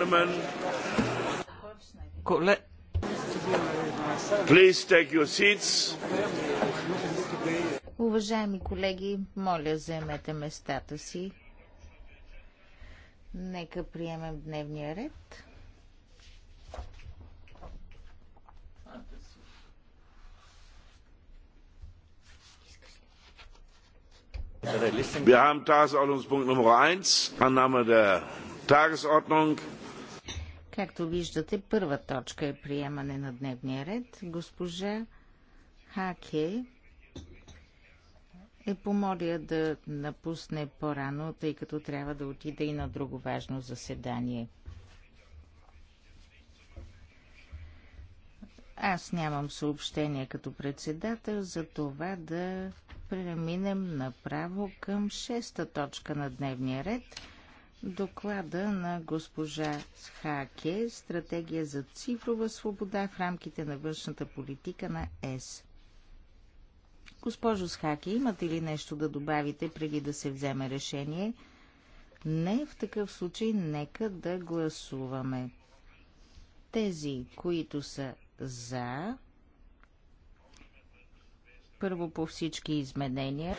gentlemen. Please take your seats. Уважаеми колеги, моля, заемете местата си. Нека приемем дневния ред. Wir haben Tagesordnungspunkt Nummer 1, Annahme der Tagesordnung. Както виждате, първа точка е приемане на дневния ред. Госпожа Хаке е помоля да напусне по-рано, тъй като трябва да отиде и на друго важно заседание. Аз нямам съобщение като председател за това да преминем направо към шеста точка на дневния ред – доклада на госпожа Схаке Стратегия за цифрова свобода в рамките на външната политика на ЕС. Госпожо Схаке, имате ли нещо да добавите преди да се вземе решение? Не, в такъв случай нека да гласуваме. Тези, които са за, първо по всички изменения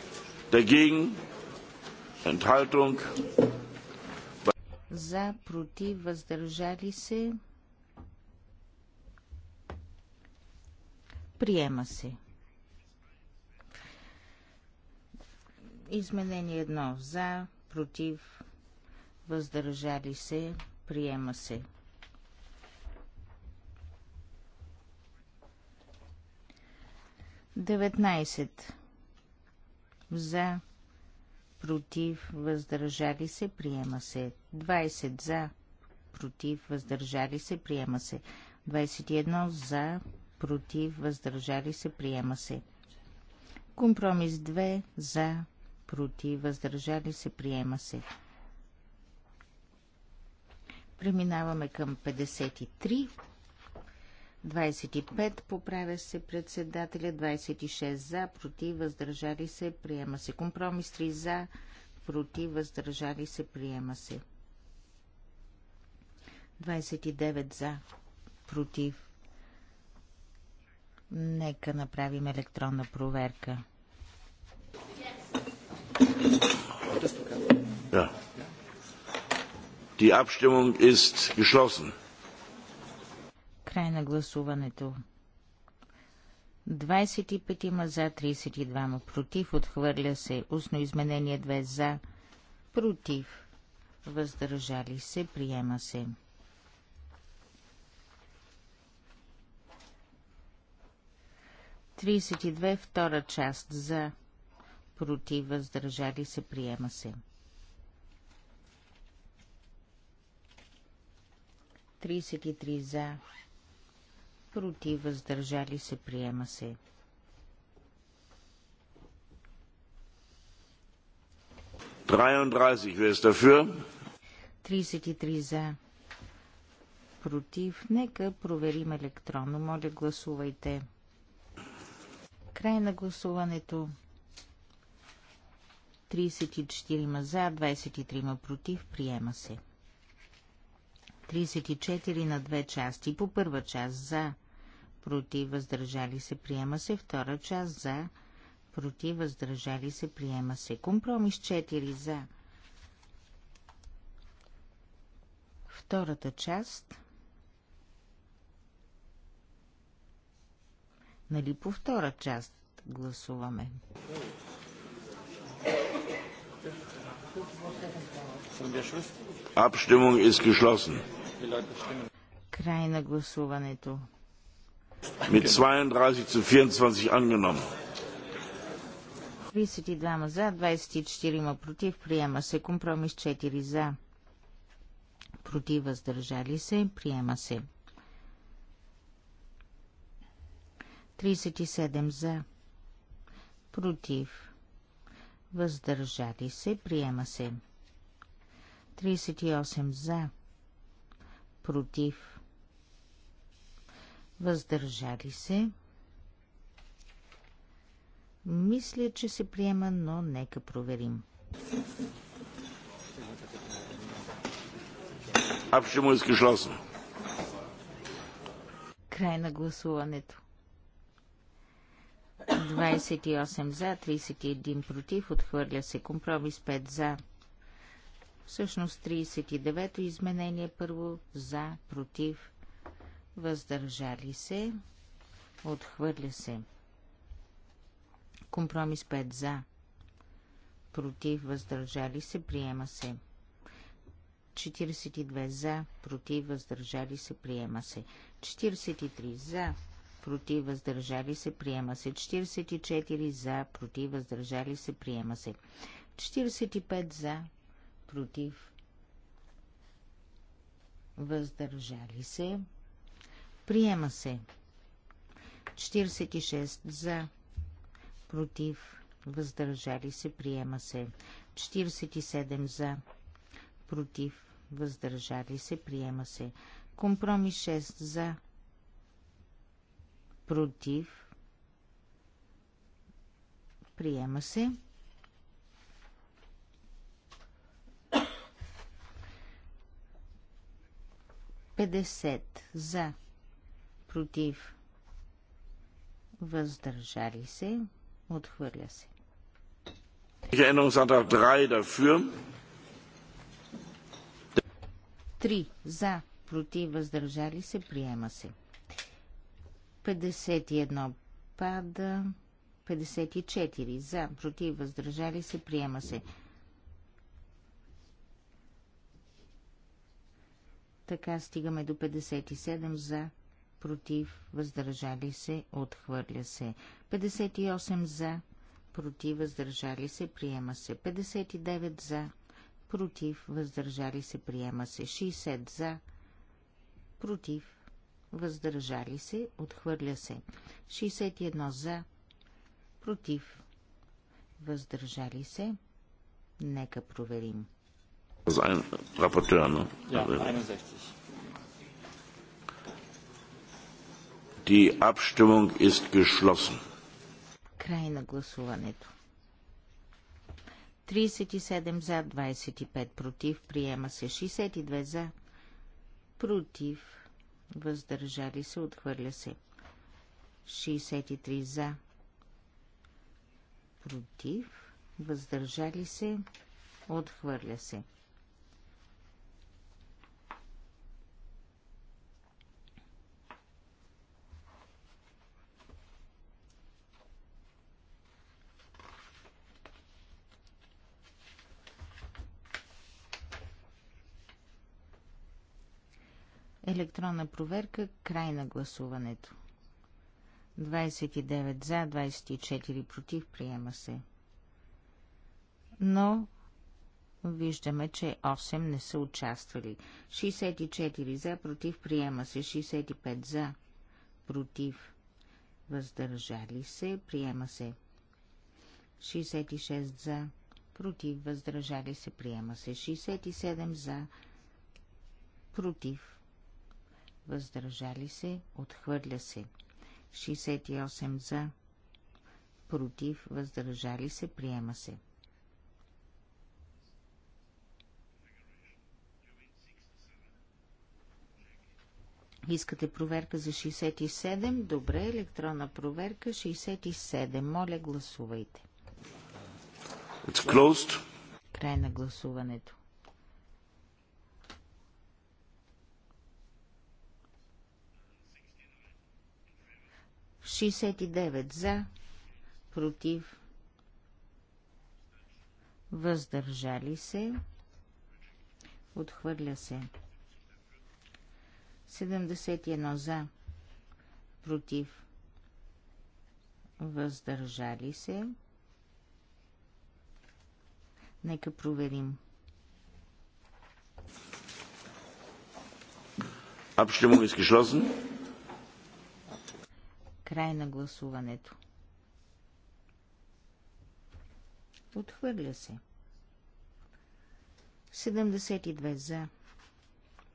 за, против, въздържали се. Приема се. Изменение едно за, против, въздържали се, приема се. Деветнайсет за, против, въздържали се, приема се. 20 за, против, въздържали се, приема се. 21 за, против, въздържали се, приема се. Компромис 2 за, против, въздържали се, приема се. Преминаваме към 53. 25 поправя се председателя, 26 за, против, въздържали се, приема се. Компромис 3 за, против, въздържали се, приема се. 29 за, против. Нека направим електронна проверка. Да. Die Abstimmung ist geschlossen. Край на гласуването. 25 ма за, 32 ма против, отхвърля се. Устно изменение 2 за, против, въздържали се, приема се. Тридесет и две, втора част за, против, въздържали се, приема се. 33 за, против, въздържали се, приема се. wer ist 33 за. Против. Нека проверим електронно. Моля, гласувайте. Край на гласуването. 34 за, 23 против. Приема се. 34 на две части. По първа част за, против, въздържали се, приема се. Втора част за, против, въздържали се, приема се. Компромис 4 за. Втората част. Нали по втора част гласуваме? Abstimmung ist geschlossen. Край на гласуването. Mit 32 zu 24 angenommen. 32 за, 24 против, приема се. Компромис 4 за, против, въздържали се, приема се. 37 за, против, въздържали се, приема се. 38 за, против, въздържали се. Мисля, че се приема, но нека проверим. Абшемо изкишласно. Е Край на гласуването. 28 за, 31 против, отхвърля се компромис 5 за. Всъщност 39-то изменение първо за, против, въздържали се, отхвърля се. Компромис 5 за, против, въздържали се, приема се. 42 за, против, въздържали се, приема се. 43 за, против, въздържали се, приема се. 44 за, против, въздържали се, приема се. 45 за, против, въздържали се, Приема се. 46 за. Против. Въздържали се. Приема се. 47 за. Против. Въздържали се. Приема се. Компромис 6 за. Против. Приема се. Петдесет за против, въздържали се, отхвърля се. Änderungsantrag 3 dafür. 3 за, против, въздържали се, приема се. 51 пада, 54 за, против, въздържали се, приема се. Така стигаме до 57 за, против, въздържали се, отхвърля се. 58 за, против, въздържали се, приема се. 59 за, против, въздържали се, приема се. 60 за, против, въздържали се, отхвърля се. 61 за, против, въздържали се. Нека проверим. За рапортера, но... 61. Die Abstimmung ist geschlossen. Край на гласуването. 37 за, 25 против, приема се 62 за, против, въздържали се, отхвърля се. 63 за, против, въздържали се, отхвърля се. Електронна проверка, край на гласуването. 29 за, 24 против, приема се. Но виждаме, че 8 не са участвали. 64 за, против, приема се. 65 за, против, въздържали се, приема се. 66 за, против, въздържали се, приема се. 67 за, против, въздържали се, отхвърля се. 68 за, против, въздържали се, приема се. Искате проверка за 67? Добре, електронна проверка 67. Моля, гласувайте. Край на гласуването. 69 за, против, въздържали се, отхвърля се. 71 за, против, въздържали се. Нека проверим. Abstimmung ist geschlossen. Край на гласуването. Отхвърля се. 72 за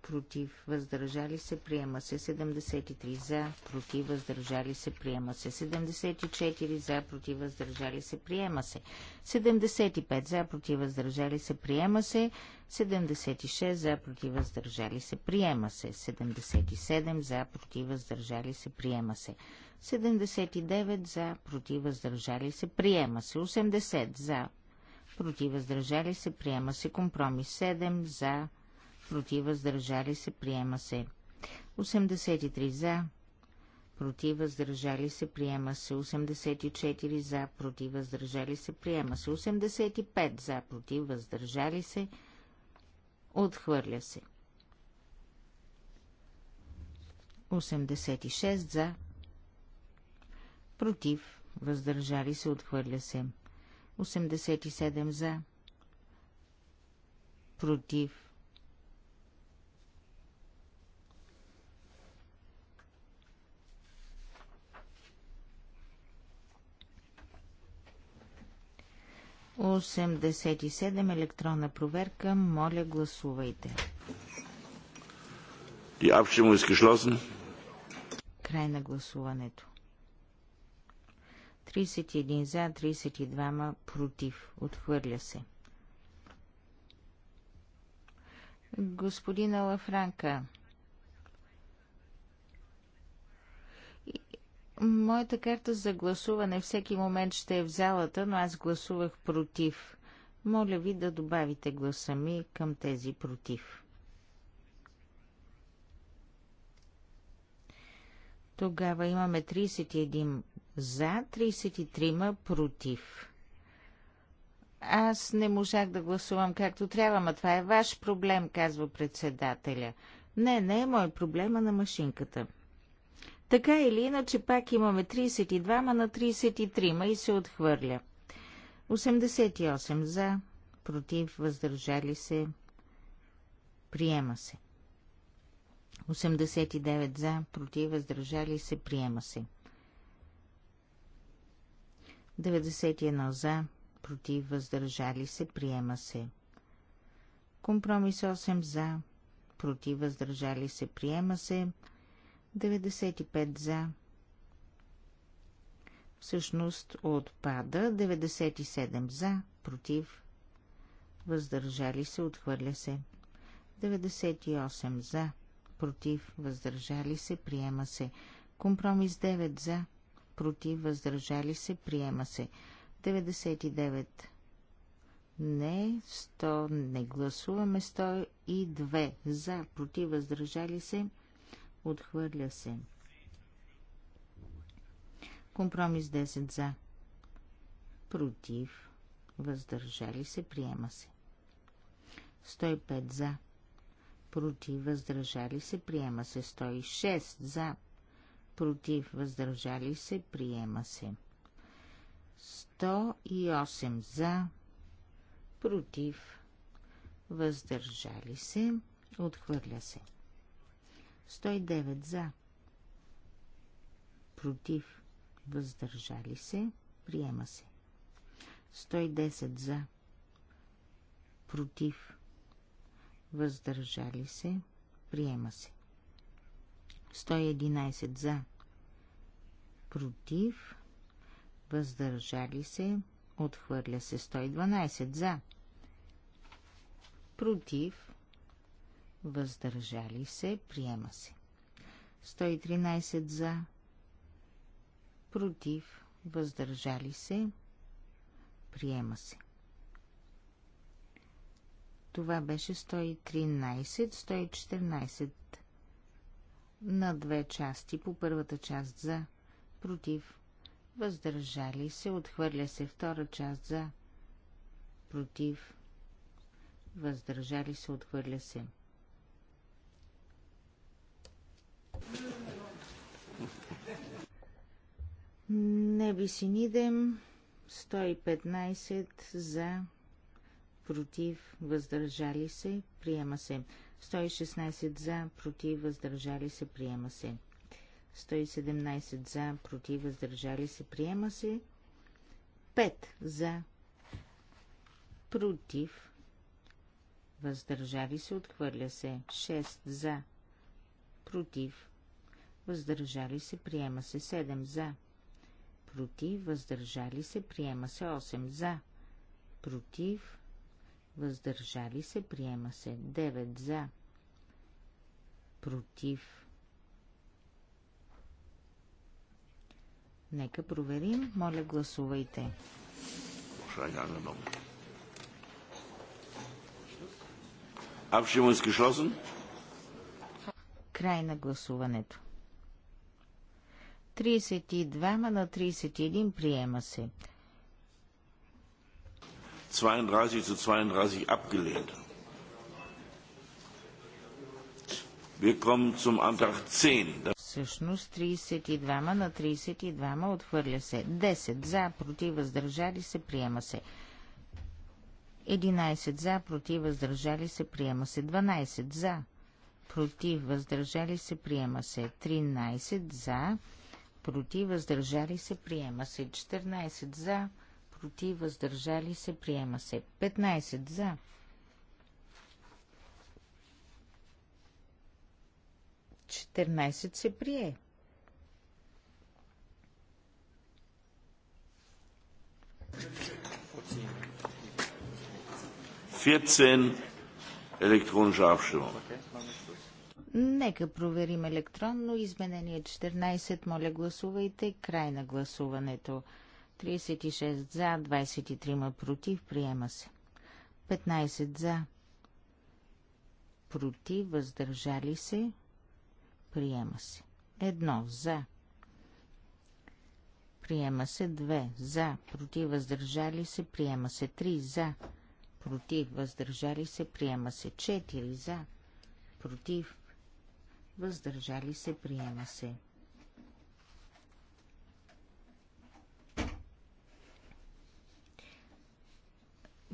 против, въздържали се, приема се 73 за, против, въздържали се, приема се 74 за, против, въздържали се, приема се 75 за, против, въздържали се, приема се 76 за, против, въздържали се, приема се 77 за, против, въздържали се, приема се 79 за, против, въздържали се, приема се 80 за, против, въздържали се, приема се компромис 7 за, против, въздържали се, приема се. 83 за, против, въздържали се, приема се. 84 за, против, въздържали се, приема се. 85 за, против, въздържали се, отхвърля се. 86 за, против, въздържали се, отхвърля се. 87 за, против, 87 електронна проверка. Моля, гласувайте. Die Abstimmung ist geschlossen. Край на гласуването. 31 за, 32 против. Отхвърля се. Господина Лафранка, Моята карта за гласуване всеки момент ще е в залата, но аз гласувах против. Моля ви да добавите гласа ми към тези против. Тогава имаме 31 за, 33 против. Аз не можах да гласувам както трябва, а това е ваш проблем, казва председателя. Не, не е мой проблема на машинката. Така или иначе пак имаме 32 на 33 и се отхвърля. 88 за, против, въздържали се, приема се. 89 за, против, въздържали се, приема се. 91 за, против, въздържали се, приема се. Компромис 8 за, против, въздържали се, приема се. 95 за. Всъщност отпада 97 за, против, въздържали се, отхвърля се. 98 за, против, въздържали се, приема се. Компромис 9 за, против, въздържали се, приема се. 99 не, 100 не гласуваме, 102 за, против, въздържали се, се. Отхвърля се. Компромис 10 за. Против. Въздържали се. Приема се. 105 за. Против. Въздържали се. Приема се. 106 за. Против. Въздържали се. Приема се. 108 за. Против. Въздържали се. Отхвърля се. 109 за. Против. Въздържали се. Приема се. 110 за. Против. Въздържали се. Приема се. 111 за. Против. Въздържали се. Отхвърля се 112 за. Против въздържали се, приема се. 113 за, против, въздържали се, приема се. Това беше 113, 114 на две части. По първата част за, против, въздържали се, отхвърля се втора част за, против, въздържали се, отхвърля се. нидем. 115 за против, въздържали се, приема се. 116 за, против, въздържали се, приема се. 117 за, против, въздържали се, приема се. 5 за, против, въздържали се, отхвърля се. 6 за, против, въздържали се, приема се. 7 за, против, въздържали се, приема се 8 за, против, въздържали се, приема се 9 за, против. Нека проверим. Моля, гласувайте. Край на гласуването. 32 на 31 приема се. 32 zu 32 abgelehnt. Wir kommen zum Antrag 10. Всъщност 32 на 32 отхвърля се. 10 за, против, въздържали се, приема се. 11 за, против, въздържали се, приема се. 12 за, против, въздържали се, приема се. 13 за, против, въздържали се, приема се. 14 за, против, въздържали се, приема се. 15 за. Четирнайсет се прие. Фиетцен elektronische Abstimmung. Нека проверим електронно. Изменение 14. Моля гласувайте. Край на гласуването. 36 за, 23 против. Приема се. 15 за. Против. Въздържали се. Приема се. 1 за. Приема се 2 за. Против. Въздържали се. Приема се 3 за. Против. Въздържали се. Приема се 4 за. Против въздържали се, приема се.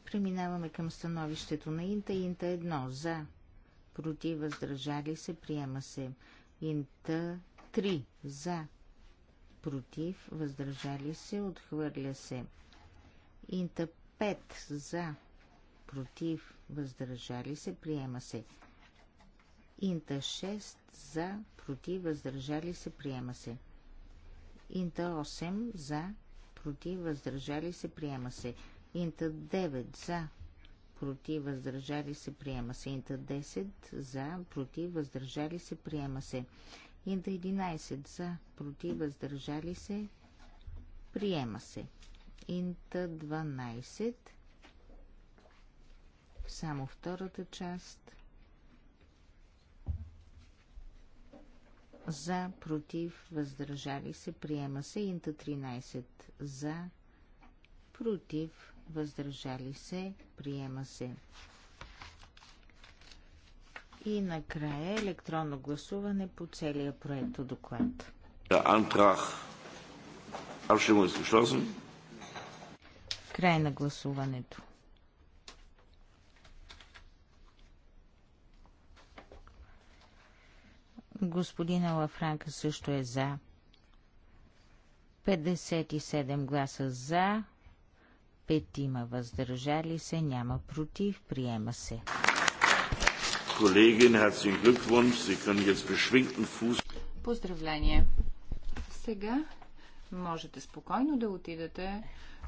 Преминаваме към становището на Инта. Инта 1 за, против, въздържали се, приема се. Инта 3 за, против, въздържали се, отхвърля се. Инта 5 за, против, въздържали се, приема се. Инта 6 за, против, въздържали се, приема се. Инта 8 за, против, въздържали се, приема се. Инта 9 за, против, въздържали се, приема се. Инта 10 за, против, въздържали се, приема се. Инта 11 за, против, въздържали се, приема се. Инта 12 само втората част за, против, въздържали се, приема се. Инта 13 за, против, въздържали се, приема се. И накрая електронно гласуване по целия проекто доклад. Антрах. Край на гласуването. Господина Лафранка също е за. 57 гласа за, петима въздържали се, няма против, приема се. Колеги, herzlichen Glückwunsch. Sie können jetzt beschwingten Fuß. Поздравление. Сега можете спокойно да отидете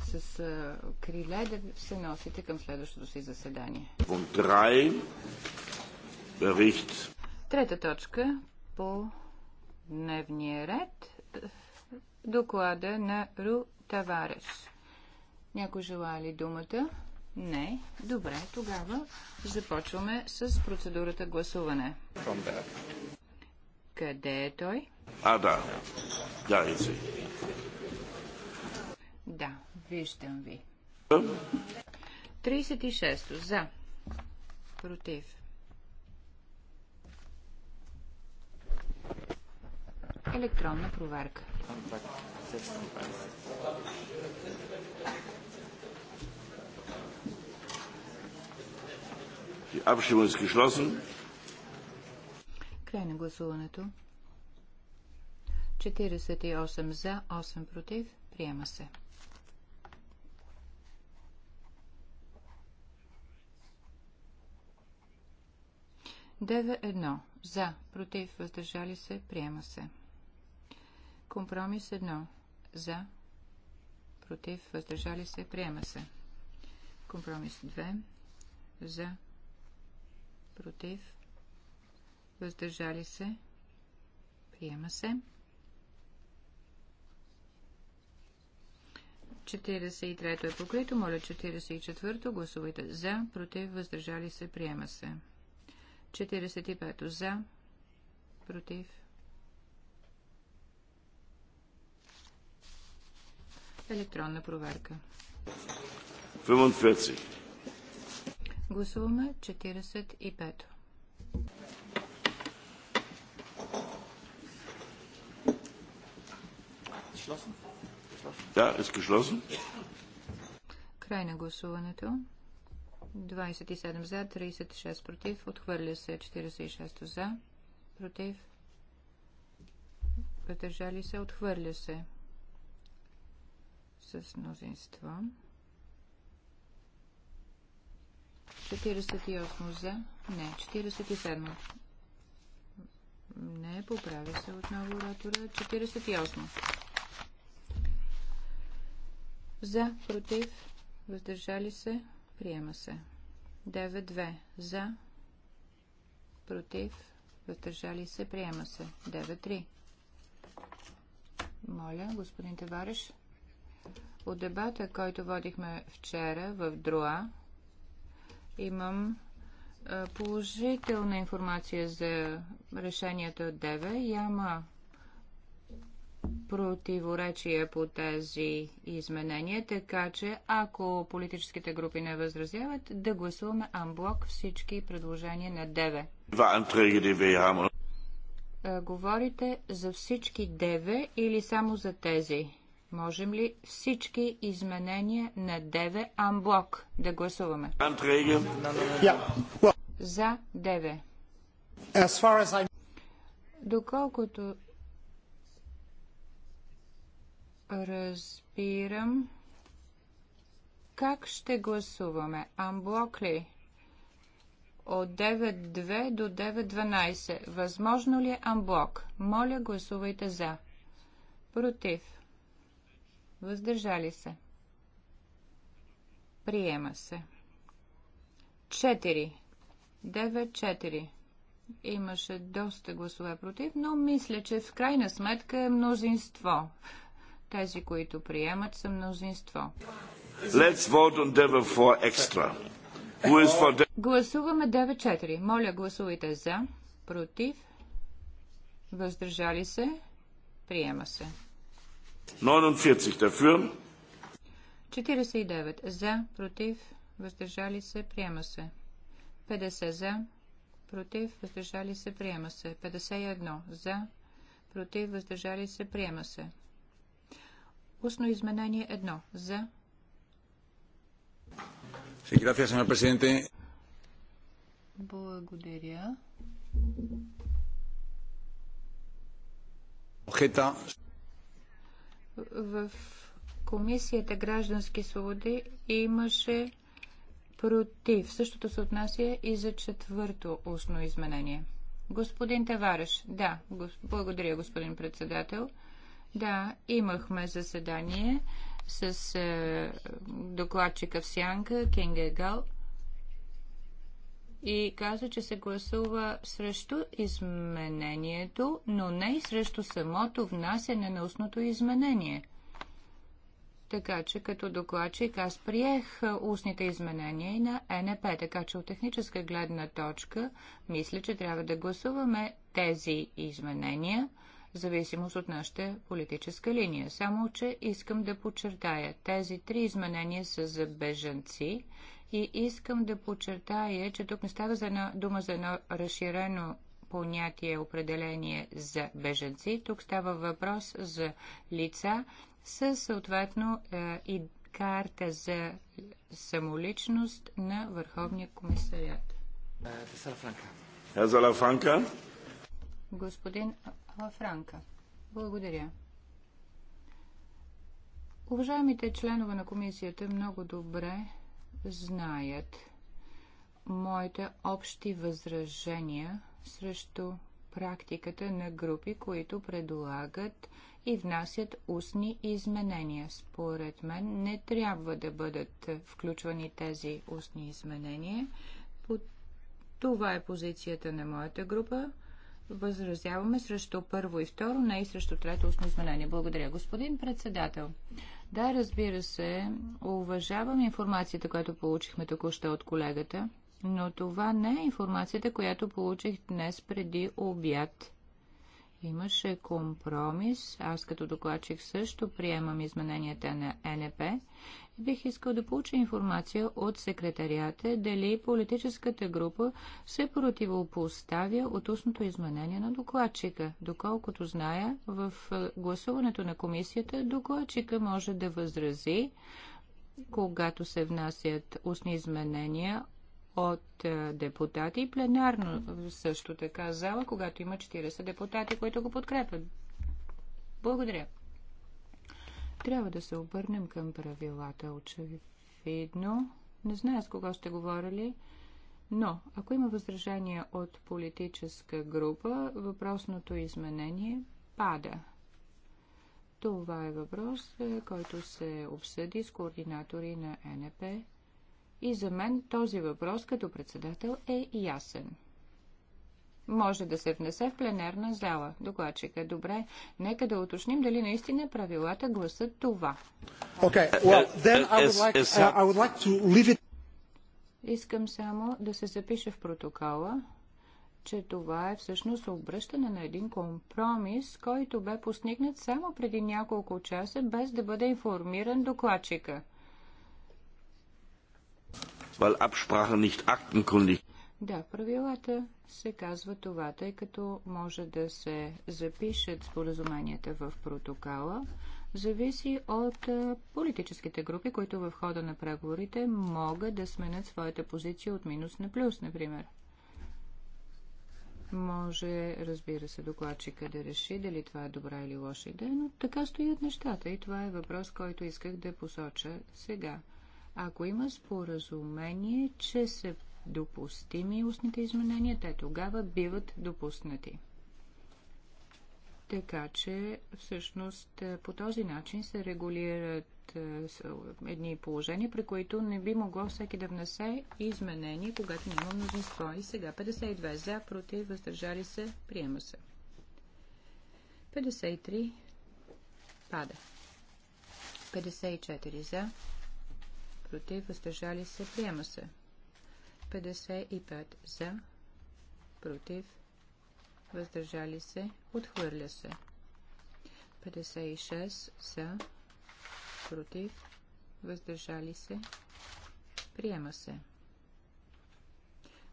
с криле да се носите към следващото си заседание. Трета точка по дневния ред доклада на Ру Таварес. Някой желая ли думата? Не. Добре, тогава започваме с процедурата гласуване. Къде е той? А, да. Да, и Да, виждам ви. 36. За. Против. Електронна проверка. Край на гласуването. 48 за, 8 против. Приема се. Дева 1. За, против, въздържали се, приема се. Компромис 1. За. Против. Въздържали се. Приема се. Компромис 2. За. Против. Въздържали се. Приема се. 43-то е покрито. Моля 44-то. Гласувайте за. Против. Въздържали се. Приема се. 45-то за. Против Електронна проверка. 45. Гласуваме 45. Да, изключен. Е Край на гласуването. 27 за, 36 против. Отхвърля се 46 за, против. Въздържали се, отхвърля се с мнозинство. 48 за. Не, 47. Не, поправя се отново оратора. 48. За, против, въздържали се, приема се. 9-2. За, против, въздържали се, приема се. 9-3. Моля, господин Тевариш. От дебата, който водихме вчера в Друа, имам положителна информация за решението от Деве. Яма противоречия по тези изменения, така че ако политическите групи не възразяват, да гласуваме амблок всички предложения на ДЕВЕ. Говорите за всички ДЕВЕ или само за тези? Можем ли всички изменения на 9 амблок да гласуваме? За 9. Доколкото разбирам, как ще гласуваме? Амблок ли? От 9.2 до 9.12. Възможно ли е амблок? Моля, гласувайте за. Против. Въздържали се. Приема се. 4. 9-4. Имаше доста гласове против, но мисля, че в крайна сметка е мнозинство. Тези, които приемат, са мнозинство. Let's vote on for extra. Who is for de- Гласуваме 9-4. Моля, гласувайте за, против, въздържали се, приема се. 49 dafür. 49 за, против, въздържали се, приема се. 50 за, против, въздържали се, приема се. 51 за, против, въздържали се, приема се. Устно изменение 1 за. Благодаря. Охета в Комисията граждански свободи имаше против. Същото се отнася и за четвърто устно изменение. Господин Тавареш, да, гос... благодаря, господин председател. Да, имахме заседание с е, докладчика в Сянка, Гал и каза, че се гласува срещу изменението, но не и срещу самото внасяне на устното изменение. Така че като докладчик аз приех устните изменения и на НП, така че от техническа гледна точка мисля, че трябва да гласуваме тези изменения, в зависимост от нашата политическа линия. Само, че искам да подчертая, тези три изменения са за бежанци, и искам да подчертая, че тук не става за една дума за едно разширено понятие, определение за беженци. Тук става въпрос за лица със съответно е, и карта за самоличност на Върховния комисариат. Е, Салафранка. Господин Алафранка, благодаря. Уважаемите членове на комисията много добре знаят моите общи възражения срещу практиката на групи, които предлагат и внасят устни изменения. Според мен не трябва да бъдат включвани тези устни изменения. Това е позицията на моята група. Възразяваме срещу първо и второ, не и срещу трето устно изменение. Благодаря, господин председател. Да, разбира се, уважавам информацията, която получихме току-що от колегата, но това не е информацията, която получих днес преди обяд. Имаше компромис, аз като докладчик също приемам измененията на НП Бих искал да получа информация от секретарията дали политическата група се противопоставя от устното изменение на докладчика. Доколкото зная, в гласуването на комисията докладчика може да възрази, когато се внасят устни изменения от е, депутати и пленарно също така зала, когато има 40 депутати, които го подкрепят. Благодаря. Трябва да се обърнем към правилата, очевидно. Не знае с кого ще говорили, но ако има възражения от политическа група, въпросното изменение пада. Това е въпрос, е, който се обсъди с координатори на НП. И за мен този въпрос като председател е ясен може да се внесе в пленерна зала. Докладчика, е добре, нека да уточним дали наистина правилата гласат това. Okay, well, е, е, uh, Искам само да се запише в протокола, че това е всъщност обръщане на един компромис, който бе постигнат само преди няколко часа, без да бъде информиран докладчика. nicht Да, правилата се казва това, тъй като може да се запишат споразуменията в протокола, зависи от политическите групи, които в хода на преговорите могат да сменят своята позиция от минус на плюс, например. Може, разбира се, докладчика да реши дали това е добра или лоша идея, но така стоят нещата и това е въпрос, който исках да посоча сега. Ако има споразумение, че се допустими устните изменения, те тогава биват допуснати. Така че, всъщност, е, по този начин се регулират е, е, едни положения, при които не би могло всеки да внесе изменения, когато няма мнозинство. И сега 52 за, против, въздържали се, приема се. 53 пада. 54 за, против, въздържали се, приема се. 55 за, против, въздържали се, отхвърля се. 56 за, против, въздържали се, приема се.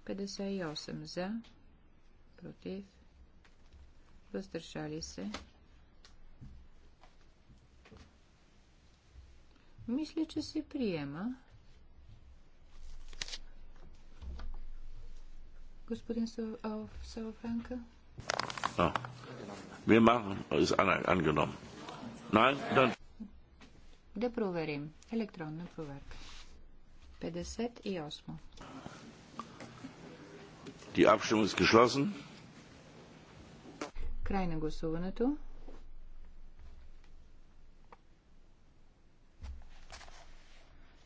58 за, против, въздържали се. Мисля, че се приема, господин Салафранка. А. machen, ist angenommen. Nein, dann. Да проверим. Електронна проверка. 58. Die Abstimmung ist geschlossen. Край на гласуването.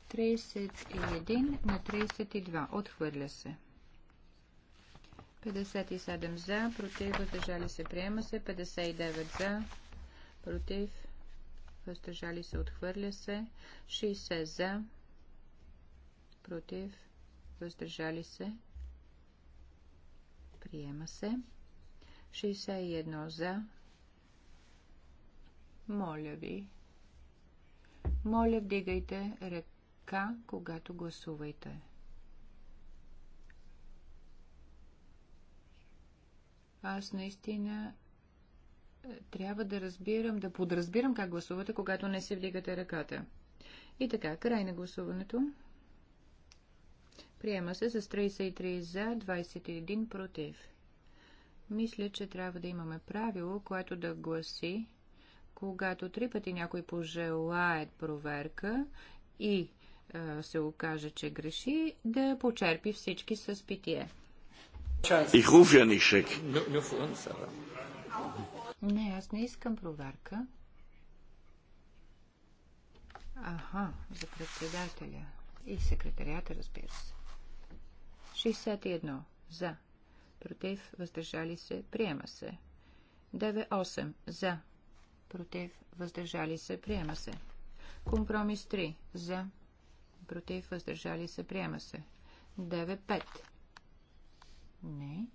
Тридесет и един на тридесет и два. Отхвърля се. 57 за, против, въздържали се, приема се. 59 за, против, въздържали се, отхвърля се. 60 за, против, въздържали се, приема се. 61 за. Моля ви. Моля, вдигайте ръка, когато гласувайте. Аз наистина е, трябва да разбирам, да подразбирам как гласувате, когато не си вдигате ръката. И така, край на гласуването. Приема се с 33 за, 21 против. Мисля, че трябва да имаме правило, което да гласи, когато три пъти някой пожелает проверка и е, се окаже, че греши, да почерпи всички с питие. Ich rufe ja nicht schick. Не, аз не искам Aha, за председателя и секретарията, разбира се. 61. За. Против. Въздържали се. Приема се. 98. За. Против. Въздържали се. Приема се. Компромис 3. За. Против. Въздържали се. Приема се. 95. Не.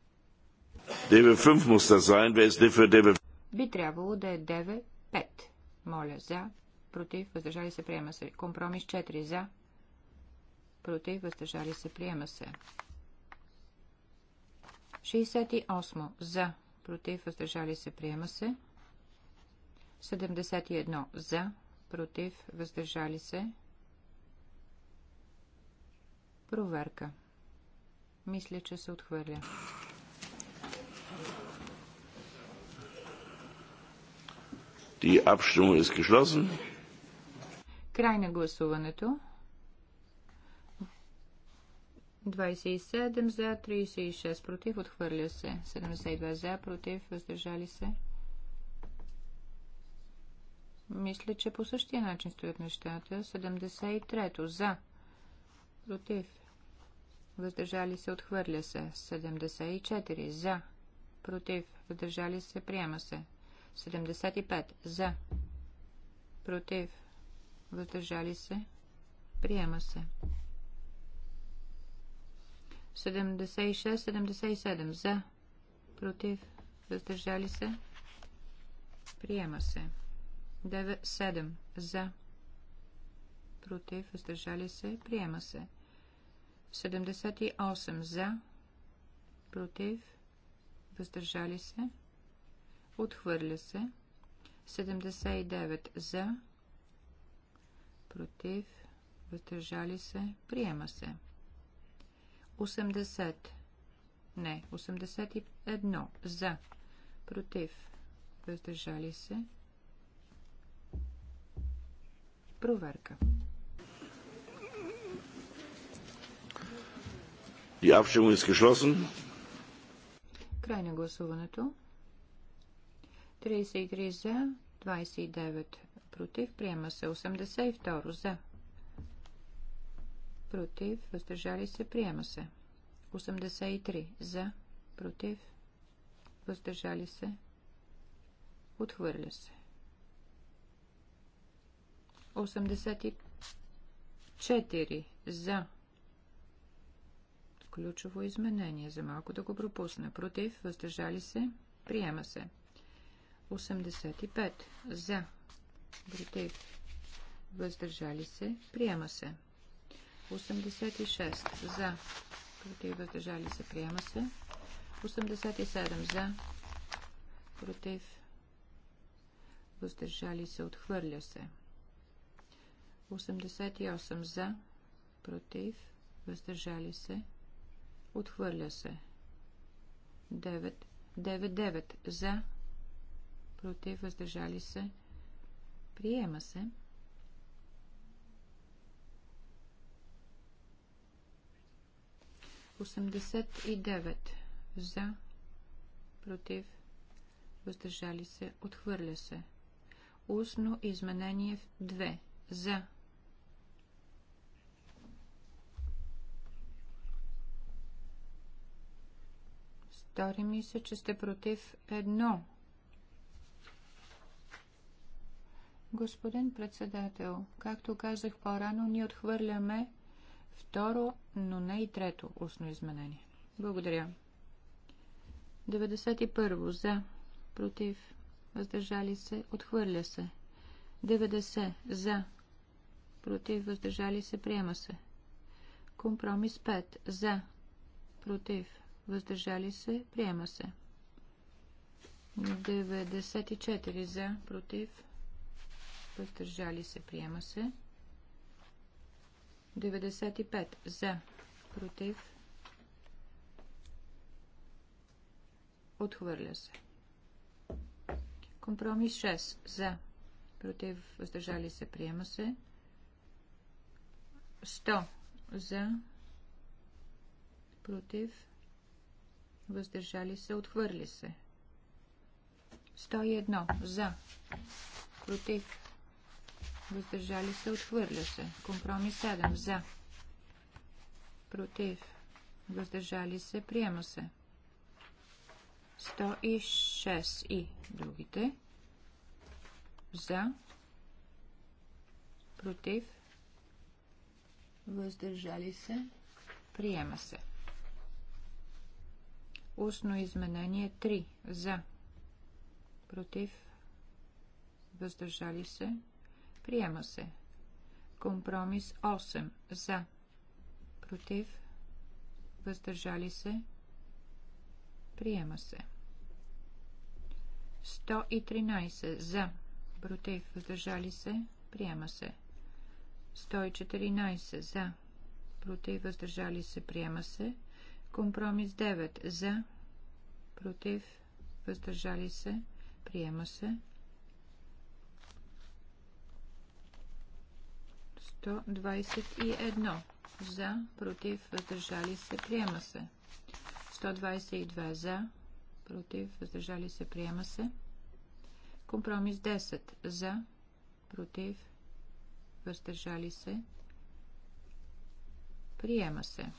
5 muss das sein. Wer ist für 5 Би трябвало да е 9 5 Моля за, против, въздържали се, приема се. Компромис 4 за, против, въздържали се, приема се. 68 за, против, въздържали се, приема се. 71 за, против, въздържали се. Проверка. Мисля, че се отхвърля. Die Abstimmung ist geschlossen. Край на гласуването. 27 за, 36 против, отхвърля се. 72 за, против, въздържали се. Мисля, че по същия начин стоят нещата. 73 за, против, въздържали се, отхвърля се. 74 за, против, въздържали се, приема се. 75 за, против, въздържали се, приема се. 76-77 за, против, въздържали се, приема се. 9-7 за, против, въздържали се, приема се. 78 за, против, въздържали се, отхвърля се. 79 за, против, въздържали се, приема се. 80, не, 81 за, против, въздържали се. Проверка. Die Abstimmung ist geschlossen. Край гласуването. 33 за, 29 против. Приема се 82 за. Против. Въздържали се. Приема се. 83 за. Против. Въздържали се. Отхвърля се. 84 за ключово изменение. За малко да го пропусна. Против, въздържали се, приема се. 85. За. Против. Въздържали се, приема се. 86. За. Против, въздържали се, приема се. 87. За. Против. Въздържали се, отхвърля се. 88. За. Против въздържали се, Отхвърля се. 9. 9-9 за. Против. Въздържали се. Приема се. Осемдесет и девет за, против, въздържали се, отхвърля се. Устно изменение в две за, Втори ми се, че сте против едно. Господин председател, както казах по-рано, ние отхвърляме второ, но не и трето устно изменение. Благодаря. 91. За. Против. Въздържали се. Отхвърля се. 90. За. Против. Въздържали се. Приема се. Компромис 5. За. Против въздържали се, приема се. 94 за, против, въздържали се, приема се. 95 за, против, отхвърля се. Компромис 6 за, против, въздържали се, приема се. 100 за, против, въздържали се, отхвърли се. 101 за, против, въздържали се, отхвърля се. Компромис 7 за, против, въздържали се, приема се. 106 и другите за, против, въздържали се, приема се. Устно изменение 3. За. Против. Въздържали се. Приема се. Компромис 8. За. Против. Въздържали се. Приема се. 113. За. Против. Въздържали се. Приема се. 114. За. Против. Въздържали се. Приема се. Компромис 9 за, против, въздържали се, приема се. 121 за, против, въздържали се, приема се. 122 за, против, въздържали се, приема се. Компромис 10 за, против, въздържали се, приема се.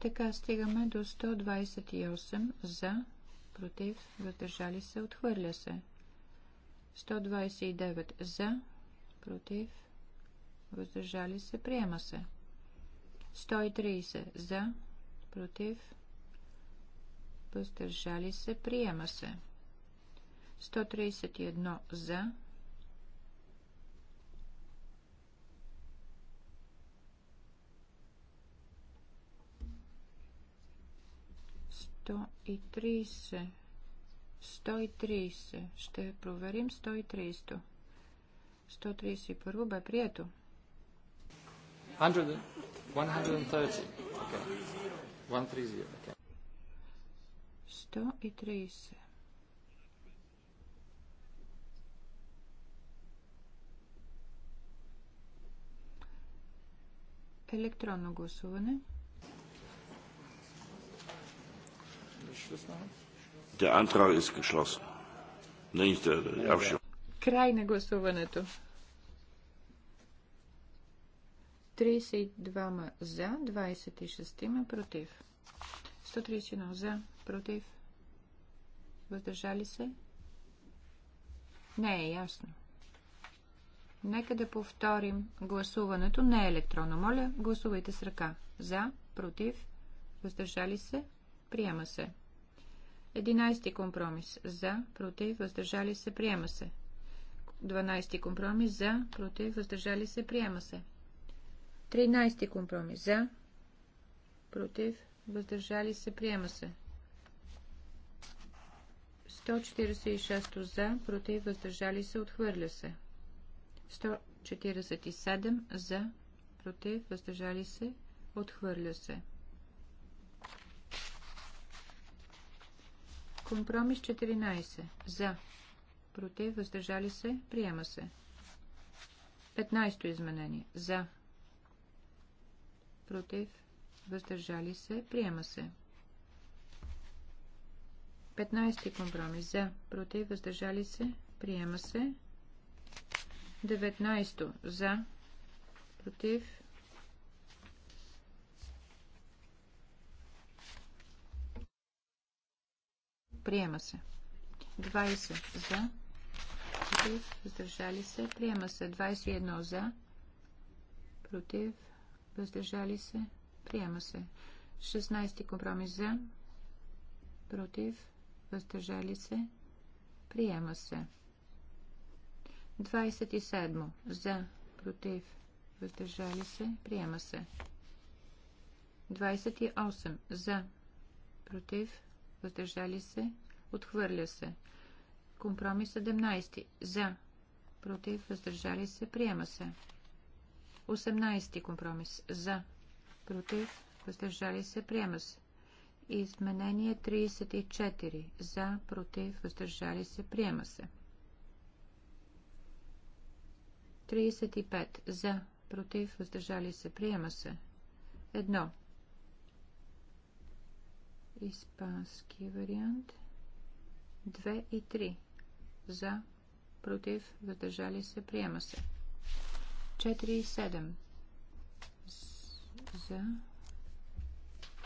Така стигаме до 128 за, против, въздържали се, отхвърля се. 129 за, против, въздържали се, приема се. 130 за, против, въздържали се, приема се. 131 за, 130. 130. Ще проверим 130. 131 бе прието. 130. Okay. 130. Okay. 130. Електронно гласуване. 130. Der Antrag ist geschlossen. Nicht der, äh, der Abstimmung. Край на гласуването. 32 за, 26 против. 131 за, против. Въздържали се? Не е ясно. Нека да повторим гласуването. Не е електронно. Моля, гласувайте с ръка. За, против, въздържали се, приема се. 11 компромис за, против, въздържали се, приема се. 12 компромис за, против, въздържали се, приема се. 13 компромис за, против, въздържали се, приема се. 146 за, против, въздържали се, отхвърля се. 147 за, против, въздържали се, отхвърля се. Компромис 14. За. Против. Въздържали се. Приема се. 15 изменение. За. Против. Въздържали се. Приема се. 15 компромис. За. Против. Въздържали се. Приема се. 19 за. Против. Приема се. 20 за. Против. Въздържали се. Приема се. 21 за. Против. Въздържали се. Приема се. 16 компромис за. Против. Въздържали се. Приема се. 27 за. Против. Въздържали се. Приема се. 28 за. Против въздържали се, отхвърля се. Компромис 17. За, против, въздържали се, приема се. 18. Компромис. За, против, въздържали се, приема се. Изменение 34. За, против, въздържали се, приема се. 35. За, против, въздържали се, приема се. 1. Испански вариант. 2 и 3. За, против, въздържали се, приема се. 4 и 7. За,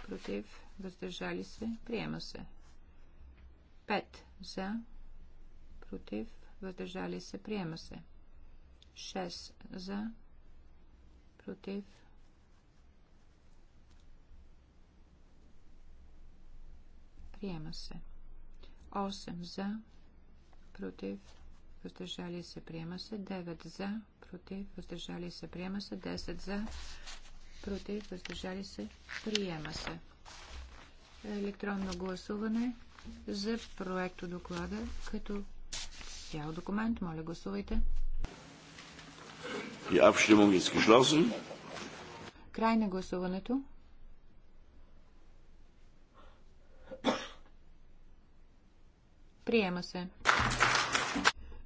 против, въздържали се, приема се. 5. За, против, въздържали се, приема се. 6. За, против, Приема се. 8 за, против, въздържали се, приема се. 9 за, против, въздържали се, приема се. 10 за, против, въздържали се, приема се. Електронно гласуване за проекто доклада като цял документ. Моля, гласувайте. Край на гласуването. Приема се.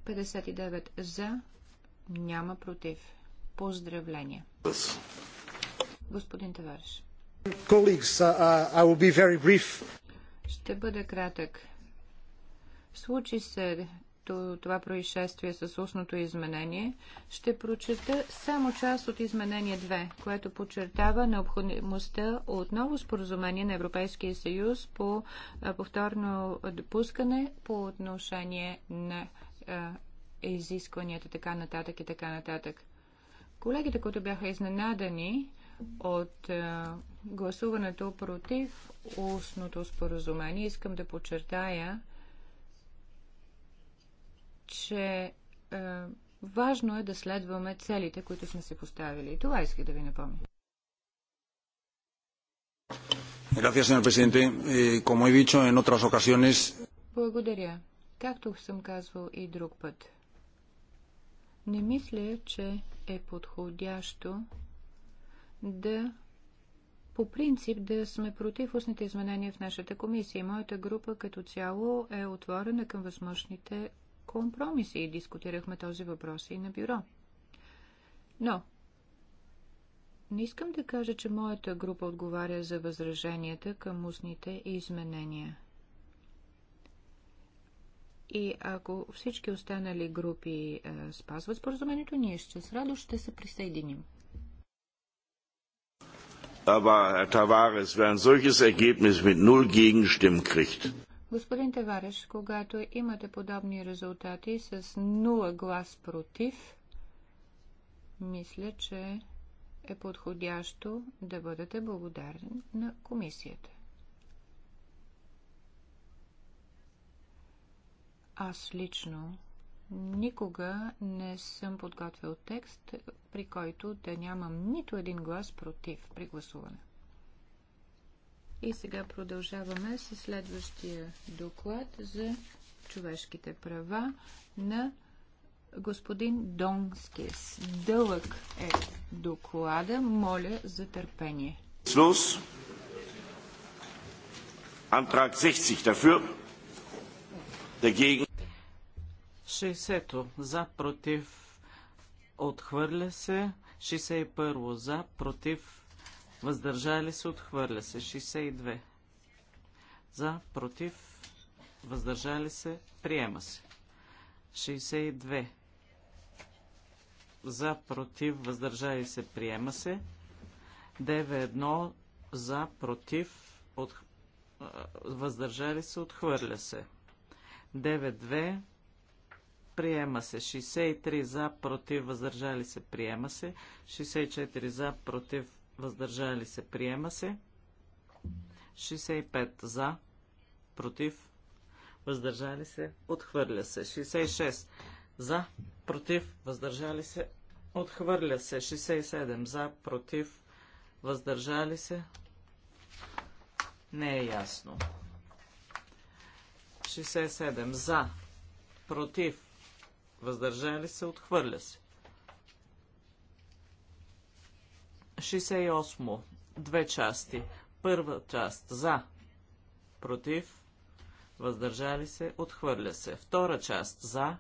59 за, няма против. Поздравления. Господин Товариш. Uh, uh, Ще бъда кратък. Случи се това происшествие с устното изменение, ще прочета само част от изменение 2, което подчертава необходимостта отново споразумение на Европейския съюз по повторно допускане по отношение на изискванията, така нататък и така нататък. Колегите, които бяха изненадани от гласуването против устното споразумение, искам да подчертая, че е, важно е да следваме целите, които сме се поставили. И това исках да ви напомня. Gracias, señor presidente. Eh, como he dicho en otras ocasiones... Благодаря. Както съм казвал и друг път. Не мисля, че е подходящо да по принцип да сме против устните изменения в нашата комисия. Моята група като цяло е отворена към възможните компромиси и дискутирахме този въпрос и на бюро. Но не искам да кажа, че моята група отговаря за възраженията към устните изменения. И ако всички останали групи е, спазват споразумението, ние ще с радост ще се присъединим. Aber Herr Tavares, wer ein solches Ergebnis mit null Gegenstimmen kriegt, Господин Тевареш, когато имате подобни резултати с 0 глас против, мисля, че е подходящо да бъдете благодарен на комисията. Аз лично никога не съм подготвил текст, при който да нямам нито един глас против при гласуване. И сега продължаваме с следващия доклад за човешките права на господин Донскис. Дълъг е доклада. Моля за търпение. Слос. 60 дафюр. Dagegen. 60 за против отхвърля се. 61 за против въздържали се, отхвърля се. 62 за, против, въздържали се, приема се. 62 за, против, въздържали се, приема се. 9-1 за, против, от, въздържали се, отхвърля се. 9-2 приема се. 63 за, против, въздържали се, приема се. 64 за, против, въздържали се, приема се. 65 за, против, въздържали се, отхвърля се. 66 за, против, въздържали се, отхвърля се. 67 за, против, въздържали се, не е ясно. 67 за, против, въздържали се, отхвърля се. 68. Две части. Първа част за, против, въздържали се, отхвърля се. Втора част за,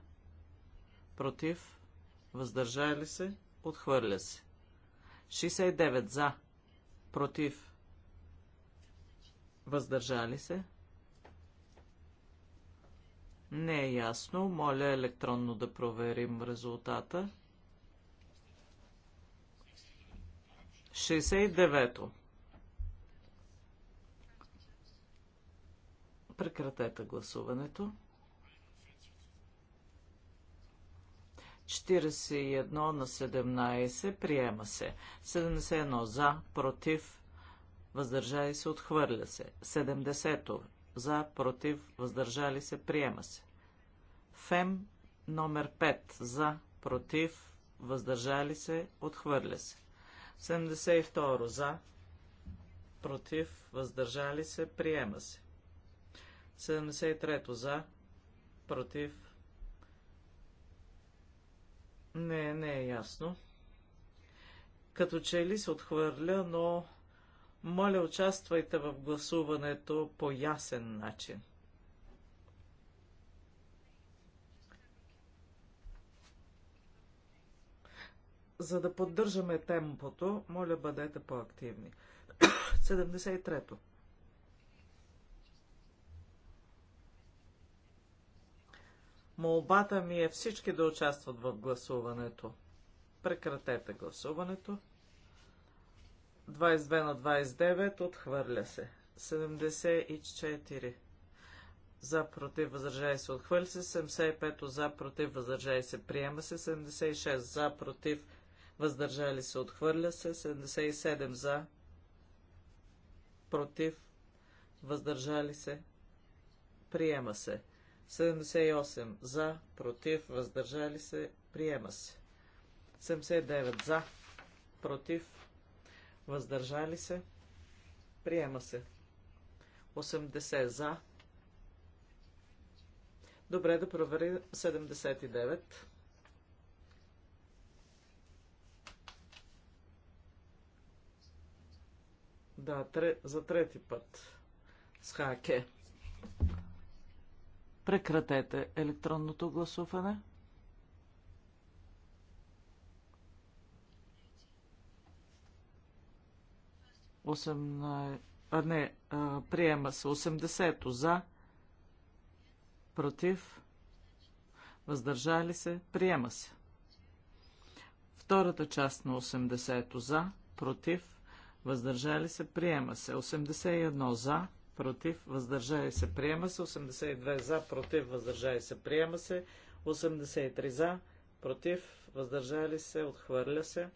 против, въздържали се, отхвърля се. 69 за, против, въздържали се. Не е ясно. Моля електронно да проверим резултата. 69-то. Прекратете гласуването. 41 на 17 приема се. 71 за, против, въздържали се, отхвърля се. 70 за, против, въздържали се, приема се. ФЕМ номер 5 за, против, въздържали се, отхвърля се. 72 за, против, въздържали се, приема се. 73 за, против, не, не е ясно. Като че ли се отхвърля, но моля участвайте в гласуването по ясен начин. 74 за да поддържаме темпото, моля бъдете по-активни. 73-то. Молбата ми е всички да участват в гласуването. Прекратете гласуването. 22 на 29 отхвърля се. 74 за против възражай се отхвърля се, 75 за против възражай се приема се, 76 за против въздържали се, отхвърля се, 77 за, против, въздържали се, приема се, 78 за, против, въздържали се, приема се, 79 за, против, въздържали се, приема се, 80 за, Добре, да проверим 79. Да, тре, за трети път. С хаке. Прекратете електронното гласуване. Осем... А, не, а, приема се 80 за, против, въздържали се, приема се. Втората част на 80 за, против, въздържали се, приема се. 81 за, против, въздържали се, приема се. 82 за, против, въздържали се, приема се. 83 за, против, въздържали се, отхвърля се.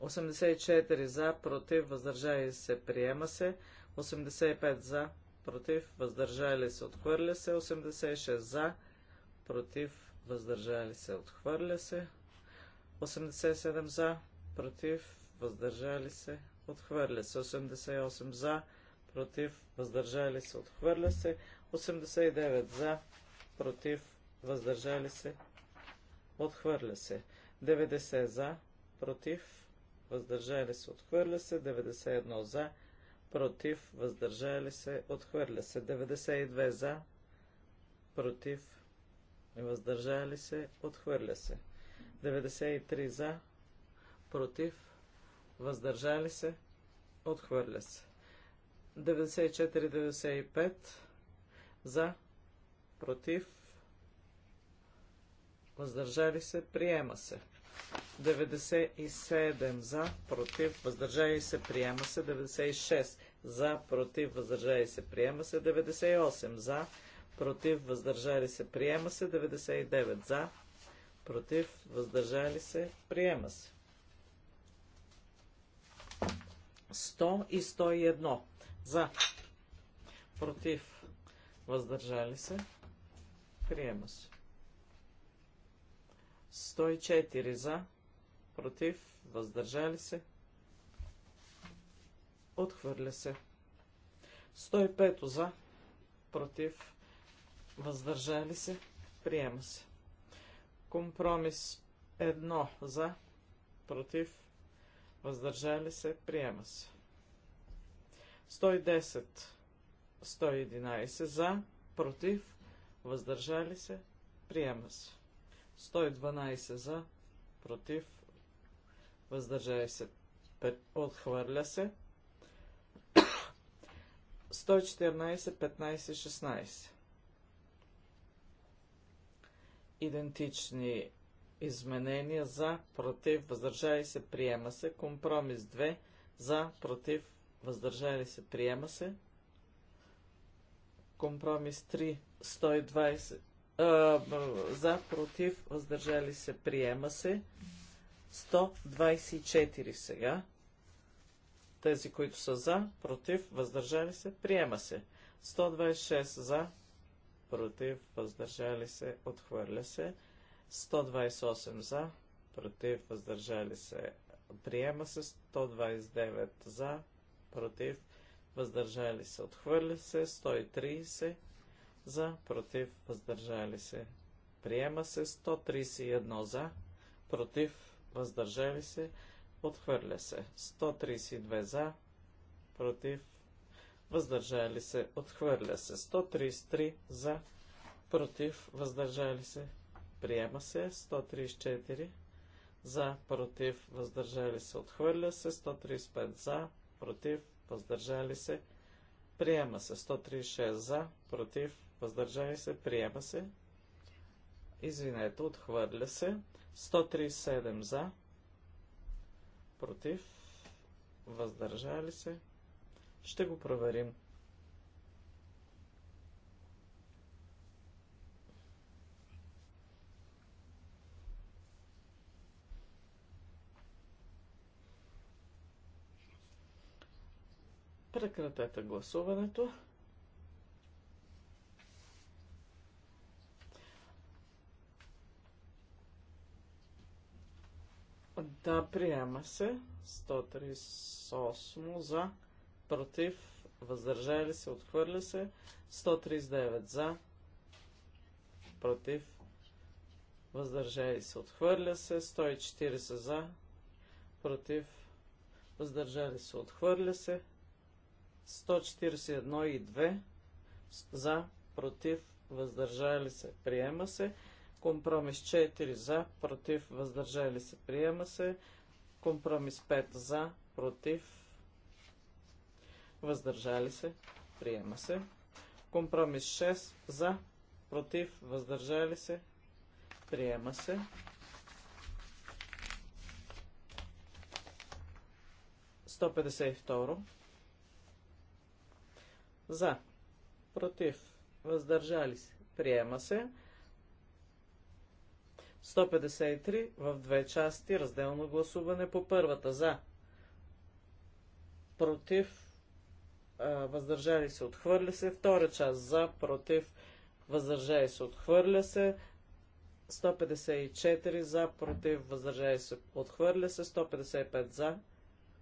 84 за, против, въздържали се, приема се. 85 за, против, въздържали се, отхвърля се. 86 за, против, въздържали се, отхвърля се. 87 за, против, въздържали се, отхвърля се. 88 за, против, въздържали се, отхвърля се. 89 за, против, въздържали се, отхвърля се. 90 за, против, въздържали се, отхвърля се. 91 за, против, въздържали се, отхвърля се. 92 за, против, въздържали се, отхвърля се. 93 за, против, въздържали се, отхвърля се. 94-95 за, против, въздържали се, приема се. 97 за, против, въздържали се, приема се. 96 за, против, въздържали се, приема се. 98 за, против, въздържали се, приема се. 99 за, против, въздържали се, приема се. 100 и 101. За. Против. Въздържали се. Приема се. 104 за. Против. Въздържали се. Отхвърля се. 105 за. Против. Въздържали се. Приема се. Компромис 1 за. Против въздържали се, приема се. 110, 111 за, против, въздържали се, приема се. 112 за, против, въздържали се, отхвърля се. 114, 15, 16. Идентични изменения за, против, въздържали се, приема се. Компромис 2 за, против, въздържали се, приема се. Компромис 3 120 за, против, въздържали се, приема се. 124 сега. Тези, които са за, против, въздържали се, приема се. 126 за, против, въздържали се, отхвърля се. 128 за, против, въздържали се, приема се 129 за, против, въздържали се, отхвърля се 130 за, против, въздържали се, приема се 131 за, против, въздържали се, отхвърля се 132 за, против, въздържали се, отхвърля се 133 за, против, въздържали се, Приема се 134 за, против, въздържали се, отхвърля се 135 за, против, въздържали се, приема се 136 за, против, въздържали се, приема се, извинете, отхвърля се 137 за, против, въздържали се, ще го проверим. Прекратете гласуването. Да, приема се. 138 за, против, въздържали се, отхвърля се. 139 за, против, въздържали се, отхвърля се. 140 за, против, въздържали се, отхвърля се. 141 и 2 за, против, въздържали се, приема се. Компромис 4 за, против, въздържали се, приема се. Компромис 5 за, против, въздържали се, приема се. Компромис 6 за, против, въздържали се, приема се. 152. За. Против. Въздържали се. Приема се. 153 в две части. Разделно гласуване по първата. За. Против. Въздържали се. Отхвърля се. Втора част. За. Против. Въздържали се. Отхвърля се. 154 за, против, въздържали се, отхвърля се, 155 за,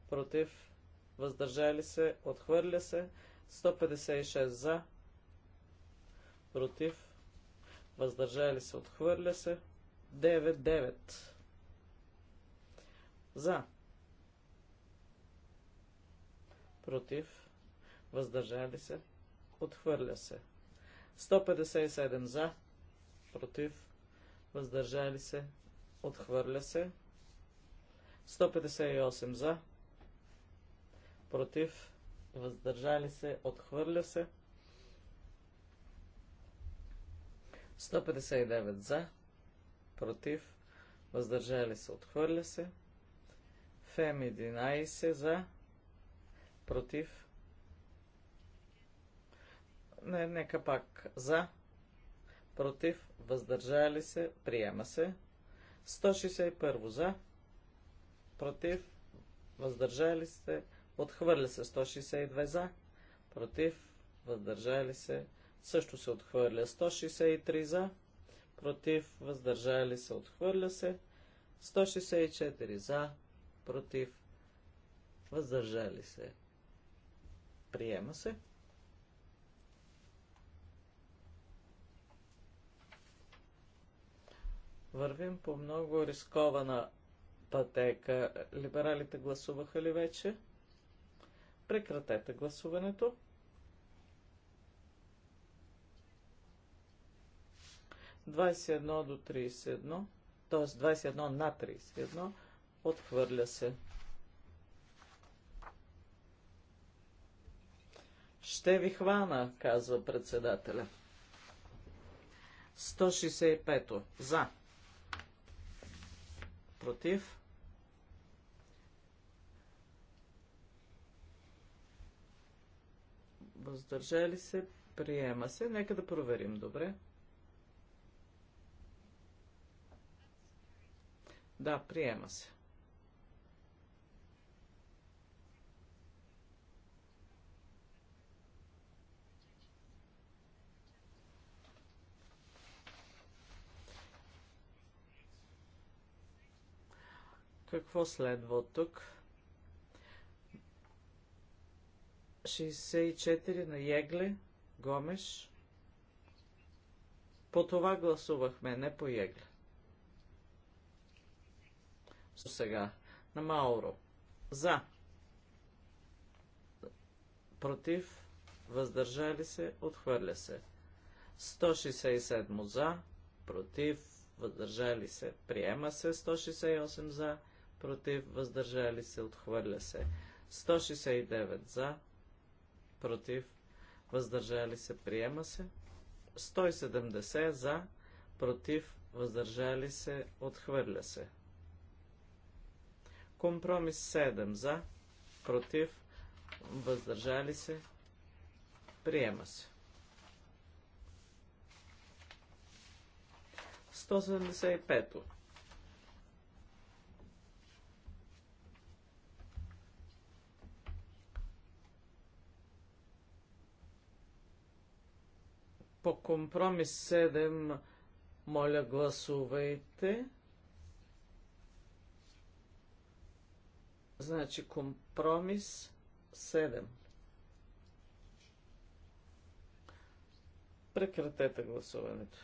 против, въздържали се, отхвърля се, 156 за, против, въздържали се, отхвърля се, 9-9 за, против, въздържали се, отхвърля се, 157 за, против, въздържали се, отхвърля се, 158 за, против, въздържали се, отхвърля се. 159 за, против, въздържали се, отхвърля се. ФЕМ 11 за, против. Не, нека пак за, против, въздържали се, приема се. 161 за, против, въздържали се, се Отхвърля се 162 за, против, въздържали се, също се отхвърля 163 за, против, въздържали се, отхвърля се, 164 за, против, въздържали се, приема се. Вървим по много рискована пътека. Либералите гласуваха ли вече? Прекратете гласуването. Двадесет до 31, т.е. 21 на 31, отхвърля се. Ще ви хвана, казва председателя. 165. За. Против. Въздържали се. Приема се. Нека да проверим. Добре. Да, приема се. Какво следва от тук? 64 на Егле, Гомеш. По това гласувахме, не по Егле. Сега на Мауро. За. Против. Въздържали се. Отхвърля се. 167 за. Против. Въздържали се. Приема се. 168 за. Против. Въздържали се. Отхвърля се. 169 за против, въздържали се, приема се. 170 за, против, въздържали се, отхвърля се. Компромис 7 за, против, въздържали се, приема се. 175 По компромис 7, моля гласувайте. Значи компромис 7. Прекратете гласуването.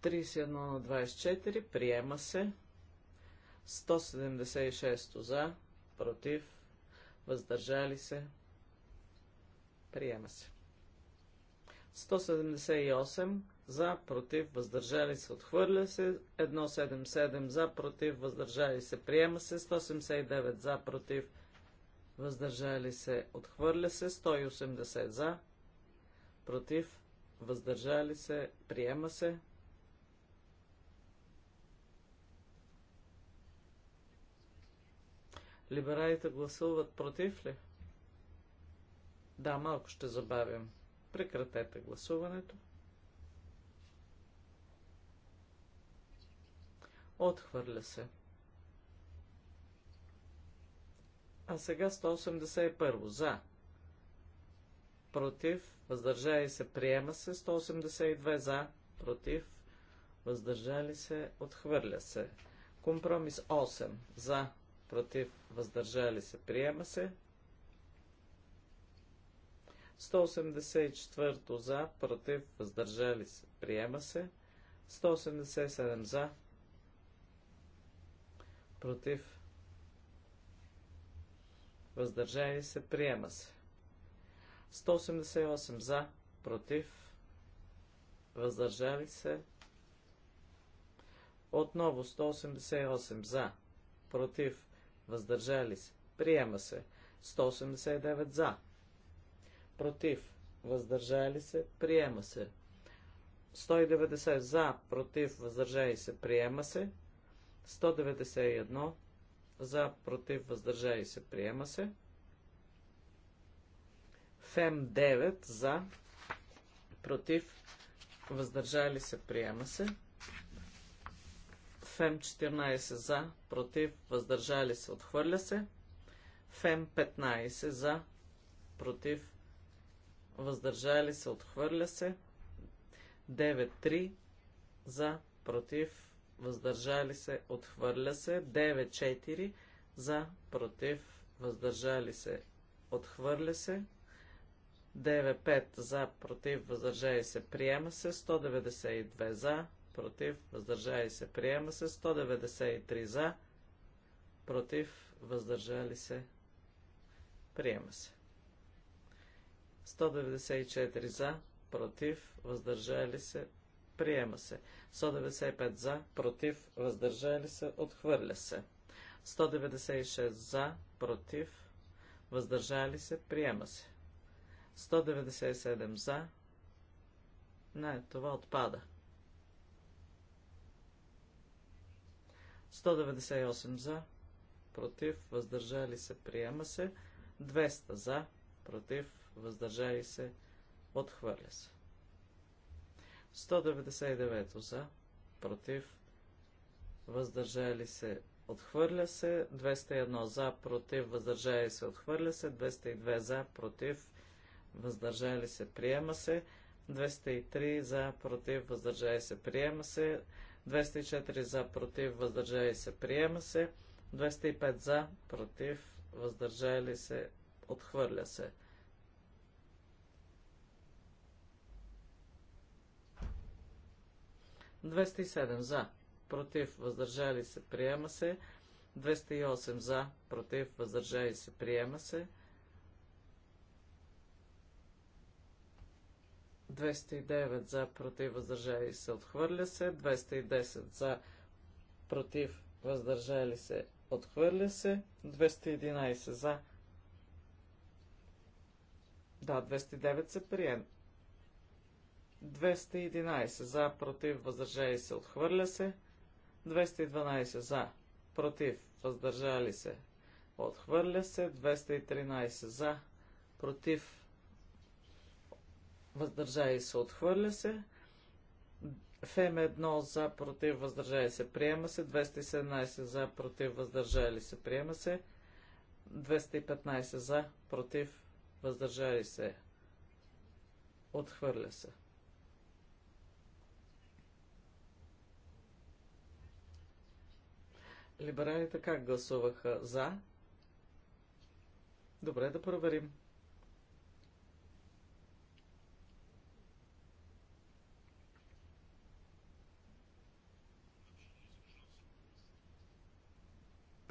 Тридесет на 24, приема се. 176 за, против въздържали се, приема се. 178 за, против, въздържали се, отхвърля се, 177 за, против, въздържали се, приема се, 179 за, против, въздържали се, отхвърля се, 180 за, против, въздържали се, приема се, Либералите гласуват против ли? Да, малко ще забавим. Прекратете гласуването. Отхвърля се. А сега 181. За. Против. Въздържали се. Приема се. 182. За. Против. Въздържали се. Отхвърля се. Компромис 8. За против, въздържали се, приема се. 184 за, против, въздържали се, приема се. 187 за, против, въздържали се, приема се. 188 за, против, въздържали се. Отново 188 за, против, въздържали се, приема се. 189 за, против, въздържали се, приема се. 190 за, против, въздържали се, приема се. 191 за, против, въздържали се, приема се. ФЕМ 9 за, против, въздържали се, приема се. Фем 14 за, против, въздържали се, отхвърля се. Фем 15 за, против, въздържали се, отхвърля се. 9-3 за, против, въздържали се, отхвърля се. 9-4 за, против, въздържали се, отхвърля се. 9-5 за, против, въздържали се, приема се. 192 за, против, въздържали се, приема се. 193 за, против, въздържали се, приема се. 194 за, против, въздържали се, приема се. 195 за, против, въздържали се, отхвърля се. 196 за, против, въздържали се, приема се. 197 за. Не, това отпада. 198 198 за, против, въздържали се, приема се. 200 за, против, въздържали се, отхвърля се. 199 за, против, въздържали се, отхвърля се. 201 за, против, въздържали се, отхвърля се. 202 за, против, въздържали се, приема се. 203 за, против, въздържали се, приема се. 204 за, против, въздържали се, приема се. 205 за, против, въздържали се, отхвърля се. 207 за, против, въздържали се, приема се. 208 за, против, въздържали се, приема се. 209 за, против, въздържали се, отхвърля се. 210 за, против, въздържали се, отхвърля се. 211 за. Да, 209 се прием. 211 за, против, въздържали се, отхвърля се. 212 за, против, въздържали се, отхвърля се. 213 за, против, въздържали се, отхвърля се. ФЕМ 1 за, против, въздържали се, приема се. 217 за, против, въздържали се, приема се. 215 за, против, въздържали се, отхвърля се. Либералите как гласуваха? За? Добре, да проверим.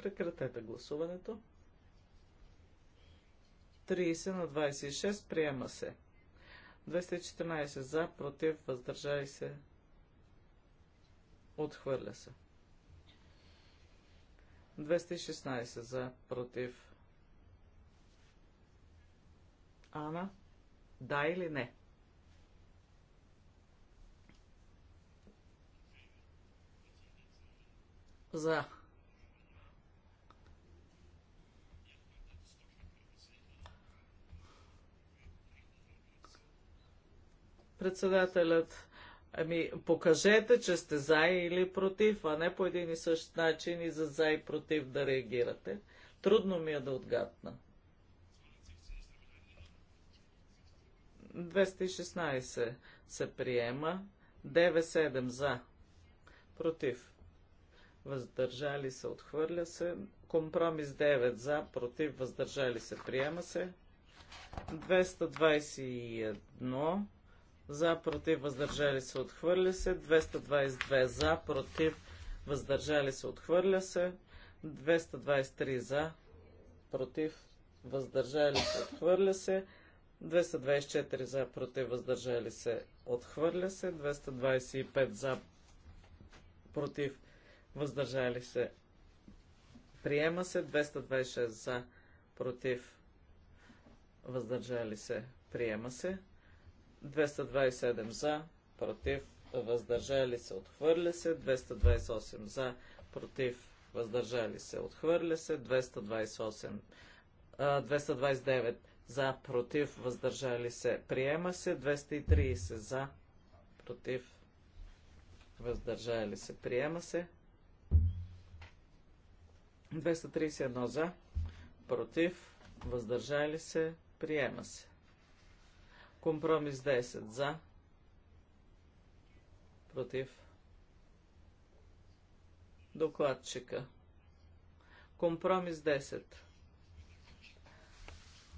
Прекратете гласуването. 30 на 26 приема се. 214 за, против, въздържали се, отхвърля се. 216 за, против. Ана, да или не? За. Председателят, ами покажете, че сте за или против, а не по един и същ начин и за за и против да реагирате. Трудно ми е да отгадна. 216 се приема, 97 за, против, въздържали се, отхвърля се, компромис 9 за, против, въздържали се, приема се, 221 за, против, въздържали се, отхвърля се. 222 за, против, въздържали се, отхвърля се. 223 за, против, въздържали се, отхвърля се. 224 за, против, въздържали се, отхвърля се. 225 за, против, въздържали се, приема се. 226 за, против, въздържали се, приема се. 227 за, против, въздържали се, отхвърля се, 228 за, против, въздържали се, отхвърля се, 228, 229 за, против, въздържали се, приема се, 230 за, против, въздържали се, приема се, 231 за, против, въздържали се, приема се. Компромис 10 за. Против. Докладчика. Компромис 10.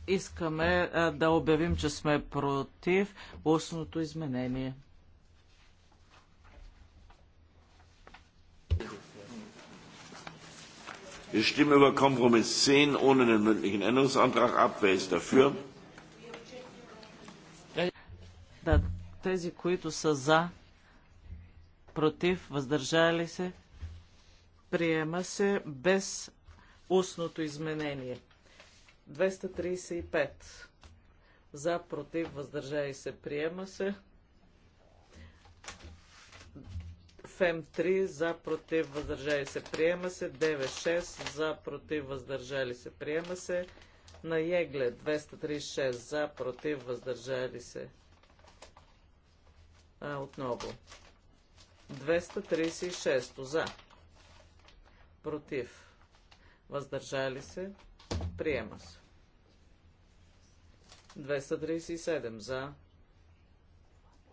Искаме а, да обявим, че сме против устното изменение. Wir stimmen über Kompromiss 10 ohne den mündlichen Änderungsantrag ab. Wer ist dafür? Да, тези, които са за, против, въздържали се, приема се без устното изменение. 235. За, против, въздържали се, приема се. ФЕМ 3 за против въздържали се приема се, 9-6 за против въздържали се приема се, на Егле 236 за против въздържали се а, отново. 236 за. Против. Въздържали се. Приема се. 237 за.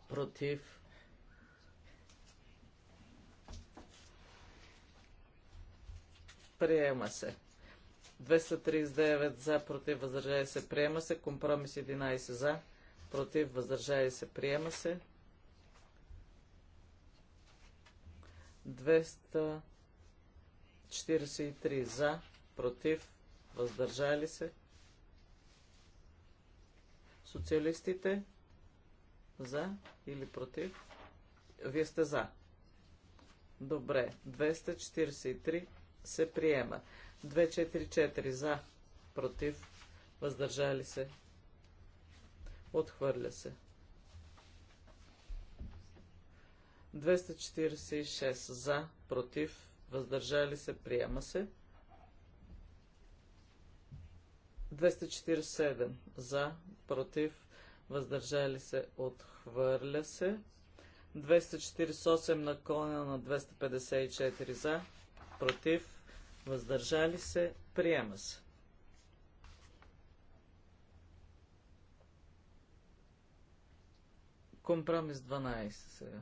Против. Приема се. 239 за, против, въздържали се, приема се. Компромис 11 за, против, въздържали се, приема се. 243 за, против, въздържали се. Социалистите за или против? Вие сте за. Добре, 243 се приема. 244 за, против, въздържали се. Отхвърля се. 246 за, против, въздържали се, приема се. 247 за, против, въздържали се, отхвърля се. 248 наклона на 254 за, против, въздържали се, приема се. Компромис 12 сега.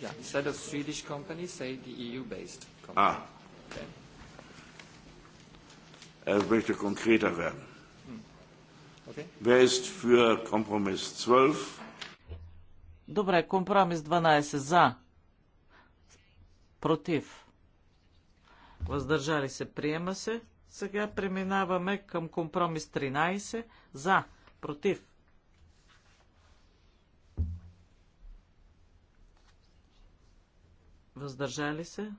Yeah, instead of Swedish company, say the EU-based company. Ah. Okay. Er möchte konkreter werden. Okay. Wer ist für Kompromiss 12? Добре, Kompromiss 12 za. Против. Въздържали се, приема се. Сега преминаваме към компромис 13 за. Против. Въздържали се?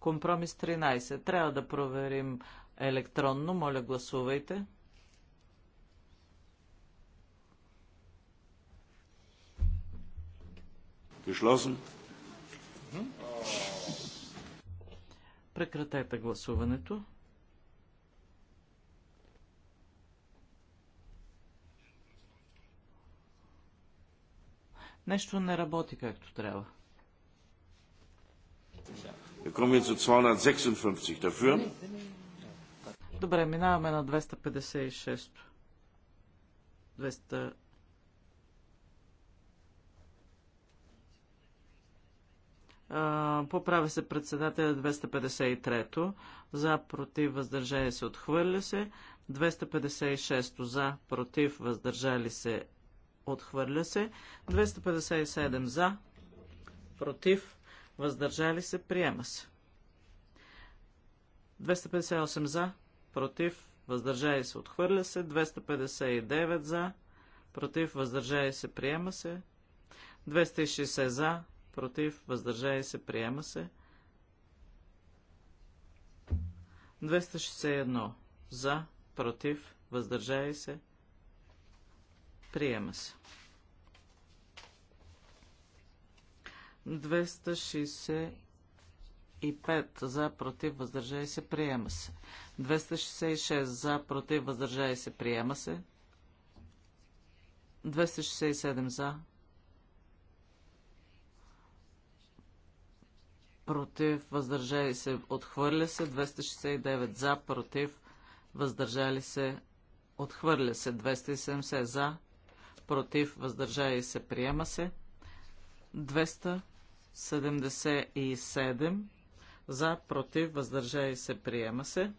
Компромис 13. Трябва да проверим електронно. Моля, гласувайте. Geschlossen. Прекратете гласуването. Нещо не работи както трябва. Добре, минаваме на 256. 200... поправя се председателя 253-то, за, против, въздържали се, отхвърля се, 256-то за, против, въздържали се, Отхвърля се. 257 за. Против. Въздържали се. Приема се. 258 за. Против. Въздържали се. Отхвърля се. 259 за. Против. Въздържали се. Приема се. 260 за. Против. Въздържали се. Приема се. 261 за. Против. Въздържали се. Приема се. 265 за, против, въздържали се, приема се. 266 за, против, въздържали се, приема се. 267 за, против, въздържали се, отхвърля се. 269 за, против, въздържали се, отхвърля се. 270 за, против, въздържали се, приема се. 277 за, против, въздържали се, приема се.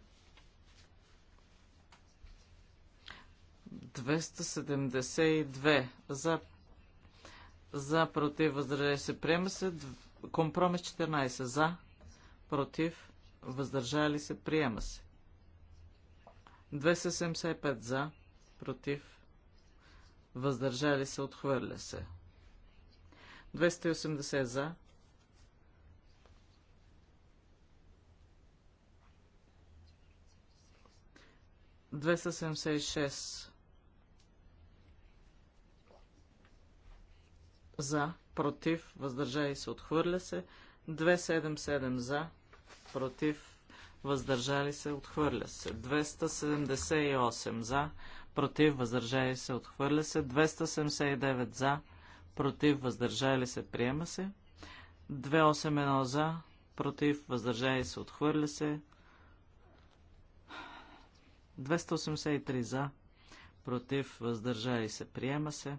272 за, за против, въздържали се, приема се. Компромис 14 за, против, въздържали се, приема се. 275 за, против, въздържали се, отхвърля се. 280 за. 276. за, против, въздържали се, отхвърля се. 277 за, против, въздържали се, отхвърля се. 278 за, против, въздържали се, отхвърля се. 279 за, против, въздържали се, приема се. 281 за, против, въздържали се, отхвърля се. 283 за, против, въздържали се, приема се.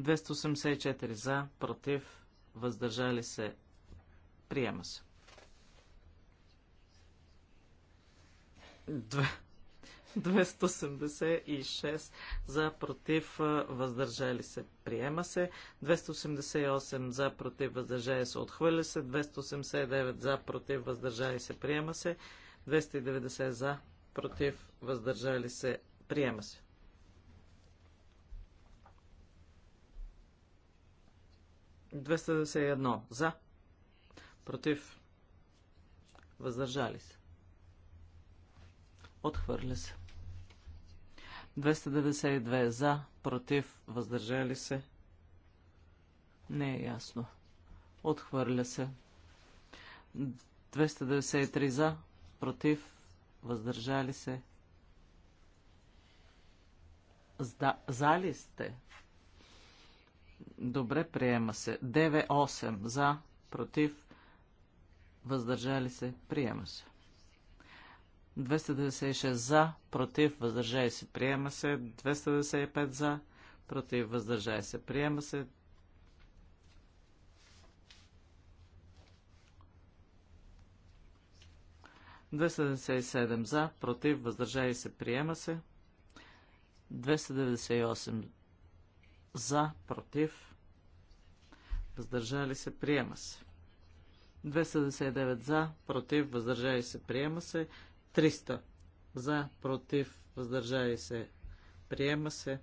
284 за, против, въздържали се, приема се. 2. 286 за против въздържали се. Приема се. 288 за против въздържали се. Отхвърля се. 289 за против въздържали се. Приема се. 290 за против въздържали се. Приема се. Двеста за против въздържали се. Отхвърля се. 292 за, против, въздържали се. Не е ясно. Отхвърля се. 293 за, против, въздържали се. Зда, зали сте? Добре, приема се. 98 за, против, въздържали се, приема се. 296 за, против, въздържали се, приема се. 295 за, против, въздържали се, приема се. ...297 за, против, въздържали се, приема се. 298 за, против, въздържали се, приема се. 299 за, против, въздържали се, приема се. 300 за, против, въздържали се, приема се.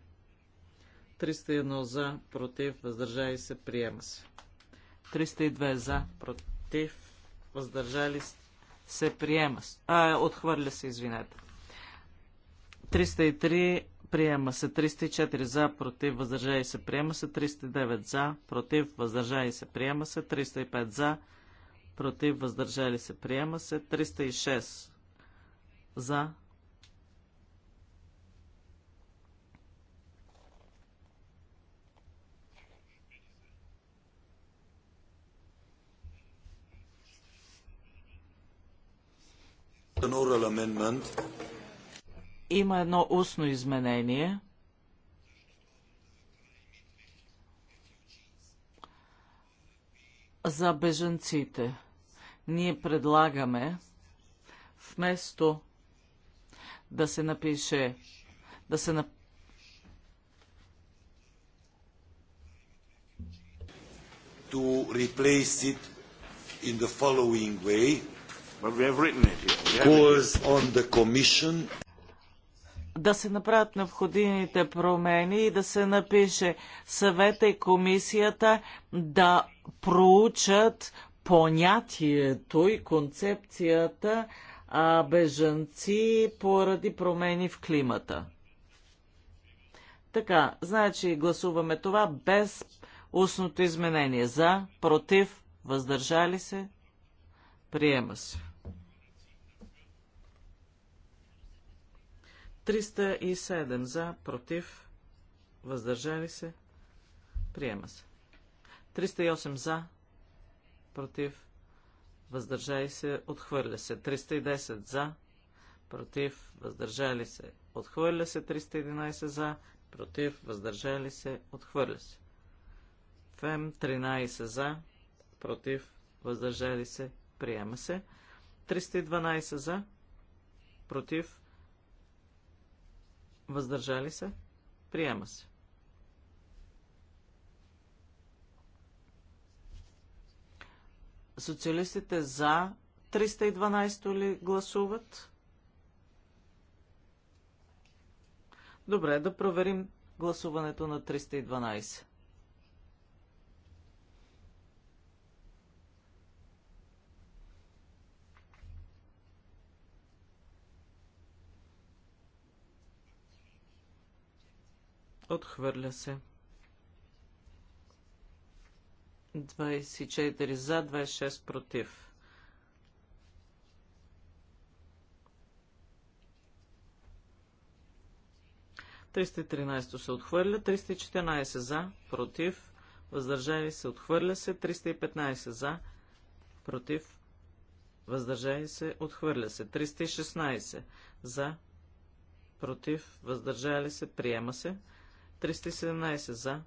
301 за, против, въздържали се, приема се. 302 за, против, въздържали се, приема се. А, отхвърля се, извинете. 303 приема се. 304 за, против, въздържали се, приема се. 309 за, против, въздържали се, приема се. 305 за, против, въздържали се, приема се. 306 за Има едно устно изменение. За бежанците. Ние предлагаме вместо да се напише, да се на... To replace it in the following way. But we have written it here. Calls on the Commission да се направят необходимите промени и да се напише съвета и комисията да проучат понятието и концепцията а, бежанци поради промени в климата. Така, значи гласуваме това без устното изменение. За, против, въздържали се, приема се. 307 за, против, въздържали се, приема се. 308 за, против, въздържали се, отхвърля се. 310 за, против, въздържали се, отхвърля се. 311 за, против, въздържали се, отхвърля се. Фем 13 за, против, въздържали се, приема се. 312 за, против, въздържали се, приема се. Социалистите за 312 ли гласуват? Добре, да проверим гласуването на 312. Отхвърля се. 24 за, 26 против. Триста се отхвърля, 314 за, против, въздържали се, отхвърля се, 315 за, против, въздържали се, отхвърля се, 316 за, против, въздържали се, приема се, 317 за,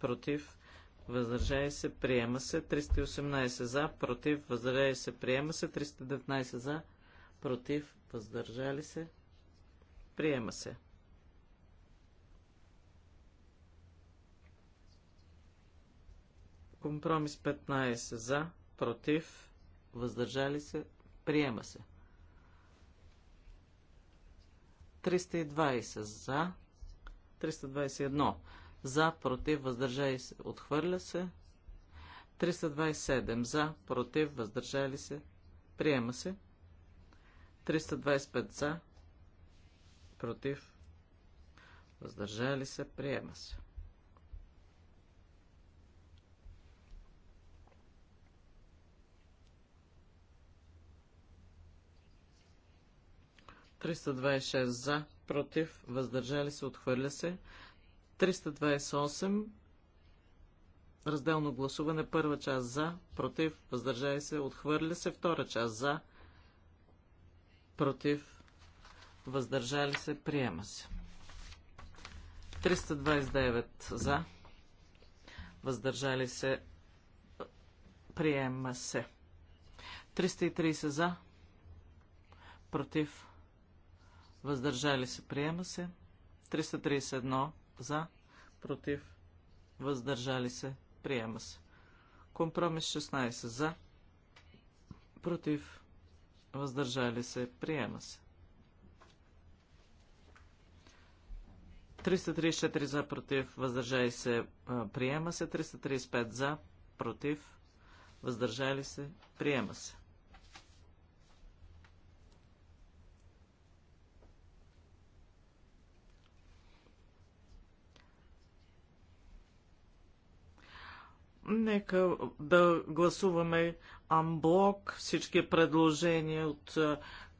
против, въздържали се, приема се, 318 за, против, въздържали се, приема се, 319 за, против, въздържали се, приема се. Компромис 15 за, против, въздържали се, приема се. 320 за, 321 за, против, въздържали се, отхвърля се. 327 за, против, въздържали се, приема се. 325 за, против, въздържали се, приема се. Триста за, против, въздържали се, отхвърля се. 328. Разделно гласуване. Първа част за, против, въздържали се, отхвърля се. Втора част за, против, въздържали се, приема се. 329 за, въздържали се, приема се. 330 за, против, въздържали се, приема се. 331 за, против, въздържали се, приема се. Компромис 16 за, против, въздържали се, приема се. 334 за, против, въздържали се, приема се. 335 за, против, въздържали се, приема се. Нека да гласуваме амблок всички предложения от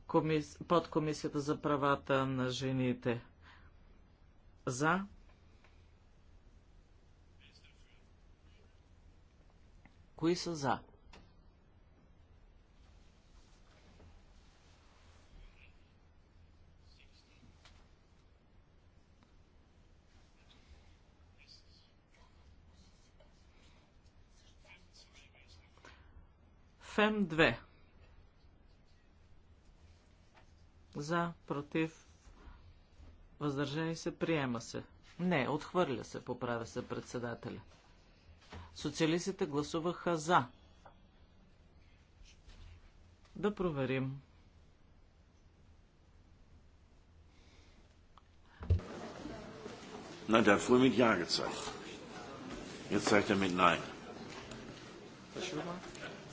комис... подкомисията за правата на жените. За. Кои са за? ФЕМ-2. За, против, въздържали се, приема се. Не, отхвърля се, поправя се председателя. Социалистите гласуваха за. Да проверим. Nein, да, hat früher mit Ja gezeigt. Jetzt zeigt er mit Nein.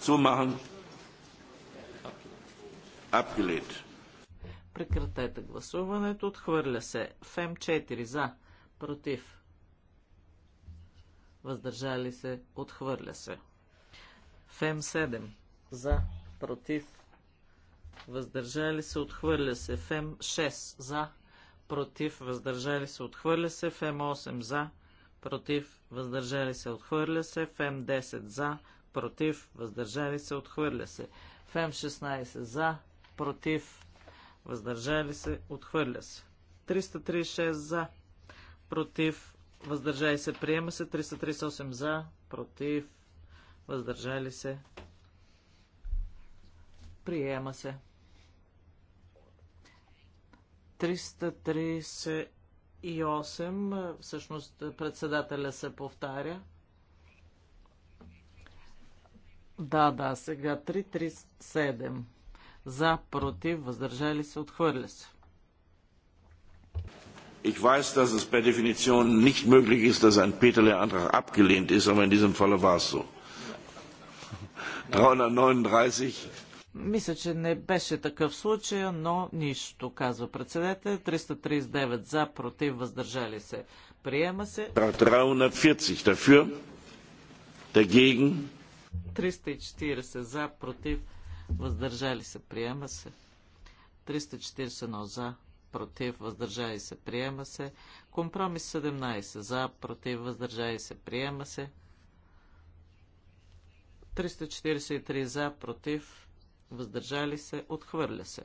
Zumachen. Abgelehnt. Прекратете гласуването. Отхвърля се. ФЕМ 4 за. Против. Въздържали се. Отхвърля се. ФЕМ 7 за. Против. Въздържали се. Отхвърля се. ФЕМ 6 за. Против. Въздържали се. Отхвърля се. ФЕМ 8 за. Против. Въздържали се. Отхвърля се. ФЕМ 10 за против, въздържали се, отхвърля се. Фем 16 за, против, въздържали се, отхвърля се. 336 за, против, въздържали се, приема се. 338 за, против, въздържали се, приема се. 338, всъщност председателя се повтаря. Да, да, сега 337. За, против, въздържали се, отхвърля се. Ich weiß, dass es per Definition nicht möglich ist, dass ein Peterle-Antrag abgelehnt ist, aber in diesem Falle war es so. 339. Мисля, че не беше такъв случай, но нищо, казва председател. 339 за, против, въздържали се. Приема се. 340 dafür, dagegen, 340 за, против, въздържали се, приема се. 341 за, против, въздържали се, приема се. Компромис 17 за, против, въздържали се, приема се. 343 за, против, въздържали се, отхвърля се.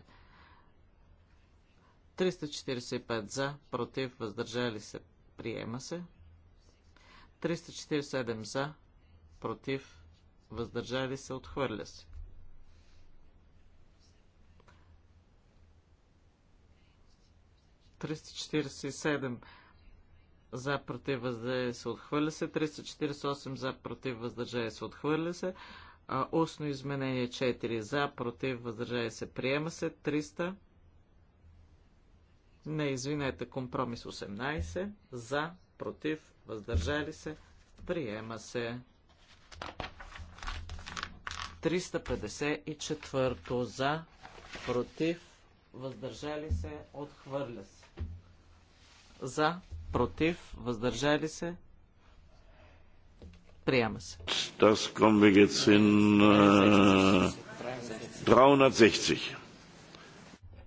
345 за, против, въздържали се, приема се. 347 за, против, въздържали се, отхвърля се. за против въздържали се отхвърля се, 348 за против въздържали се отхвърля се, а, устно изменение 4 за против въздържали се приема се, 300 не, извинете, компромис 18 за против въздържали се приема се. 354 за, против, въздържали се, отхвърля се. За, против, въздържали се, приема се. Das kommen wir jetzt in 360. Äh,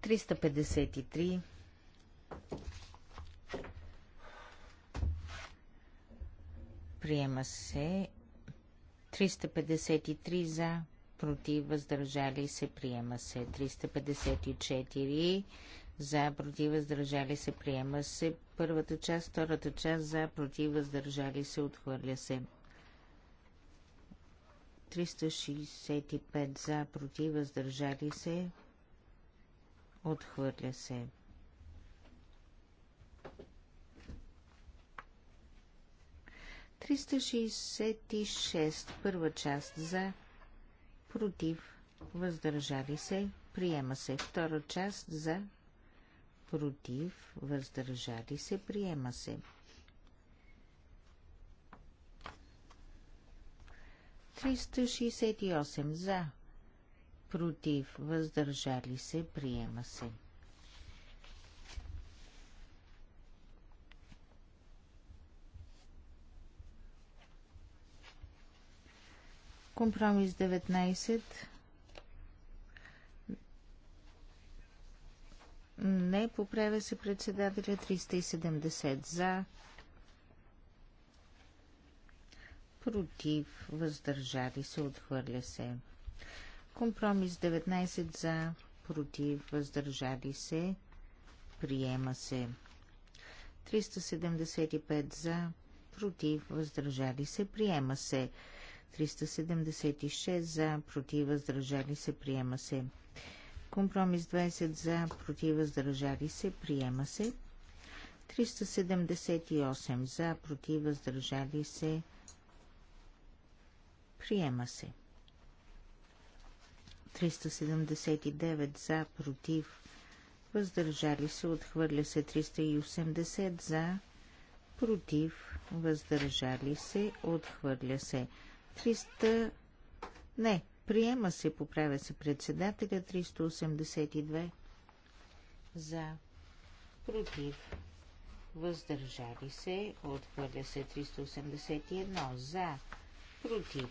353. Приема се 353 за, против, въздържали се, приема се. 354 за, против, въздържали се, приема се. Първата част, втората част, за, против, въздържали се, отхвърля се. 365 за, против, въздържали се, отхвърля се. 366. Първа част за. Против. Въздържали се. Приема се. Втора част за. Против. Въздържали се. Приема се. 368 за. Против. Въздържали се. Приема се. Компромис 19. Не, поправя се председателя 370 за. Против, въздържали се, отхвърля се. Компромис 19 за, против, въздържали се, приема се. 375 за, против, въздържали се, приема се. 376 за, против, въздържали се, приема се. Компромис 20 за, против, въздържали се, приема се. 378 за, против, въздържали се, приема се. 379 за, против, въздържали се, отхвърля се 380 за, против, въздържали се, отхвърля се 300... Не, приема се, поправя се председателя. 382 за, против, въздържали се, отхвърля се 381 за, против,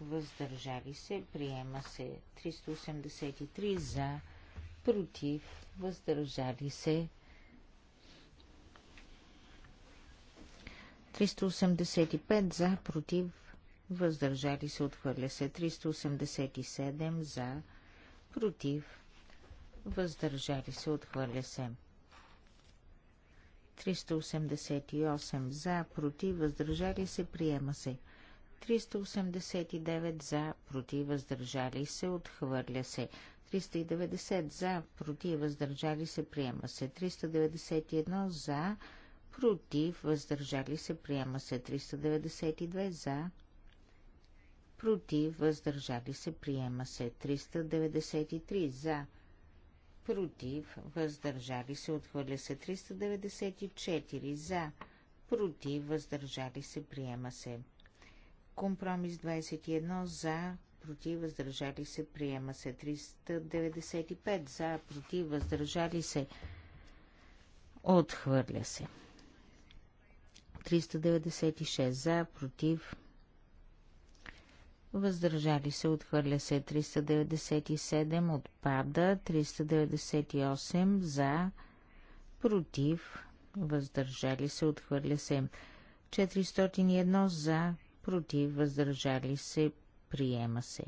въздържали се, приема се 383 за, против, въздържали се 385 за, против, въздържали се, отхвърля се 387 за, против, въздържали се, отхвърля се. 388 за, против, въздържали се, приема се. 389 за, против, въздържали се, отхвърля се. 390 за, против, въздържали се, приема се. 391 за, против, въздържали се, приема се. 392 за, против, въздържали се, приема се 393 за, против, въздържали се, отхвърля се 394 за, против, въздържали се, приема се. Компромис 21 за, против, въздържали се, приема се 395 за, против, въздържали се, отхвърля се. 396 за, против, въздържали се, отхвърля се 397, отпада 398 за, против, въздържали се, отхвърля се 401 за, против, въздържали се, приема се.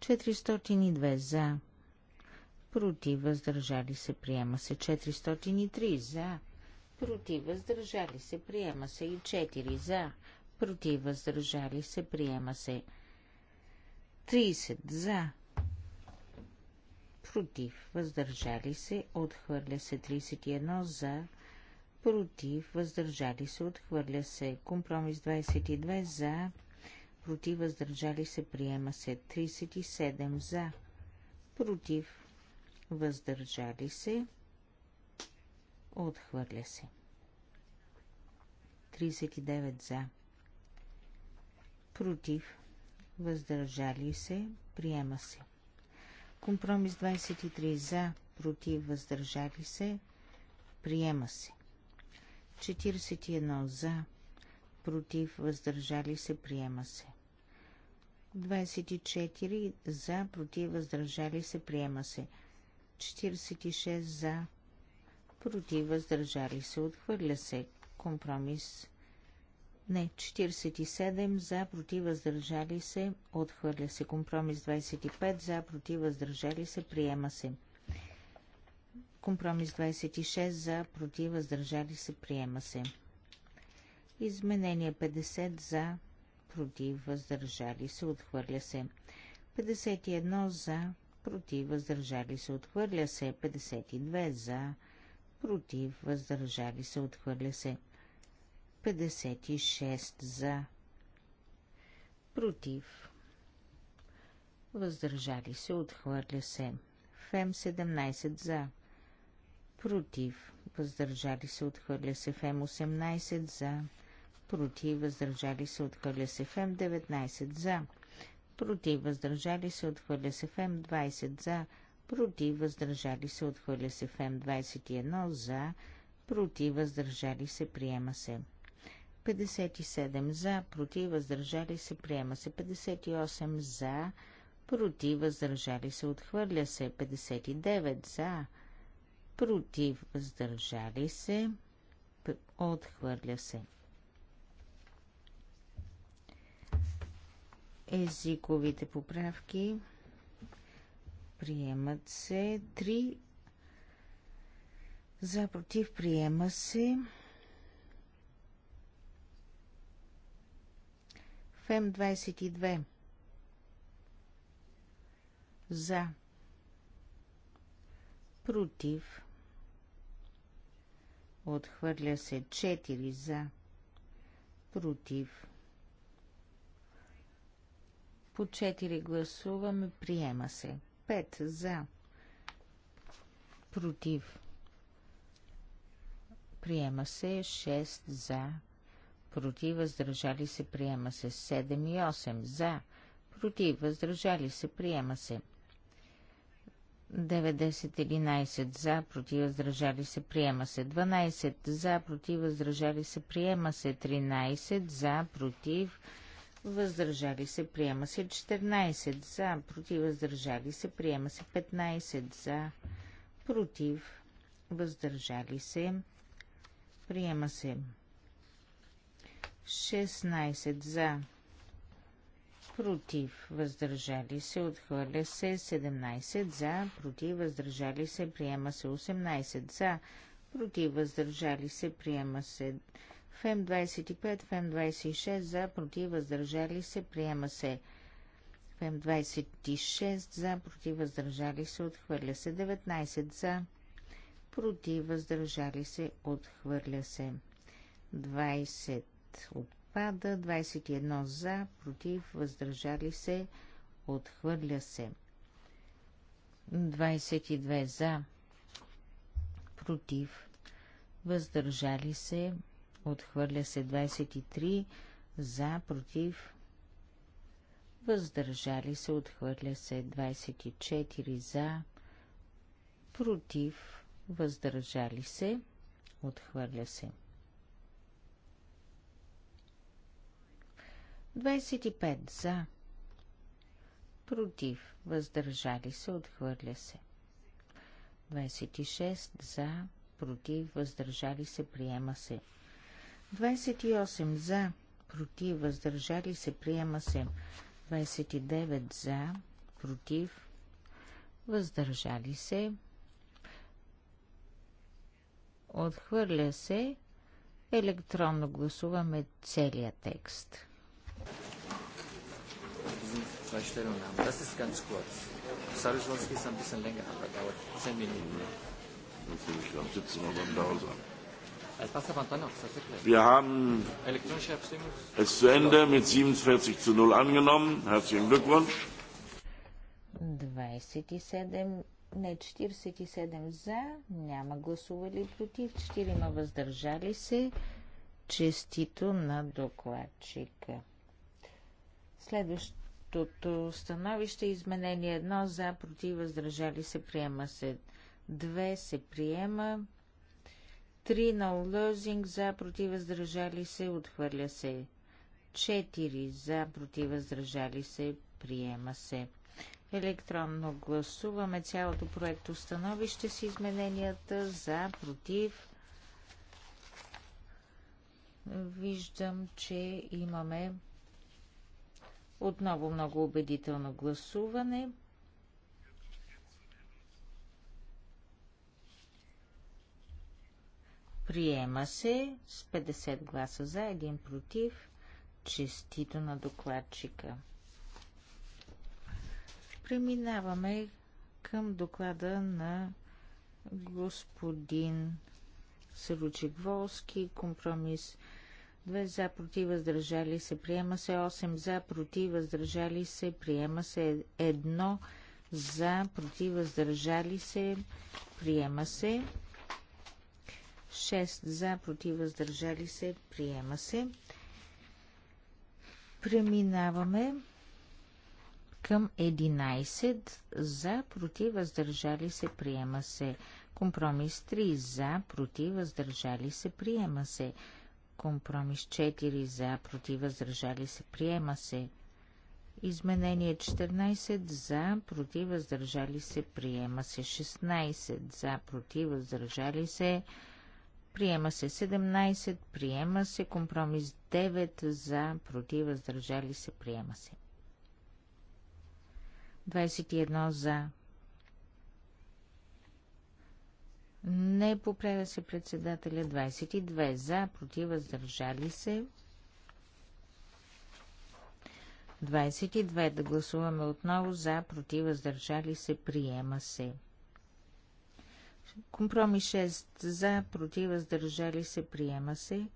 402 за, против, въздържали се, приема се 403 за, против, въздържали се, приема се и 4 за, против, въздържали се, приема се. 30 за, против, въздържали се, отхвърля се. 31 за, против, въздържали се, отхвърля се. Компромис 22 за, против, въздържали се, приема се. 37 за, против, въздържали се, отхвърля се. 39 за, против, въздържали се, приема се. Компромис 23 за, против, въздържали се, приема се. 41 за, против, въздържали се, приема се. 24 за, против, въздържали се, приема се. 46 за, против, въздържали се, отхвърля се. Компромис не, 47 за, против, въздържали се, отхвърля се. Компромис 25 за, против, въздържали се, приема се. Компромис 26 за, против, въздържали се, приема се. Изменение 50 за, против, въздържали се, отхвърля се. 51 за, против, въздържали се, отхвърля се. 52 за, против, въздържали се, отхвърля се. 56 за. Против. Въздържали се, отхвърля се. Фем 17 за. Против. Въздържали се, отхвърля се. Фем 18 за. Против. Въздържали се, отхвърля се. Фем 19 за. Против. Въздържали се, отхвърля се. Фем 20 за. Против. Въздържали се, отхвърля се. Фем 21 за. Против. Въздържали се, приема се. 57 за, против, въздържали се, приема се. 58 за, против, въздържали се, отхвърля се. 59 за, против, въздържали се, отхвърля се. Езиковите поправки приемат се. 3 за, против, приема се. Фем 22. За. Против. Отхвърля се 4 за. Против. По 4 гласуваме. Приема се. 5 за. Против. Приема се 6 за против, въздържали се, приема се. 7 и 8 за, против, въздържали се, приема се. 90-11 за, против, въздържали се, приема се. 12 за, против, въздържали се, приема се. 13 за, против, въздържали се, приема се. 14 за, против, въздържали се, приема се. 15 за, против, въздържали се, приема се. 16 за, против, въздържали се, отхвърля се 17 за, против, въздържали се, приема се 18 за, против, въздържали се, приема се ФЕМ 25, ФЕМ 26 за, против, въздържали се, приема се ФЕМ 26 за, против, въздържали се, отхвърля се 19 за, против, въздържали се, отхвърля се 20 отпада, 21 за, против, въздържали се, отхвърля се. 22 за, против, въздържали се, отхвърля се 23, за, против, въздържали се, отхвърля се 24, за, против, въздържали се, отхвърля се 25 за. Против. Въздържали се. Отхвърля се. 26 за. Против. Въздържали се. Приема се. 28 за. Против. Въздържали се. Приема се. 29 за. Против. Въздържали се. Отхвърля се. Електронно гласуваме целият текст zwei Stellungnahmen. Das ist ganz kurz. ist ein bisschen länger, aber dauert zehn Minuten. es Wir haben es zu Ende mit 47 zu 0 angenommen. Herzlichen Glückwunsch. 27, не 47 за, няма гласували против, 4 въздържали се. Честито на докладчика. Следващото становище е изменение 1 за против въздържали се приема се. 2 се приема. 3 на лозинг за против въздържали се отхвърля се. 4 за, против въздържали се, приема се. Електронно гласуваме цялото проекто становище с измененията за, против. Виждам, че имаме отново много убедително гласуване. Приема се с 50 гласа за, 1 против. Честито на докладчика. Преминаваме към доклада на господин Сручик Волски, компромис 2 за, против, въздържали се, приема се 8 за, против, въздържали се, приема се 1 за, против, въздържали се, приема се 6 за, против, въздържали се, приема се. Преминаваме към 11 за, против, въздържали се, приема се. Компромис 3 за, против, въздържали се, приема се. Компромис 4 за, против, въздържали се, приема се. Изменение 14 за, против, въздържали се, приема се. 16 за, против, въздържали се, приема се. 17, приема се. Компромис 9 за, против, въздържали се, приема се. 21 за, Не поправя се председателя 22 за, против, въздържали се. 22 да гласуваме отново за, против, въздържали се, приема се. Компромис 6 за, против, въздържали се, приема се.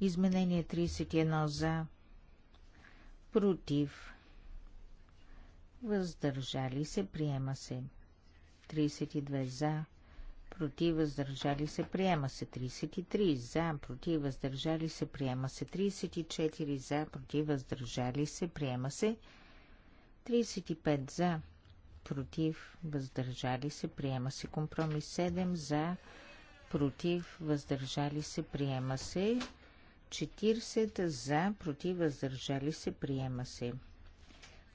Изменение 31 за, против, въздържали се, приема се. 32 за, против, въздържали се, приема се. 33 за, против, въздържали се, приема се. 34 за, против, въздържали се, приема се. 35 за, против, въздържали се, приема се. Компромис 7 за, против, въздържали се, приема се. 40 за, против, въздържали се, приема се.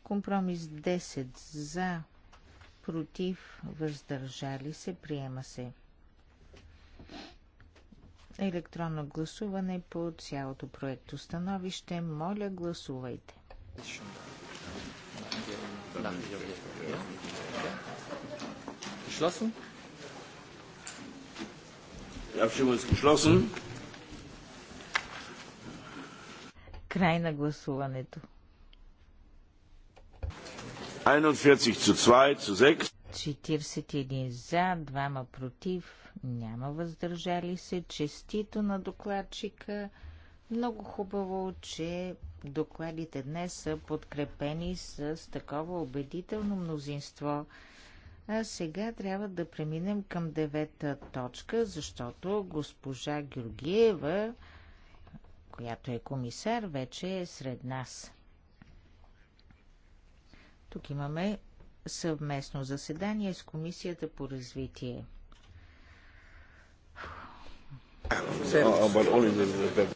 Компромис 10 за, против, въздържали се, приема се. Електронно гласуване по цялото проекто становище. Моля, гласувайте. Край на гласуването. 41 zu 2 zu 6. 41 за, 2 против, няма въздържали се. Честито на докладчика. Много хубаво, че докладите днес са подкрепени с такова убедително мнозинство. А сега трябва да преминем към девета точка, защото госпожа Георгиева, която е комисар, вече е сред нас. Тук имаме съвместно заседание с Комисията по развитие. Oh,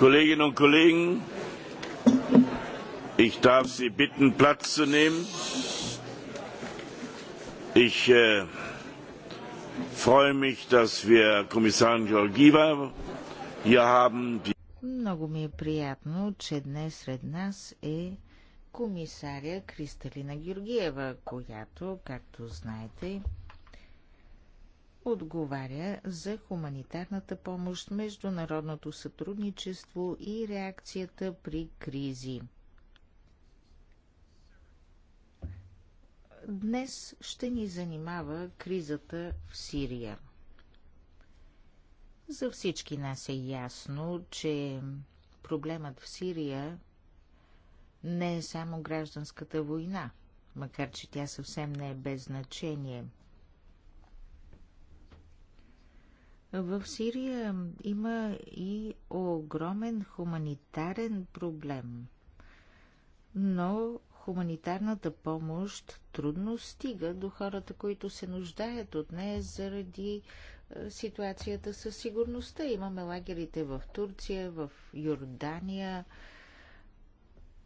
Kolleginnen und Kollegen, ich darf Sie bitten, Platz zu nehmen. Ich freue mich, dass wir Kommissarin Georgieva hier haben. Die Много ми е приятно, че днес сред нас е комисаря Кристалина Георгиева, която, както знаете, отговаря за хуманитарната помощ, международното сътрудничество и реакцията при кризи. Днес ще ни занимава кризата в Сирия. За всички нас е ясно, че проблемът в Сирия не е само гражданската война, макар че тя съвсем не е без значение – В Сирия има и огромен хуманитарен проблем, но хуманитарната помощ трудно стига до хората, които се нуждаят от нея заради е, ситуацията със сигурността. Имаме лагерите в Турция, в Йордания,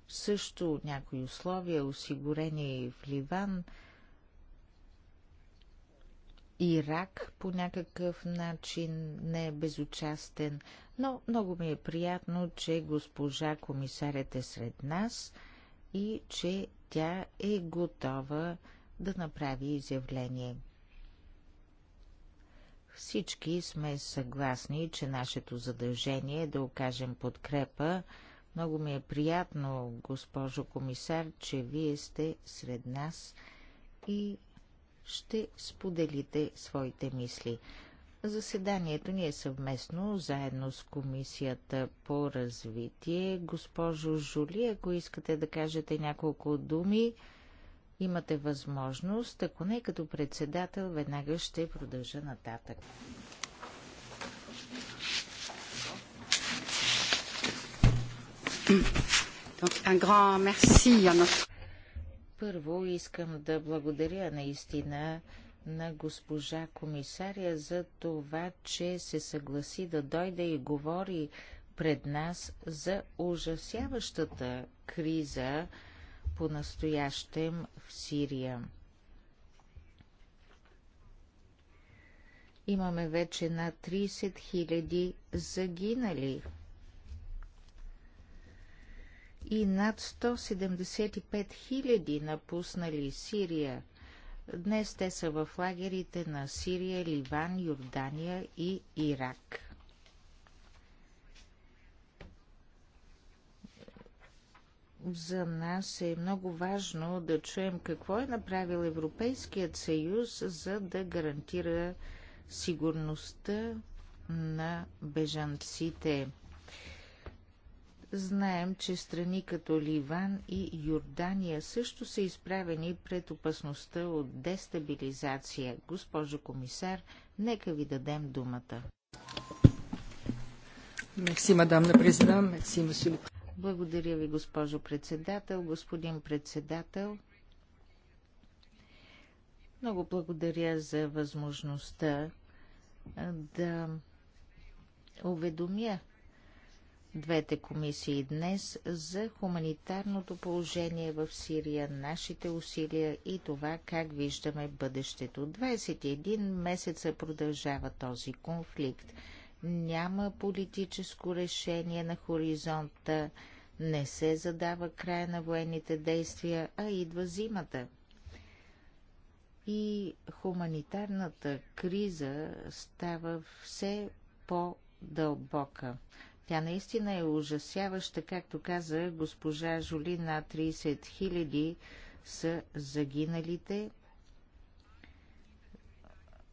също някои условия, осигурени в Ливан – Ирак по някакъв начин не е безучастен, но много ми е приятно, че госпожа комисарят е сред нас и че тя е готова да направи изявление. Всички сме съгласни, че нашето задължение е да окажем подкрепа. Много ми е приятно, госпожо комисар, че вие сте сред нас и ще споделите своите мисли. Заседанието ни е съвместно, заедно с Комисията по развитие. Госпожо Жули, ако искате да кажете няколко думи, имате възможност. Ако не като председател, веднага ще продължа нататък. Donc, un grand merci à notre... Първо искам да благодаря наистина на госпожа комисаря за това, че се съгласи да дойде и говори пред нас за ужасяващата криза по настоящем в Сирия. Имаме вече над 30 000 загинали и над 175 000 напуснали Сирия. Днес те са в лагерите на Сирия, Ливан, Йордания и Ирак. За нас е много важно да чуем какво е направил Европейският съюз, за да гарантира сигурността на бежанците. Знаем, че страни като Ливан и Йордания също са изправени пред опасността от дестабилизация. Госпожо комисар, нека ви дадем думата. Мерси, мадам президент. Мерси, Благодаря ви, госпожо председател, господин председател. Много благодаря за възможността да уведомя двете комисии днес за хуманитарното положение в Сирия, нашите усилия и това как виждаме бъдещето. 21 месеца продължава този конфликт. Няма политическо решение на хоризонта, не се задава края на военните действия, а идва зимата. И хуманитарната криза става все по-дълбока. Тя наистина е ужасяваща, както каза госпожа Жолина, 30 000 са загиналите.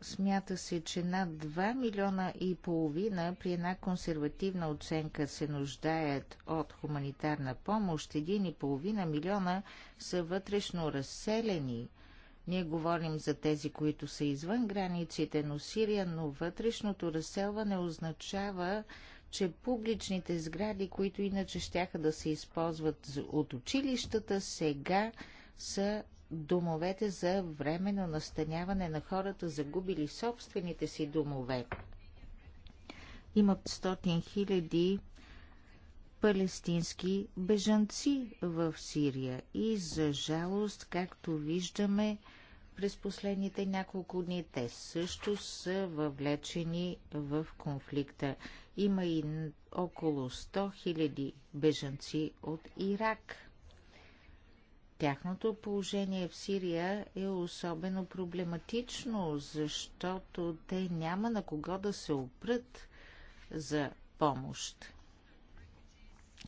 Смята се, че над 2 милиона и половина при една консервативна оценка се нуждаят от хуманитарна помощ. половина милиона са вътрешно разселени. Ние говорим за тези, които са извън границите, но Сирия, но вътрешното разселване означава, че публичните сгради, които иначе щяха да се използват от училищата, сега са домовете за временно настаняване на хората, загубили собствените си домове. Има 500 хиляди палестински бежанци в Сирия и за жалост, както виждаме, през последните няколко дни те също са въвлечени в конфликта. Има и около 100 000 бежанци от Ирак. Тяхното положение в Сирия е особено проблематично, защото те няма на кого да се опрат за помощ.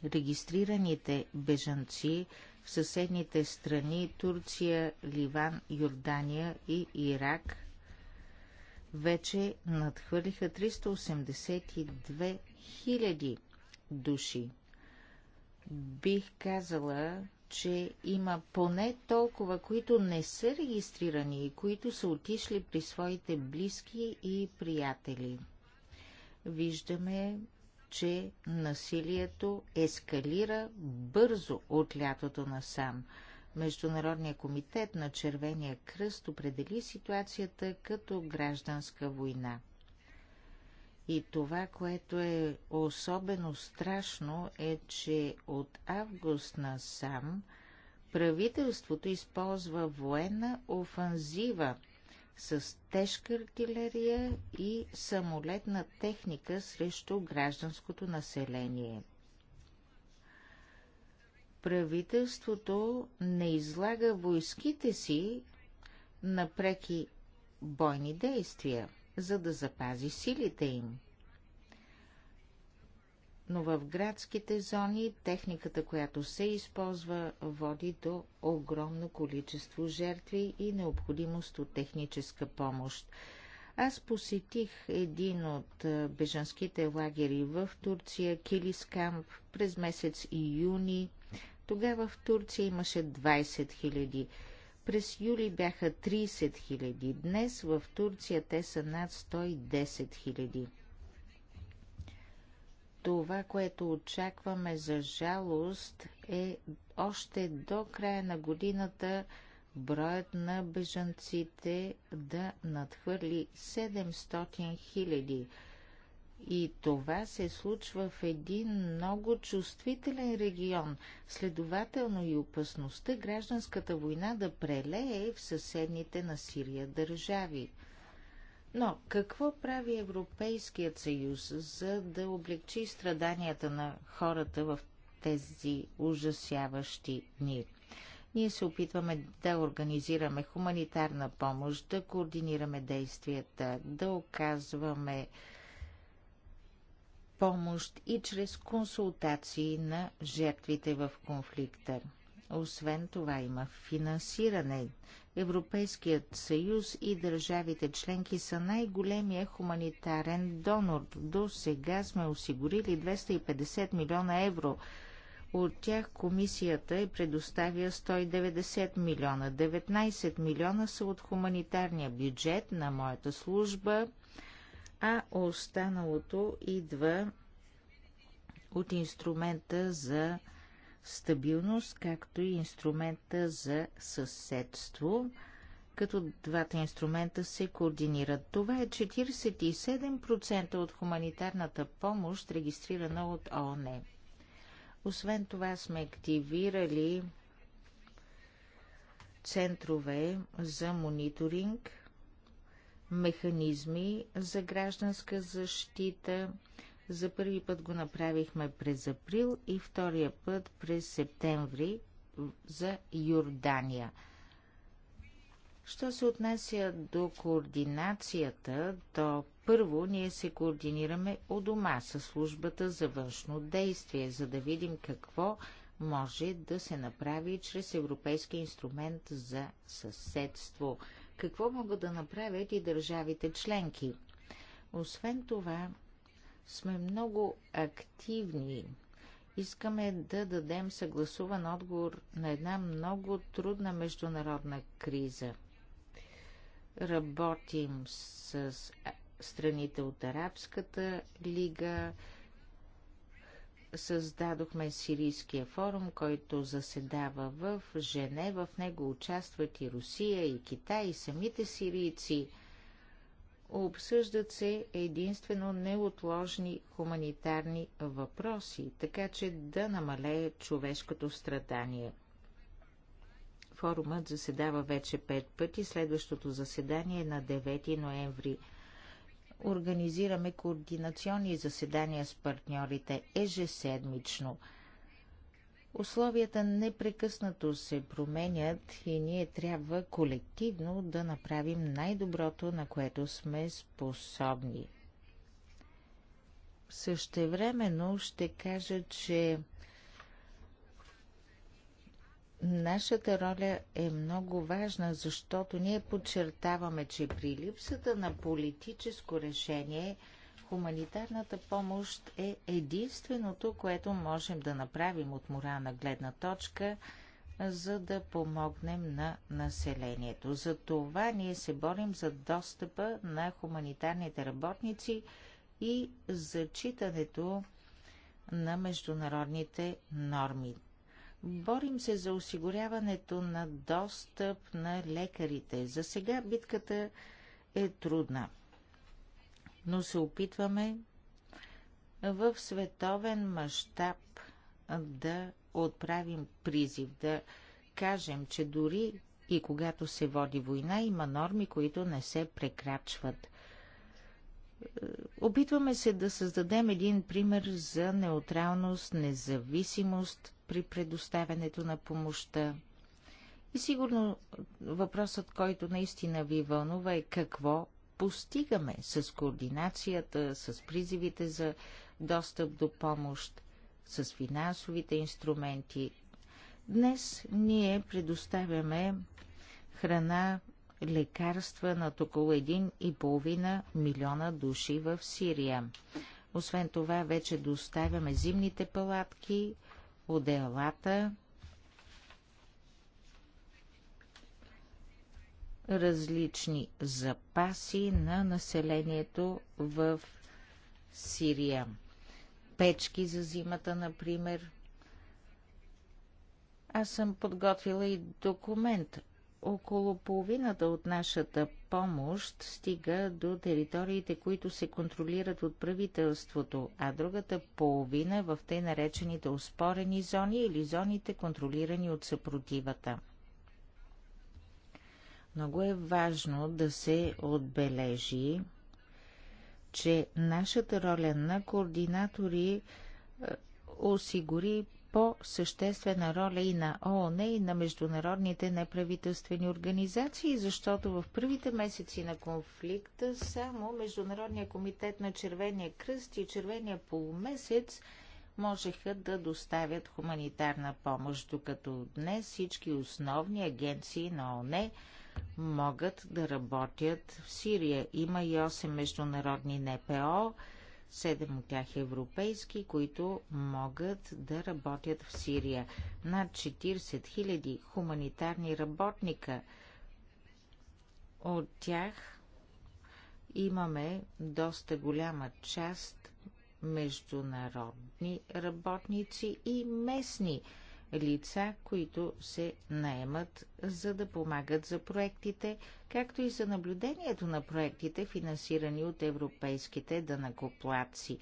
Регистрираните бежанци в съседните страни Турция, Ливан, Йордания и Ирак вече надхвърлиха 382 000 души. Бих казала, че има поне толкова, които не са регистрирани и които са отишли при своите близки и приятели. Виждаме, че насилието ескалира бързо от лятото насам. сам Международния комитет на Червения кръст определи ситуацията като гражданска война. И това, което е особено страшно, е, че от август насам правителството използва военна офанзива с тежка артилерия и самолетна техника срещу гражданското население правителството не излага войските си на преки бойни действия, за да запази силите им. Но в градските зони техниката, която се използва, води до огромно количество жертви и необходимост от техническа помощ. Аз посетих един от бежанските лагери в Турция, Килискамп, през месец и юни тогава в Турция имаше 20 000. През юли бяха 30 000. Днес в Турция те са над 110 000. Това, което очакваме за жалост е още до края на годината броят на бежанците да надхвърли 700 000. И това се случва в един много чувствителен регион. Следователно и опасността гражданската война да прелее в съседните на Сирия държави. Но какво прави Европейският съюз, за да облегчи страданията на хората в тези ужасяващи дни? Ние се опитваме да организираме хуманитарна помощ, да координираме действията, да оказваме помощ и чрез консултации на жертвите в конфликта. Освен това има финансиране. Европейският съюз и държавите членки са най-големия хуманитарен донор. До сега сме осигурили 250 милиона евро. От тях комисията е предоставя 190 милиона. 19 милиона са от хуманитарния бюджет на моята служба – а останалото идва от инструмента за стабилност, както и инструмента за съседство, като двата инструмента се координират. Това е 47% от хуманитарната помощ, регистрирана от ООН. Освен това сме активирали центрове за мониторинг – механизми за гражданска защита. За първи път го направихме през април и втория път през септември за Йордания. Що се отнася до координацията, то първо ние се координираме у дома с службата за външно действие, за да видим какво може да се направи чрез Европейския инструмент за съседство – какво могат да направят и държавите членки. Освен това, сме много активни. Искаме да дадем съгласуван отговор на една много трудна международна криза. Работим с страните от Арабската лига, Създадохме Сирийския форум, който заседава в Женева. В него участват и Русия, и Китай, и самите сирийци. Обсъждат се единствено неотложни хуманитарни въпроси, така че да намалее човешкото страдание. Форумът заседава вече пет пъти. Следващото заседание е на 9 ноември – Организираме координационни заседания с партньорите ежеседмично. Условията непрекъснато се променят и ние трябва колективно да направим най-доброто, на което сме способни. Същевременно ще кажа, че Нашата роля е много важна, защото ние подчертаваме, че при липсата на политическо решение хуманитарната помощ е единственото, което можем да направим от морална гледна точка, за да помогнем на населението. За това ние се борим за достъпа на хуманитарните работници и зачитането на международните норми. Борим се за осигуряването на достъп на лекарите. За сега битката е трудна, но се опитваме в световен мащаб да отправим призив, да кажем, че дори и когато се води война, има норми, които не се прекрачват. Опитваме се да създадем един пример за неутралност, независимост при предоставянето на помощта. И сигурно въпросът, който наистина ви вълнува е какво постигаме с координацията, с призивите за достъп до помощ, с финансовите инструменти. Днес ние предоставяме храна лекарства над около 1,5 милиона души в Сирия. Освен това, вече доставяме зимните палатки, отделата различни запаси на населението в Сирия. Печки за зимата, например. Аз съм подготвила и документ около половината от нашата помощ стига до териториите, които се контролират от правителството, а другата половина в те наречените успорени зони или зоните, контролирани от съпротивата. Много е важно да се отбележи, че нашата роля на координатори е, осигури по-съществена роля и на ООН и на международните неправителствени организации, защото в първите месеци на конфликта само Международния комитет на Червения кръст и Червения полумесец можеха да доставят хуманитарна помощ, докато днес всички основни агенции на ОНЕ могат да работят в Сирия. Има и 8 международни НПО, Седем от тях европейски, които могат да работят в Сирия. Над 40 000 хуманитарни работника. От тях имаме доста голяма част международни работници и местни работници лица, които се наемат за да помагат за проектите, както и за наблюдението на проектите, финансирани от европейските данакоплаци.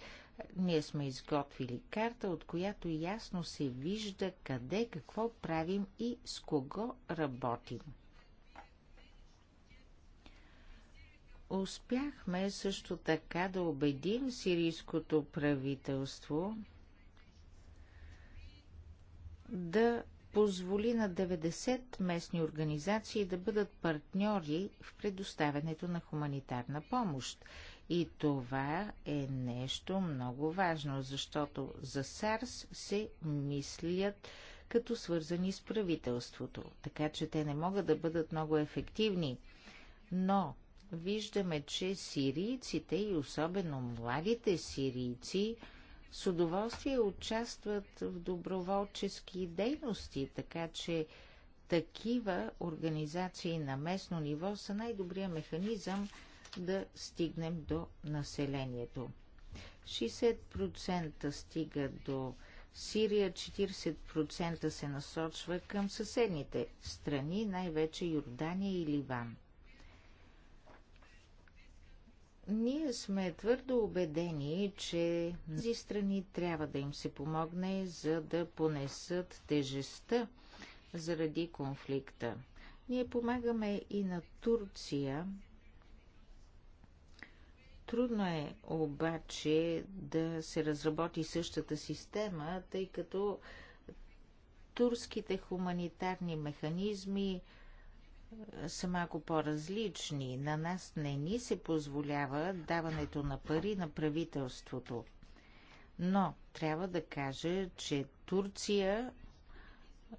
Ние сме изготвили карта, от която ясно се вижда къде какво правим и с кого работим. Успяхме също така да убедим сирийското правителство, да позволи на 90 местни организации да бъдат партньори в предоставянето на хуманитарна помощ. И това е нещо много важно, защото за САРС се мислят като свързани с правителството, така че те не могат да бъдат много ефективни. Но виждаме, че сирийците и особено младите сирийци с удоволствие участват в доброволчески дейности, така че такива организации на местно ниво са най-добрия механизъм да стигнем до населението. 60% стига до Сирия, 40% се насочва към съседните страни, най-вече Йордания и Ливан – ние сме твърдо убедени, че тези страни трябва да им се помогне, за да понесат тежестта заради конфликта. Ние помагаме и на Турция. Трудно е обаче да се разработи същата система, тъй като турските хуманитарни механизми са малко по-различни. На нас не ни се позволява даването на пари на правителството. Но трябва да кажа, че Турция е,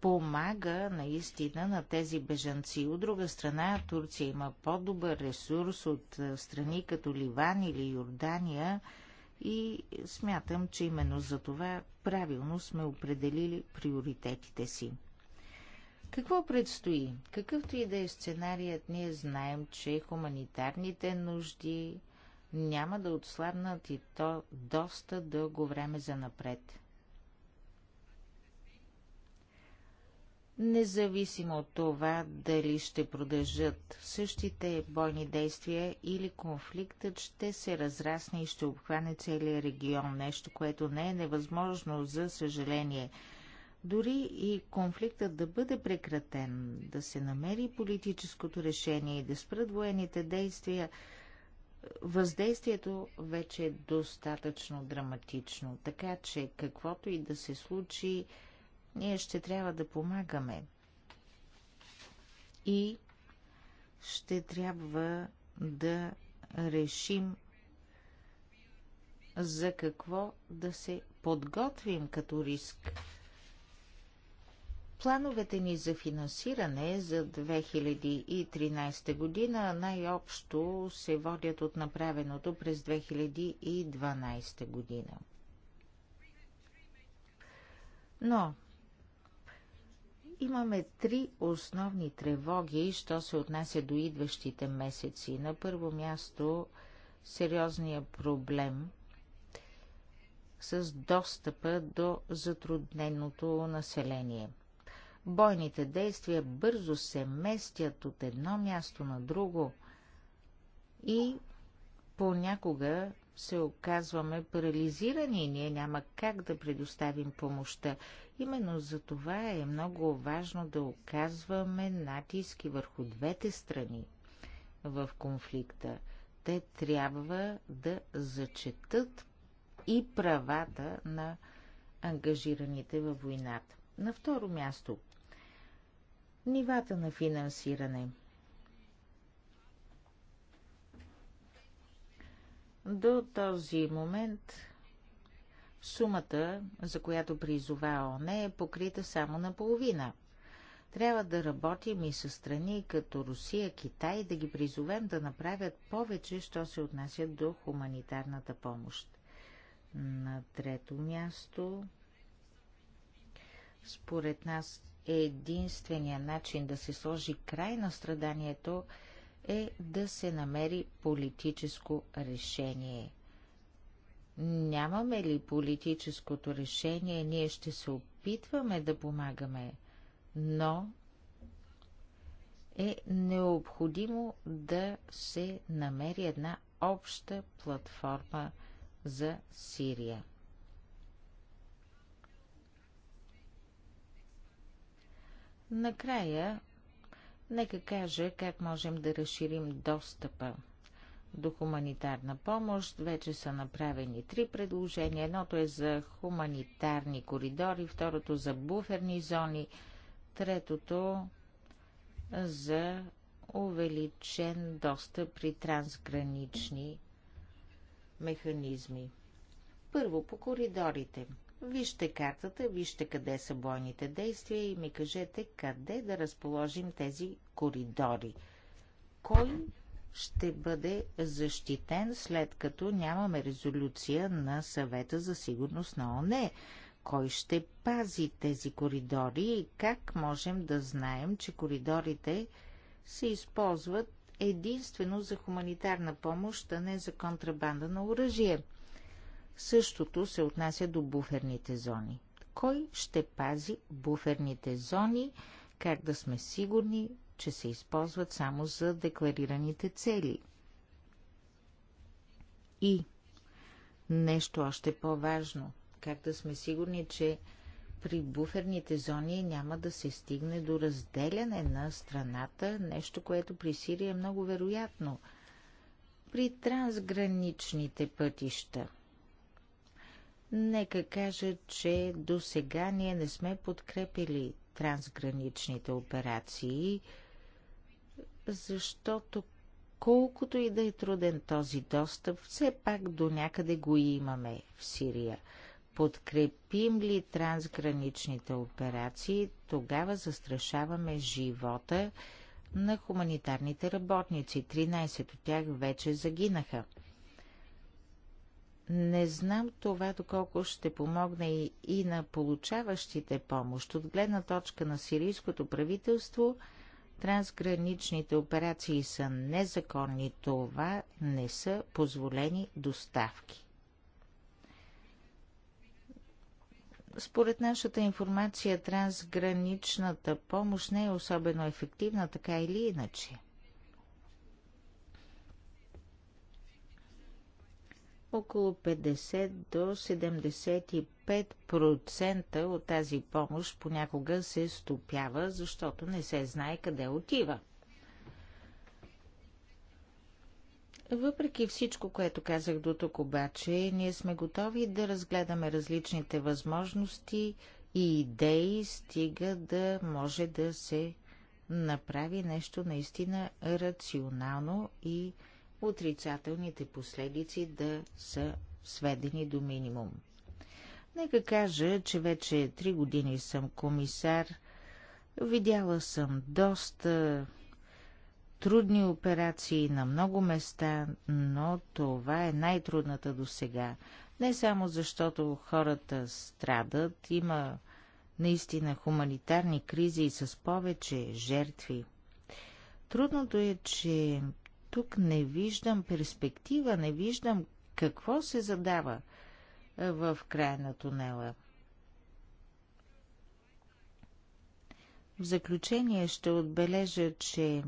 помага наистина на тези бежанци. От друга страна, Турция има по-добър ресурс от е, страни като Ливан или Йордания и смятам, че именно за това правилно сме определили приоритетите си. Какво предстои? Какъвто и да е сценарият, ние знаем, че хуманитарните нужди няма да отслабнат и то доста дълго време за напред. Независимо от това дали ще продължат същите бойни действия или конфликтът ще се разрасне и ще обхване целият регион, нещо, което не е невъзможно, за съжаление – дори и конфликтът да бъде прекратен, да се намери политическото решение и да спрат военните действия, въздействието вече е достатъчно драматично. Така че, каквото и да се случи, ние ще трябва да помагаме. И ще трябва да решим за какво да се подготвим като риск. Плановете ни за финансиране за 2013 година най-общо се водят от направеното през 2012 година. Но имаме три основни тревоги, що се отнася до идващите месеци. На първо място сериозния проблем с достъпа до затрудненото население – бойните действия бързо се местят от едно място на друго и понякога се оказваме парализирани и ние няма как да предоставим помощта. Именно за това е много важно да оказваме натиски върху двете страни в конфликта. Те трябва да зачетат и правата на ангажираните във войната. На второ място, нивата на финансиране. До този момент сумата, за която призова ОНЕ, е покрита само наполовина. Трябва да работим и с страни като Русия, Китай, да ги призовем да направят повече, що се отнася до хуманитарната помощ. На трето място, според нас, единствения начин да се сложи край на страданието е да се намери политическо решение. Нямаме ли политическото решение, ние ще се опитваме да помагаме, но е необходимо да се намери една обща платформа за Сирия. Накрая, нека кажа как можем да разширим достъпа до хуманитарна помощ. Вече са направени три предложения. Едното е за хуманитарни коридори, второто за буферни зони, третото за увеличен достъп при трансгранични механизми. Първо по коридорите – Вижте картата, вижте къде са бойните действия и ми кажете къде да разположим тези коридори. Кой ще бъде защитен след като нямаме резолюция на съвета за сигурност на ОНЕ? Кой ще пази тези коридори и как можем да знаем, че коридорите се използват единствено за хуманитарна помощ, а не за контрабанда на оръжие? Същото се отнася до буферните зони. Кой ще пази буферните зони? Как да сме сигурни, че се използват само за декларираните цели? И нещо още по-важно. Как да сме сигурни, че при буферните зони няма да се стигне до разделяне на страната, нещо, което при Сирия е много вероятно. При трансграничните пътища – Нека кажа, че до сега ние не сме подкрепили трансграничните операции, защото колкото и да е труден този достъп, все пак до някъде го имаме в Сирия. Подкрепим ли трансграничните операции, тогава застрашаваме живота на хуманитарните работници. 13 от тях вече загинаха. Не знам това доколко ще помогне и, и на получаващите помощ. От гледна точка на сирийското правителство, трансграничните операции са незаконни. Това не са позволени доставки. Според нашата информация, трансграничната помощ не е особено ефективна, така или иначе – около 50 до 75% от тази помощ понякога се стопява, защото не се знае къде отива. Въпреки всичко, което казах до тук обаче, ние сме готови да разгледаме различните възможности и идеи, стига да може да се направи нещо наистина рационално и рационално отрицателните последици да са сведени до минимум. Нека кажа, че вече три години съм комисар, видяла съм доста трудни операции на много места, но това е най-трудната до сега. Не само защото хората страдат, има наистина хуманитарни кризи с повече жертви. Трудното е, че тук не виждам перспектива, не виждам какво се задава в края на тунела. В заключение ще отбележа, че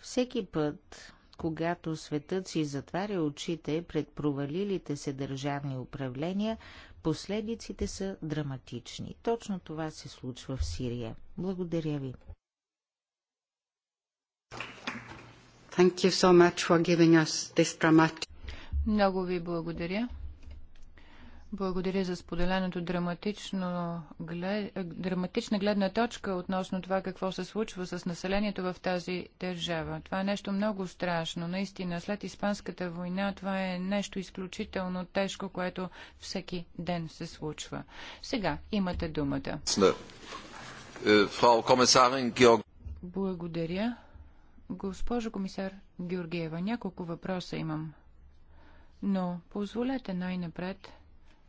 всеки път, когато светът си затваря очите пред провалилите се държавни управления, последиците са драматични. Точно това се случва в Сирия. Благодаря ви. Thank you so much for giving us this dramatic... Много ви благодаря. Благодаря за споделеното драматично, глед, драматична гледна точка относно това какво се случва с населението в тази държава. Това е нещо много страшно. Наистина, след Испанската война това е нещо изключително тежко, което всеки ден се случва. Сега имате думата. Е, благодаря. Госпожо комисар Георгиева, няколко въпроса имам. Но позволете най-напред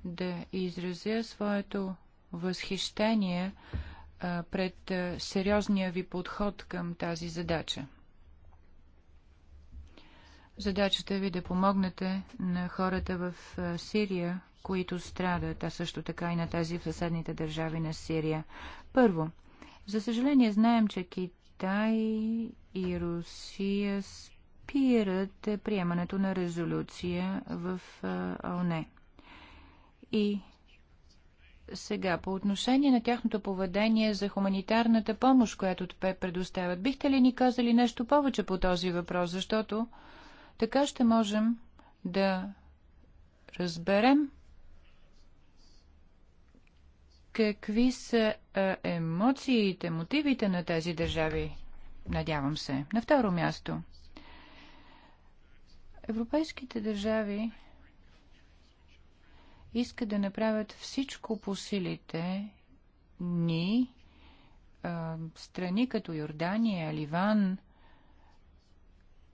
да изразя своето възхищение а, пред а, сериозния ви подход към тази задача. Задачата ви е да помогнете на хората в Сирия, които страдат, а също така и на тези в съседните държави на Сирия. Първо, за съжаление знаем, че Китай и Русия спират приемането на резолюция в ОНЕ. И сега, по отношение на тяхното поведение за хуманитарната помощ, която те предоставят, бихте ли ни казали нещо повече по този въпрос, защото така ще можем да разберем какви са емоциите, мотивите на тези държави надявам се. На второ място, европейските държави искат да направят всичко по силите ни, страни като Йордания, Ливан,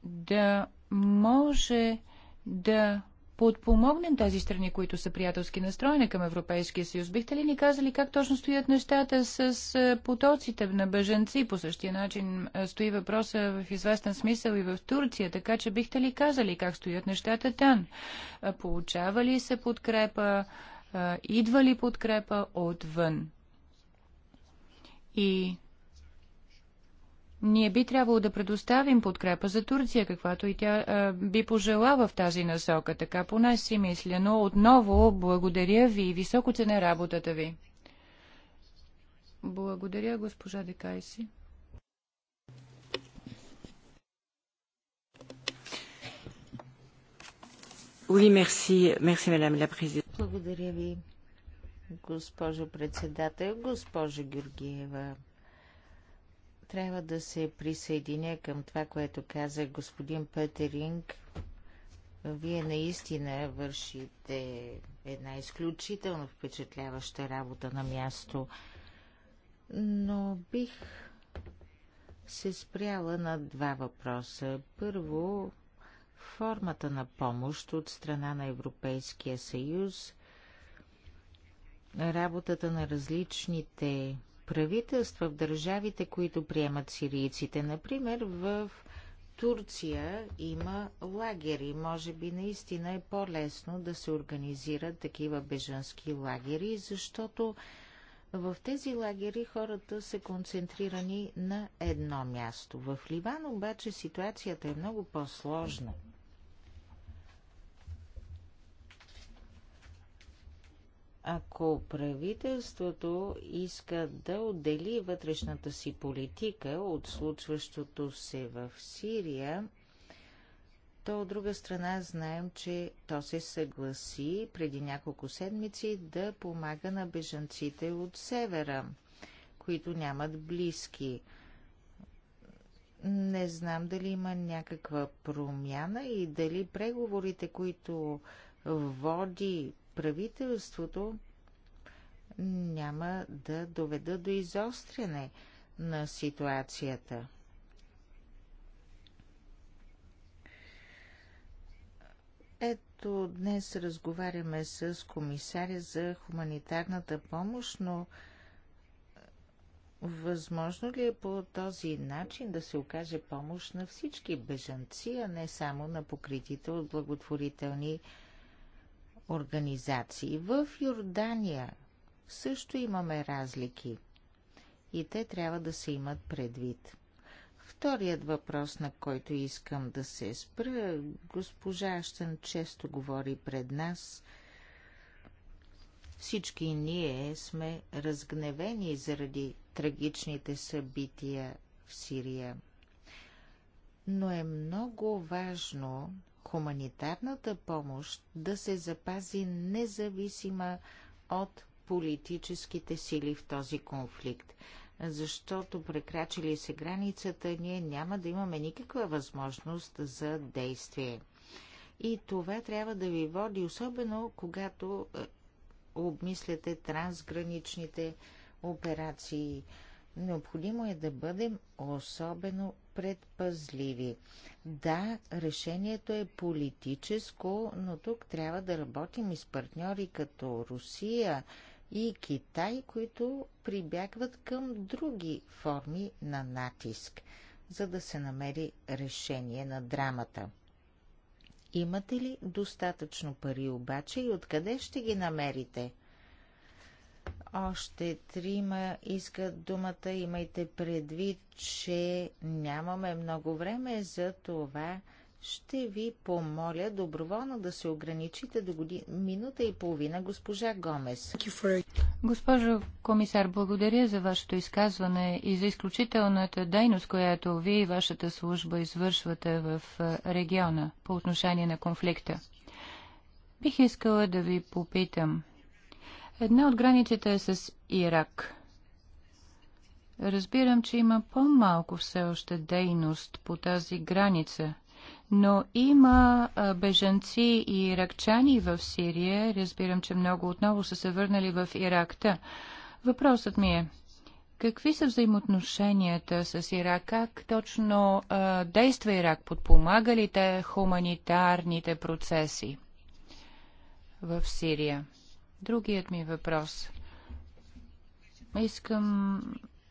да може да подпомогнем тези страни, които са приятелски настроени към Европейския съюз. Бихте ли ни казали как точно стоят нещата с потоците на беженци? По същия начин стои въпроса в известен смисъл и в Турция, така че бихте ли казали как стоят нещата там? Получава ли се подкрепа? Идва ли подкрепа отвън? И ние би трябвало да предоставим подкрепа за Турция, каквато и тя а, би пожела в тази насока. Така поне си мисля, но отново благодаря ви и високо цене работата ви. Благодаря, госпожа Декайси. Oui, merci. Merci, madame la présidente. Благодаря ви, госпожо председател, госпожо Георгиева. Трябва да се присъединя към това, което каза господин Петеринг. Вие наистина вършите една изключително впечатляваща работа на място, но бих се спряла на два въпроса. Първо, формата на помощ от страна на Европейския съюз, работата на различните правителства в държавите, които приемат сирийците. Например, в Турция има лагери. Може би наистина е по-лесно да се организират такива бежански лагери, защото в тези лагери хората са концентрирани на едно място. В Ливан обаче ситуацията е много по-сложна. Ако правителството иска да отдели вътрешната си политика от случващото се в Сирия, то от друга страна знаем, че то се съгласи преди няколко седмици да помага на бежанците от севера, които нямат близки. Не знам дали има някаква промяна и дали преговорите, които води правителството няма да доведа до изостряне на ситуацията. Ето, днес разговаряме с комисаря за хуманитарната помощ, но възможно ли е по този начин да се окаже помощ на всички бежанци, а не само на покритите от благотворителни организации. В Йордания също имаме разлики и те трябва да се имат предвид. Вторият въпрос, на който искам да се спра, госпожа Аштън често говори пред нас. Всички ние сме разгневени заради трагичните събития в Сирия. Но е много важно хуманитарната помощ да се запази независима от политическите сили в този конфликт. Защото прекрачили се границата, ние няма да имаме никаква възможност за действие. И това трябва да ви води, особено когато е, обмисляте трансграничните операции. Необходимо е да бъдем особено предпазливи. Да, решението е политическо, но тук трябва да работим и с партньори като Русия и Китай, които прибягват към други форми на натиск, за да се намери решение на драмата. Имате ли достатъчно пари обаче и откъде ще ги намерите? Още трима искат думата. Имайте предвид, че нямаме много време, за това ще ви помоля доброволно да се ограничите до година, минута и половина, госпожа Гомес. Госпожо комисар, благодаря за вашето изказване и за изключителната дейност, която вие и вашата служба извършвате в региона по отношение на конфликта. Бих искала да ви попитам Една от границите е с Ирак. Разбирам, че има по-малко все още дейност по тази граница, но има бежанци и иракчани в Сирия. Разбирам, че много отново са се върнали в Иракта. Въпросът ми е, Какви са взаимоотношенията с Ирак? Как точно а, действа Ирак? Подпомага ли те хуманитарните процеси в Сирия? Другият ми въпрос. Искам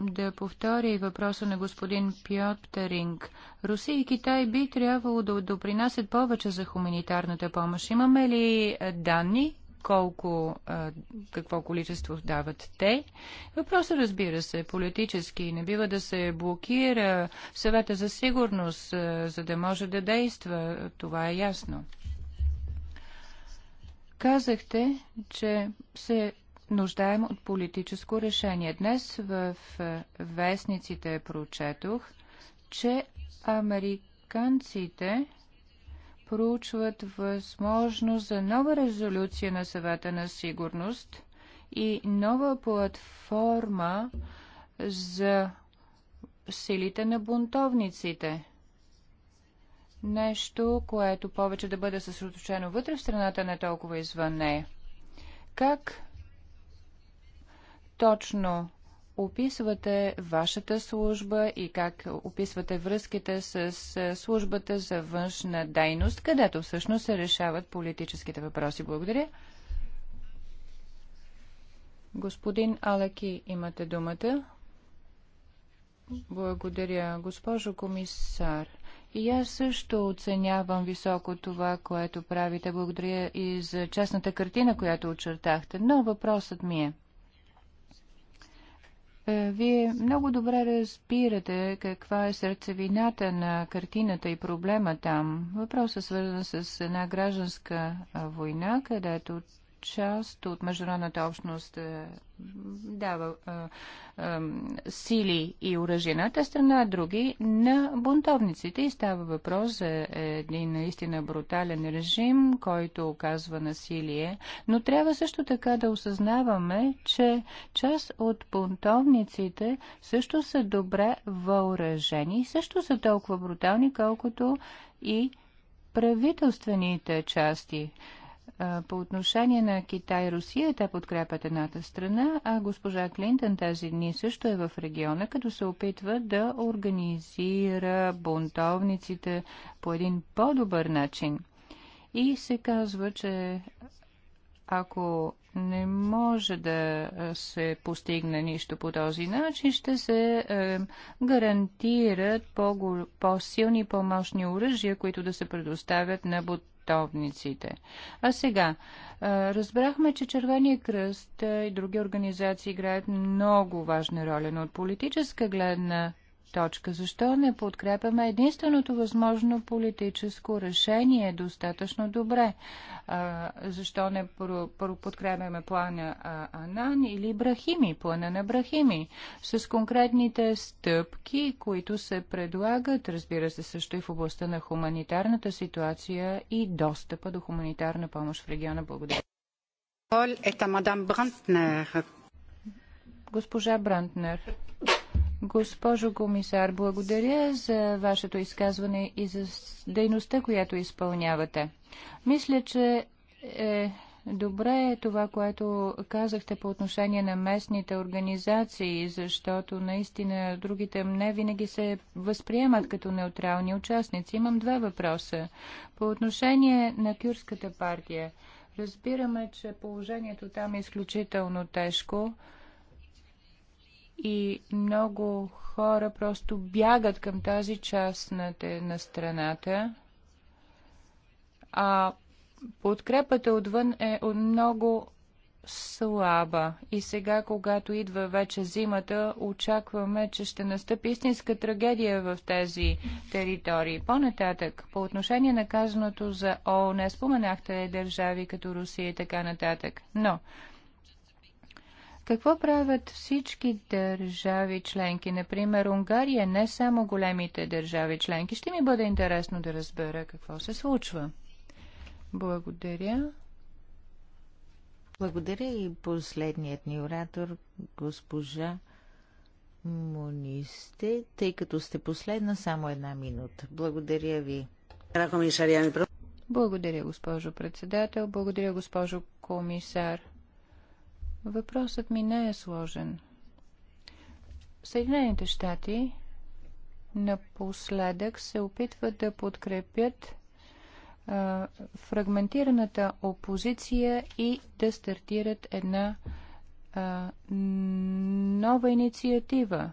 да повторя и въпроса на господин Пьотеринг. Русия и Китай би трябвало да допринасят повече за хуманитарната помощ. Имаме ли данни колко, какво количество дават те. Въпросът, разбира се, политически. Не бива да се блокира съвета за сигурност, за да може да действа. Това е ясно. Казахте, че се нуждаем от политическо решение. Днес в е, вестниците прочетох, че американците проучват възможност за нова резолюция на съвета на сигурност и нова платформа за силите на бунтовниците – нещо, което повече да бъде съсредоточено вътре в страната, не толкова извън нея. Как точно описвате вашата служба и как описвате връзките с е, службата за външна дейност, където всъщност се решават политическите въпроси. Благодаря. Господин Алеки, имате думата. Благодаря, госпожо комисар. И аз също оценявам високо това, което правите. Благодаря и за частната картина, която очертахте. Но въпросът ми е, е. Вие много добре разбирате каква е сърцевината на картината и проблема там. Въпросът е свързан с една гражданска война, където част от международната общност е, дава е, е, сили и оръжие на тази страна, а други на бунтовниците. И става въпрос за един наистина брутален режим, който оказва насилие. Но трябва също така да осъзнаваме, че част от бунтовниците също са добре въоръжени, и също са толкова брутални, колкото и правителствените части. По отношение на Китай и Русия, те подкрепят едната страна, а госпожа Клинтън тези дни също е в региона, като се опитва да организира бунтовниците по един по-добър начин. И се казва, че ако не може да се постигне нищо по този начин, ще се е, гарантират по-силни, по-мощни оръжия, които да се предоставят на световниците. А сега, разбрахме, че Червения кръст и други организации играят много важна роля, но от политическа гледна точка. Защо не подкрепяме единственото възможно политическо решение достатъчно добре? А, защо не подкрепяме плана Анан или Брахими, плана на Брахими, с конкретните стъпки, които се предлагат, разбира се, също и в областта на хуманитарната ситуация и достъпа до хуманитарна помощ в региона. Благодаря. Госпожа Брантнер. Госпожо комисар, благодаря за вашето изказване и за дейността, която изпълнявате. Мисля, че е добре е това, което казахте по отношение на местните организации, защото наистина другите не винаги се възприемат като неутрални участници. Имам два въпроса. По отношение на Кюрската партия. Разбираме, че положението там е изключително тежко и много хора просто бягат към тази част на, те, на страната, а подкрепата отвън е много слаба. И сега, когато идва вече зимата, очакваме, че ще настъпи истинска трагедия в тези територии. По-нататък, по отношение на казаното за ООН, споменахте държави като Русия и така нататък. Но, какво правят всички държави членки? Например, Унгария, не само големите държави членки. Ще ми бъде интересно да разбера какво се случва. Благодаря. Благодаря и последният ни оратор, госпожа Монисте, тъй като сте последна само една минута. Благодаря ви. Благодаря, госпожо председател. Благодаря, госпожо комисар. Въпросът ми не е сложен. Съединените щати напоследък се опитват да подкрепят а, фрагментираната опозиция и да стартират една а, нова инициатива,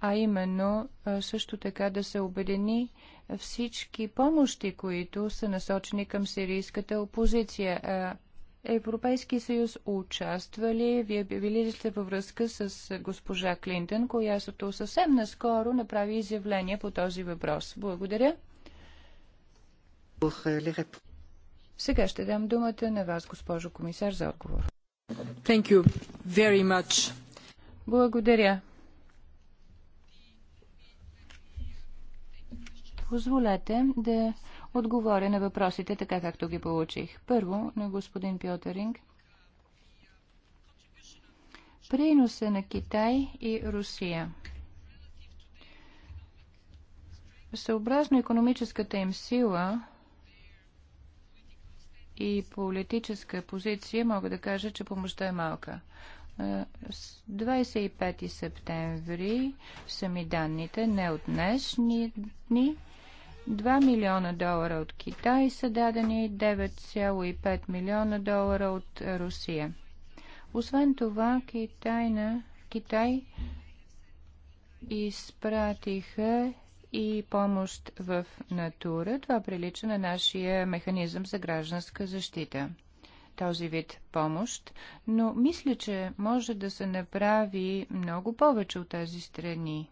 а именно а, също така да се обедини всички помощи, които са насочени към сирийската опозиция. А, Европейски съюз участвали? Вие били ли сте във връзка с госпожа Клинтон, която съвсем наскоро направи изявление по този въпрос? Благодаря. Сега ще дам думата на вас, госпожо комисар, за отговор. Thank you very much. Благодаря. Позволете да отговоря на въпросите така, както ги получих. Първо на господин Пьотеринг. Приноса на Китай и Русия. Съобразно економическата им сила и политическа позиция, мога да кажа, че помощта е малка. 25 е, септември са ми данните, не от днешни дни. 2 милиона долара от Китай са дадени 9,5 милиона долара от Русия. Освен това, Китай, на... Китай изпратиха и помощ в натура. Това прилича на нашия механизъм за гражданска защита. Този вид помощ, но мисля, че може да се направи много повече от тези страни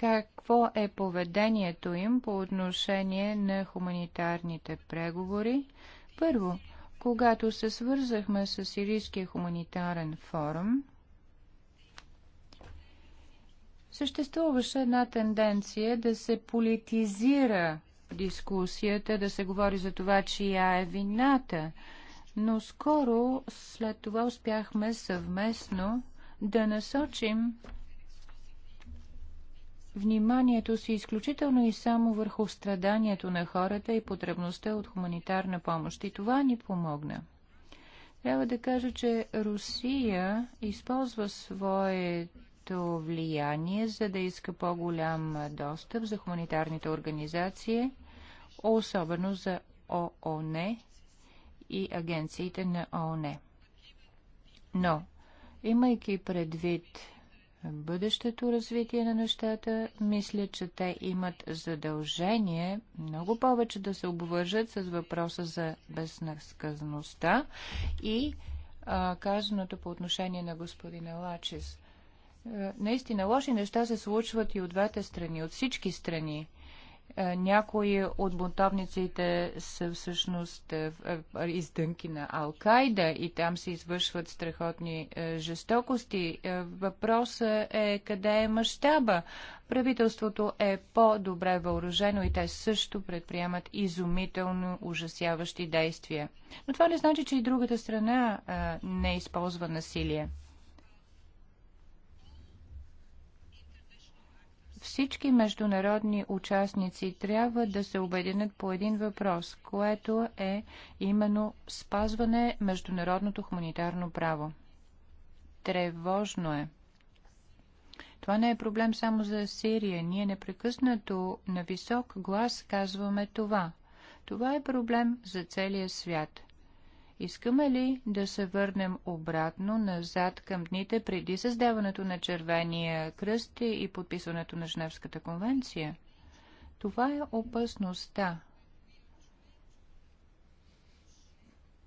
какво е поведението им по отношение на хуманитарните преговори. Първо, когато се свързахме с Сирийския хуманитарен форум, съществуваше една тенденция да се политизира дискусията, да се говори за това, чия е вината. Но скоро след това успяхме съвместно да насочим вниманието си изключително и само върху страданието на хората и потребността от хуманитарна помощ. И това ни помогна. Трябва да кажа, че Русия използва своето влияние, за да иска по-голям достъп за хуманитарните организации, особено за ООН и агенциите на ООН. Но, имайки предвид бъдещето развитие на нещата, мисля, че те имат задължение много повече да се обвържат с въпроса за безнаказаността и а, казаното по отношение на господина Лачис. Е, наистина лоши неща се случват и от двете страни, от всички страни. Е, някои от бунтовниците са всъщност е, е, издънки на Ал-Кайда и там се извършват страхотни жестокости. Въпросът е къде е мащаба. Правителството е по-добре въоръжено и те също предприемат изумително ужасяващи действия. Но това не значи, че и другата страна не използва насилие. Всички международни участници трябва да се обединят по един въпрос, което е именно спазване международното хуманитарно право. Тревожно е. Това не е проблем само за Сирия. Ние непрекъснато на висок глас казваме това. Това е проблем за целия свят – Искаме ли да се върнем обратно назад към дните преди създаването на Червения кръст и подписването на Женевската конвенция? Това е опасността,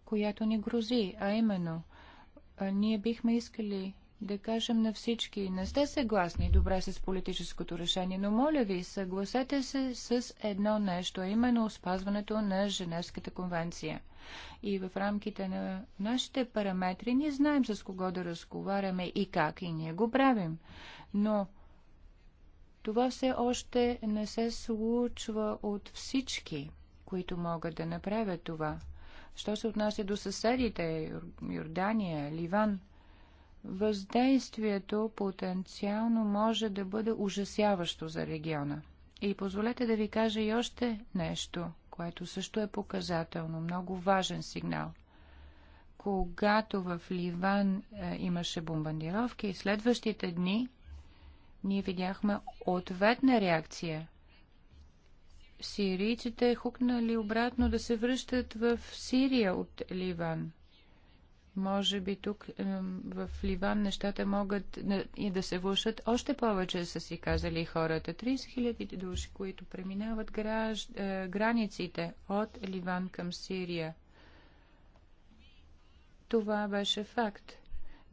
която ни грози, а именно ние бихме искали да кажем на всички, не сте съгласни добре с политическото решение, но моля ви, съгласете се с едно нещо, а именно спазването на Женевската конвенция. И в рамките на нашите параметри ние знаем с кого да разговаряме и как, и ние го правим. Но това все още не се случва от всички, които могат да направят това. Що се отнася до съседите, Йордания, Ливан, въздействието потенциално може да бъде ужасяващо за региона. И позволете да ви кажа и още нещо което също е показателно, много важен сигнал. Когато в Ливан е, имаше бомбардировки следващите дни ние видяхме ответна реакция. Сирийците е хукнали обратно да се връщат в Сирия от Ливан. Може би тук в Ливан нещата могат и да се влушат още повече, са си казали хората. 30 хиляди души, които преминават граж... Е, границите от Ливан към Сирия. Това беше факт.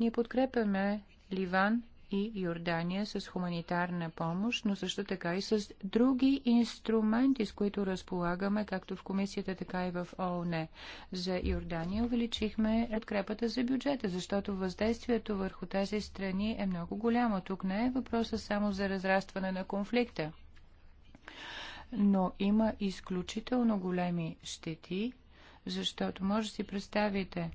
Ние подкрепяме Ливан и Йордания с хуманитарна помощ, но също така и с други инструменти, с които разполагаме, както в комисията, така и в ООН. За Йордания увеличихме открепата за бюджета, защото въздействието върху тези страни е много голямо. Тук не е въпроса само за разрастване на конфликта, но има изключително големи щети, защото може да си представите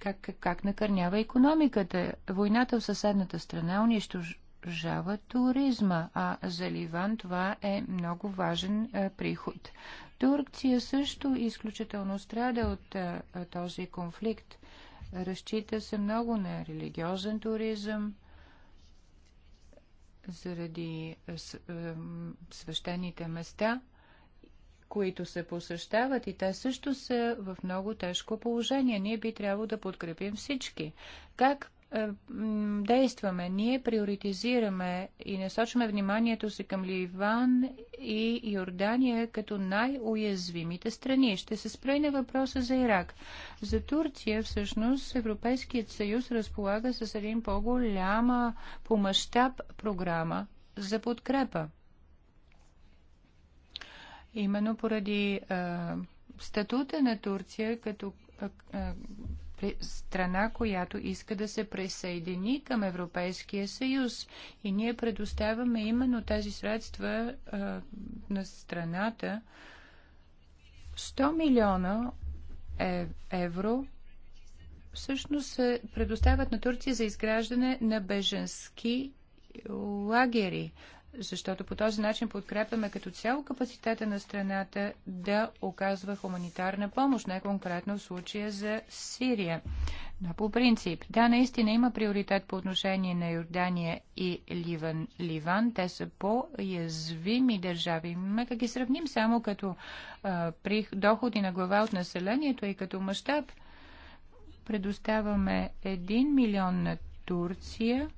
как, как накърнява економиката. Войната в съседната страна унищожава туризма, а за Ливан това е много важен а, е, приход. Турция също изключително страда от а, е, е, този конфликт. Разчита се много на религиозен туризъм, заради свещените места – които се посещават и те също са в много тежко положение. Ние би трябвало да подкрепим всички. Как е, действаме, ние приоритизираме и насочваме вниманието си към Ливан и Йордания като най-уязвимите страни. Ще се спре на въпроса за Ирак. За Турция всъщност Европейският съюз разполага с един по-голяма по мащаб програма за подкрепа. Именно поради а, статута на Турция като а, а, страна, която иска да се присъедини към Европейския съюз. И ние предоставяме именно тези средства а, на страната. 100 милиона е, евро всъщност се предоставят на Турция за изграждане на беженски лагери защото по този начин подкрепяме като цяло капацитета на страната да оказва хуманитарна помощ, не конкретно в случая за Сирия. Но по принцип, да, наистина има приоритет по отношение на Йордания и Ливан. Ливан те са по-язвими държави. Мека ги сравним само като а, при доходи на глава от населението и като мащаб. Предоставяме 1 милион на Турция,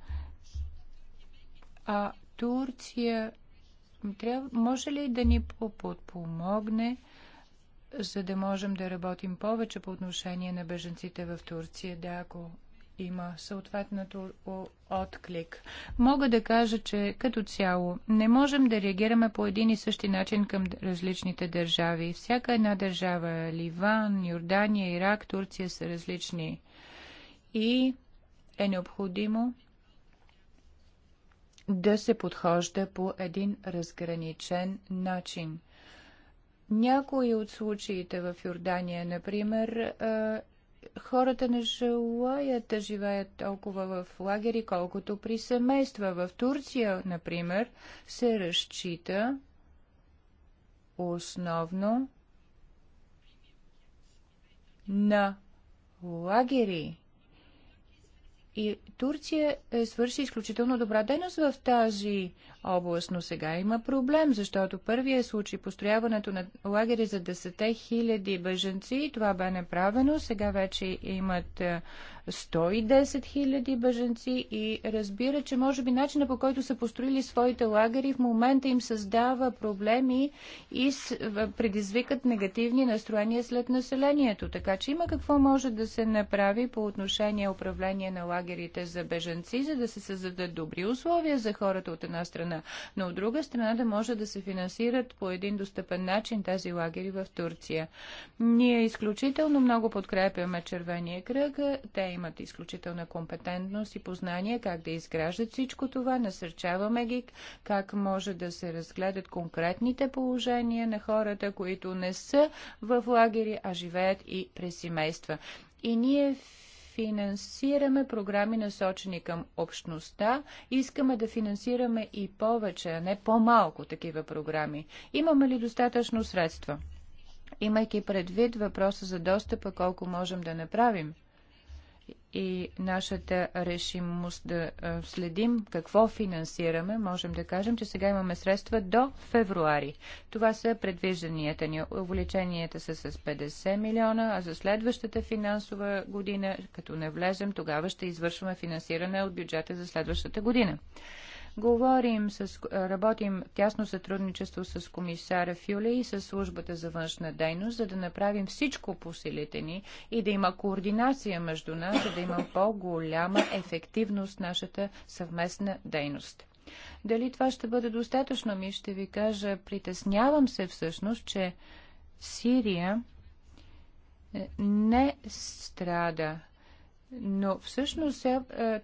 а Турция трябва, може ли да ни подпомогне, за да можем да работим повече по отношение на беженците в Турция, да, ако има съответното отклик. Мога да кажа, че като цяло не можем да реагираме по един и същи начин към различните държави. Всяка една държава, Ливан, Йордания, Ирак, Турция са различни. И е необходимо да се подхожда по един разграничен начин. Някои от случаите в Йордания, например, хората не желаят да живеят толкова в лагери, колкото при семейства. В Турция, например, се разчита основно на лагери и Турция е свърши изключително добра дейност в тази област, но сега има проблем, защото първия случай построяването на лагери за 10 000 беженци, това бе направено, сега вече имат 110 000 беженци и разбира, че може би начина по който са построили своите лагери в момента им създава проблеми и предизвикат негативни настроения след населението. Така че има какво може да се направи по отношение управление на лагерите за бъженци, за да се създадат добри условия за хората от една страна страна. Но от друга страна да може да се финансират по един достъпен начин тези лагери в Турция. Ние изключително много подкрепяме Червения кръг. Те имат изключителна компетентност и познание как да изграждат всичко това. Насърчаваме ги как може да се разгледат конкретните положения на хората, които не са в лагери, а живеят и през семейства. И ние финансираме програми насочени към общността. Искаме да финансираме и повече, а не по-малко такива програми. Имаме ли достатъчно средства? Имайки предвид въпроса за достъпа, колко можем да направим – и нашата решимост да следим какво финансираме, можем да кажем, че сега имаме средства до февруари. Това са предвижданията ни. Увеличенията са с 50 милиона, а за следващата финансова година, като не влезем, тогава ще извършваме финансиране от бюджета за следващата година. Говорим с, работим тясно сътрудничество с комисара Фюле и с службата за външна дейност, за да направим всичко по силите ни и да има координация между нас, за да има по-голяма ефективност нашата съвместна дейност. Дали това ще бъде достатъчно ми, ще ви кажа, притеснявам се всъщност, че Сирия е, не страда но всъщност се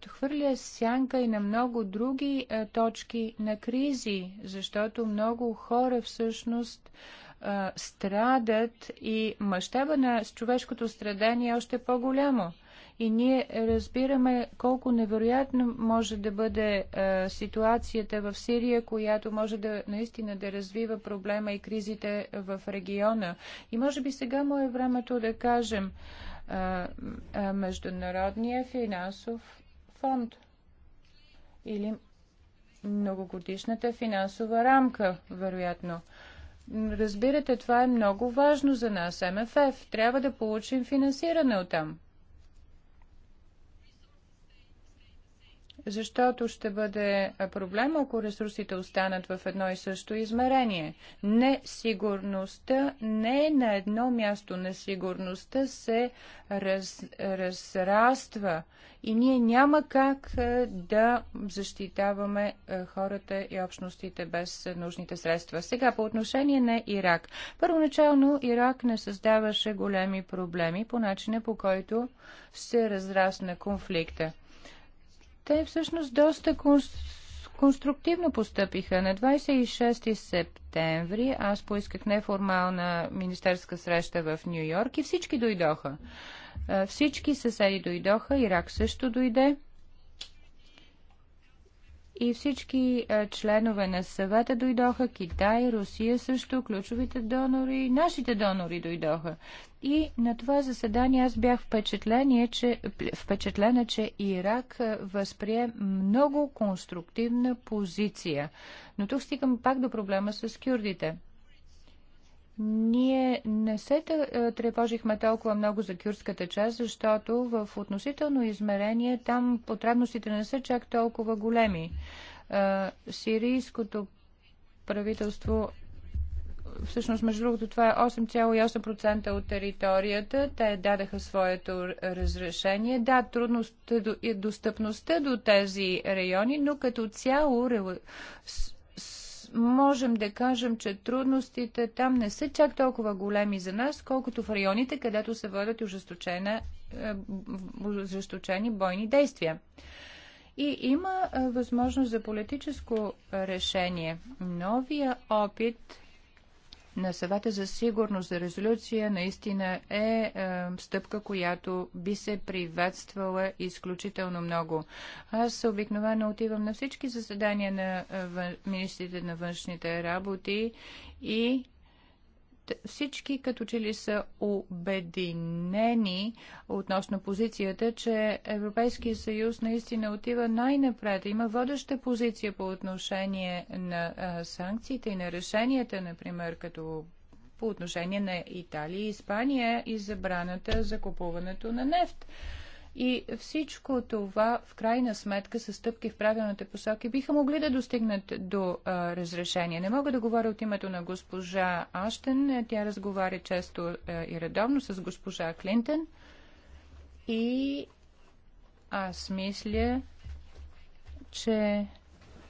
хвърля сянка и на много други е, точки на кризи, защото много хора всъщност е, страдат и мащаба на човешкото страдание е още по-голямо. И ние разбираме колко невероятно може да бъде е, ситуацията в Сирия, която може да наистина да развива проблема и кризите в региона. И може би сега му е времето да кажем, е, Международния финансов фонд или многогодишната финансова рамка, вероятно. Разбирате, това е много важно за нас. МФФ трябва да получим финансиране от там. защото ще бъде проблем, ако ресурсите останат в едно и също измерение. Несигурността не е на едно място. Несигурността се раз, разраства и ние няма как е, да защитаваме е, хората и общностите без нужните средства. Сега по отношение на Ирак. Първоначално Ирак не създаваше големи проблеми по начина по който се разрасна конфликта. Те всъщност доста конструктивно постъпиха. На 26 септември аз поисках неформална министерска среща в Нью Йорк и всички дойдоха. Е, всички съседи дойдоха, Ирак също дойде и всички а, е, членове на съвета дойдоха, Китай, Русия също, ключовите донори, нашите донори дойдоха. И на това заседание аз бях впечатление, че, впечатлена, че Ирак е, възприе много конструктивна позиция. Но тук стигам пак до проблема с кюрдите. Ние не се е, тревожихме толкова много за кюрската част, защото в относително измерение там потребностите не са чак толкова големи. Е, сирийското правителство всъщност, между другото, това е 8,8% от територията. Те дадаха своето разрешение. Да, трудност е достъпността до тези райони, но като цяло можем да кажем, че трудностите там не са чак толкова големи за нас, колкото в районите, където се водят е, ужесточени бойни действия. И има е, възможност за политическо решение. Новия опит на съвета за сигурност за резолюция наистина е, е стъпка, която би се приветствала изключително много. Аз обикновено отивам на всички заседания на е, министрите на външните работи и всички като че ли са обединени относно позицията, че Европейския съюз наистина отива най-напред. Има водеща позиция по отношение на а, санкциите и на решенията, например, като по отношение на Италия и Испания и забраната за купуването на нефт. И всичко това, в крайна сметка, са стъпки в правилните посоки, биха могли да достигнат до а, разрешение. Не мога да говоря от името на госпожа Аштен. Тя разговаря често а, и редовно с госпожа Клинтон. И аз мисля, че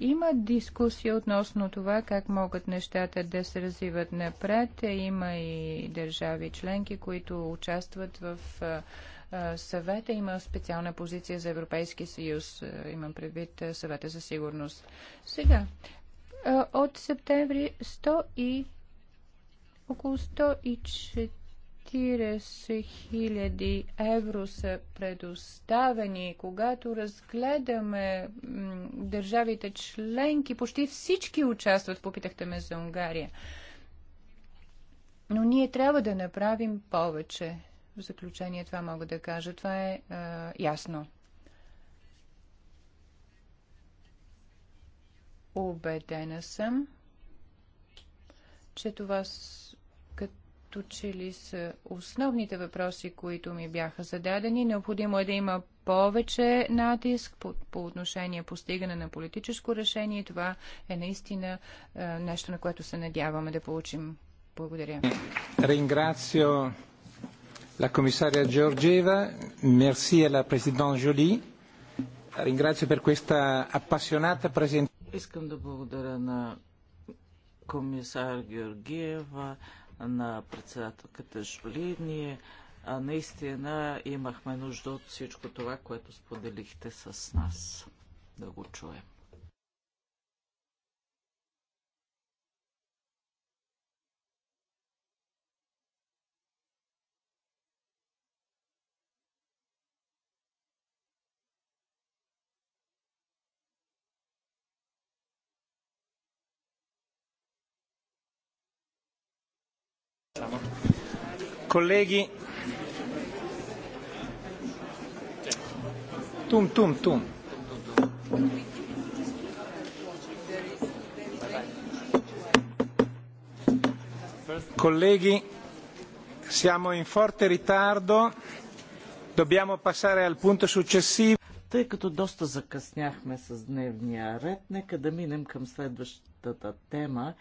има дискусия относно това как могат нещата да се развиват напред. Има и държави членки, които участват в а, е, съвета има специална позиция за Европейски съюз. Е, имам предвид е, съвета за сигурност. Сега, от септември 100 и около 140 000 евро са предоставени. Когато разгледаме държавите членки, почти всички участват, попитахте ме за Унгария. Но ние трябва да направим повече. В заключение това мога да кажа. Това е, е ясно. Обедена съм, че това като че ли са основните въпроси, които ми бяха зададени. Необходимо е да има повече натиск по, по отношение постигане на политическо решение. Това е наистина е, нещо, на което се надяваме да получим. Благодаря. Ringrazio la commissaria Georgieva, merci alla Presidente Joly. Ringrazio per questa appassionata presentazione. Искам да благодаря на комисар Георгиева, на председателката Жоли. Ние а, наистина имахме нужда от всичко това, което споделихте с нас. Да го чуем. Colleghi, tum tum tum. Colleghi, siamo in forte ritardo, dobbiamo passare al punto successivo. Тъй като доста закъсняхме с дневния ред, нека да минем към следващата тема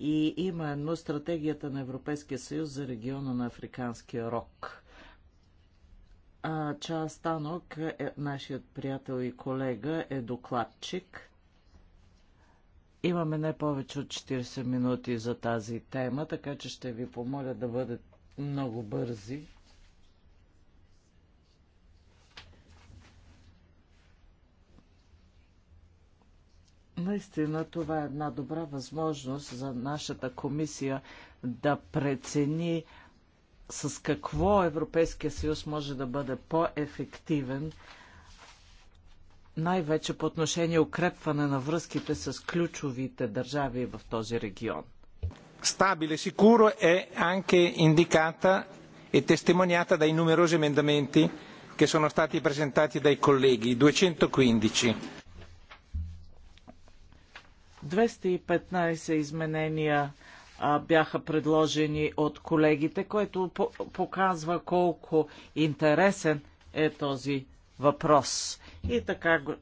и именно стратегията на Европейския съюз за региона на Африканския рок. Ча Станок, е, нашият приятел и колега, е докладчик. Имаме не повече от 40 минути за тази тема, така че ще ви помоля да бъдете много бързи. Наистина това е една добра възможност за нашата комисия да прецени с какво Европейския съюз може да бъде по-ефективен, най-вече по отношение укрепване на връзките с ключовите държави в този регион. Stabile sicuro è е anche indicata e testimoniata dai numerosi emendamenti che sono stati presentati dai colleghi, 215 215 изменения а, бяха предложени от колегите, което по показва колко интересен е този въпрос. И така, го,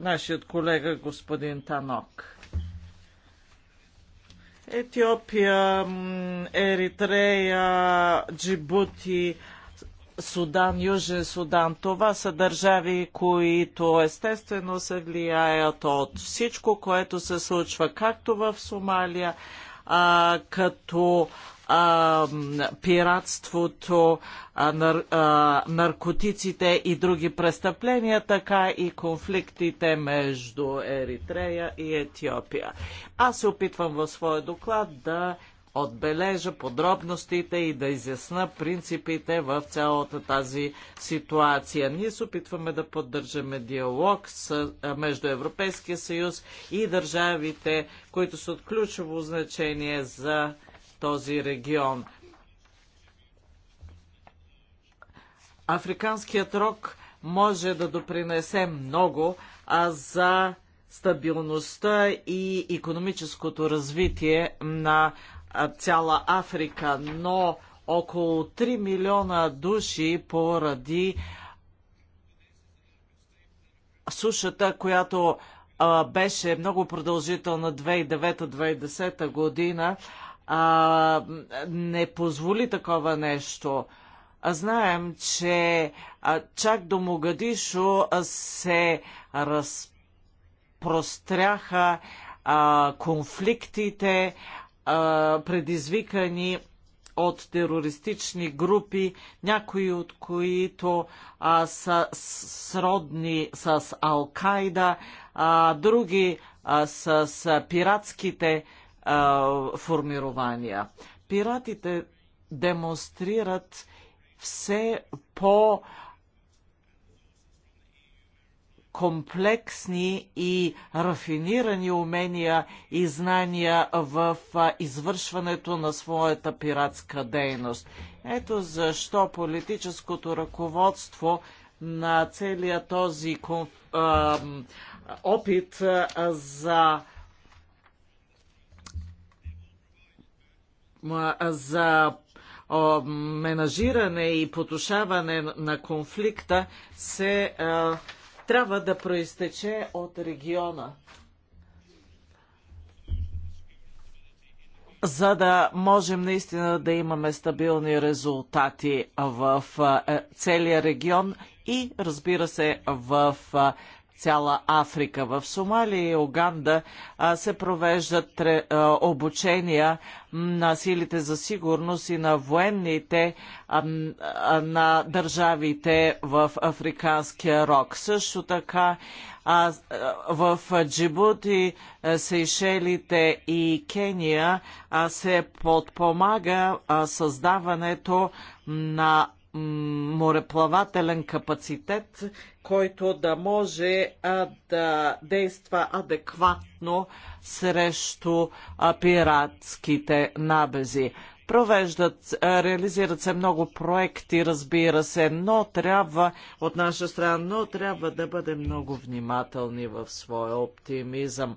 нашият колега господин Танок. Етиопия, Еритрея, Джибути, Судан, Южен Судан. Това са държави, които естествено се влияят от всичко, което се случва както в Сомалия, а, като а, пиратството, а, нар, а, наркотиците и други престъпления, така и конфликтите между Еритрея и Етиопия. Аз се опитвам в своя доклад да отбележа подробностите и да изясна принципите в цялата тази ситуация. Ние се опитваме да поддържаме диалог с, между Европейския съюз и държавите, които са от ключово значение за този регион. Африканският рок може да допринесе много а за стабилността и економическото развитие на цяла Африка, но около 3 милиона души поради сушата, която а, беше много продължителна 2009-2010 година, а, не позволи такова нещо. А знаем, че а, чак до Могадишо а, се разпростряха а, конфликтите, а, предизвикани от терористични групи, някои от които а, са сродни с Ал-Кайда, а други а, с, а, пиратските а, формирования. Пиратите демонстрират все по- а, комплексни и рафинирани умения и знания в извършването на своята пиратска дейност. Ето защо политическото ръководство на целия този опит за за менажиране и потушаване на конфликта се а, трябва да проистече от региона. за да можем наистина да имаме стабилни резултати в е, целия регион и разбира се в е, цяла Африка. В Сомалия и Уганда се провеждат обучения на силите за сигурност и на военните на държавите в Африканския рок. Също така в Джибути, Сейшелите и Кения се подпомага създаването на мореплавателен капацитет който да може а, да действа адекватно срещу а, пиратските набези. Провеждат, а, реализират се много проекти, разбира се, но трябва от наша страна, но трябва да бъдем много внимателни в своя оптимизъм.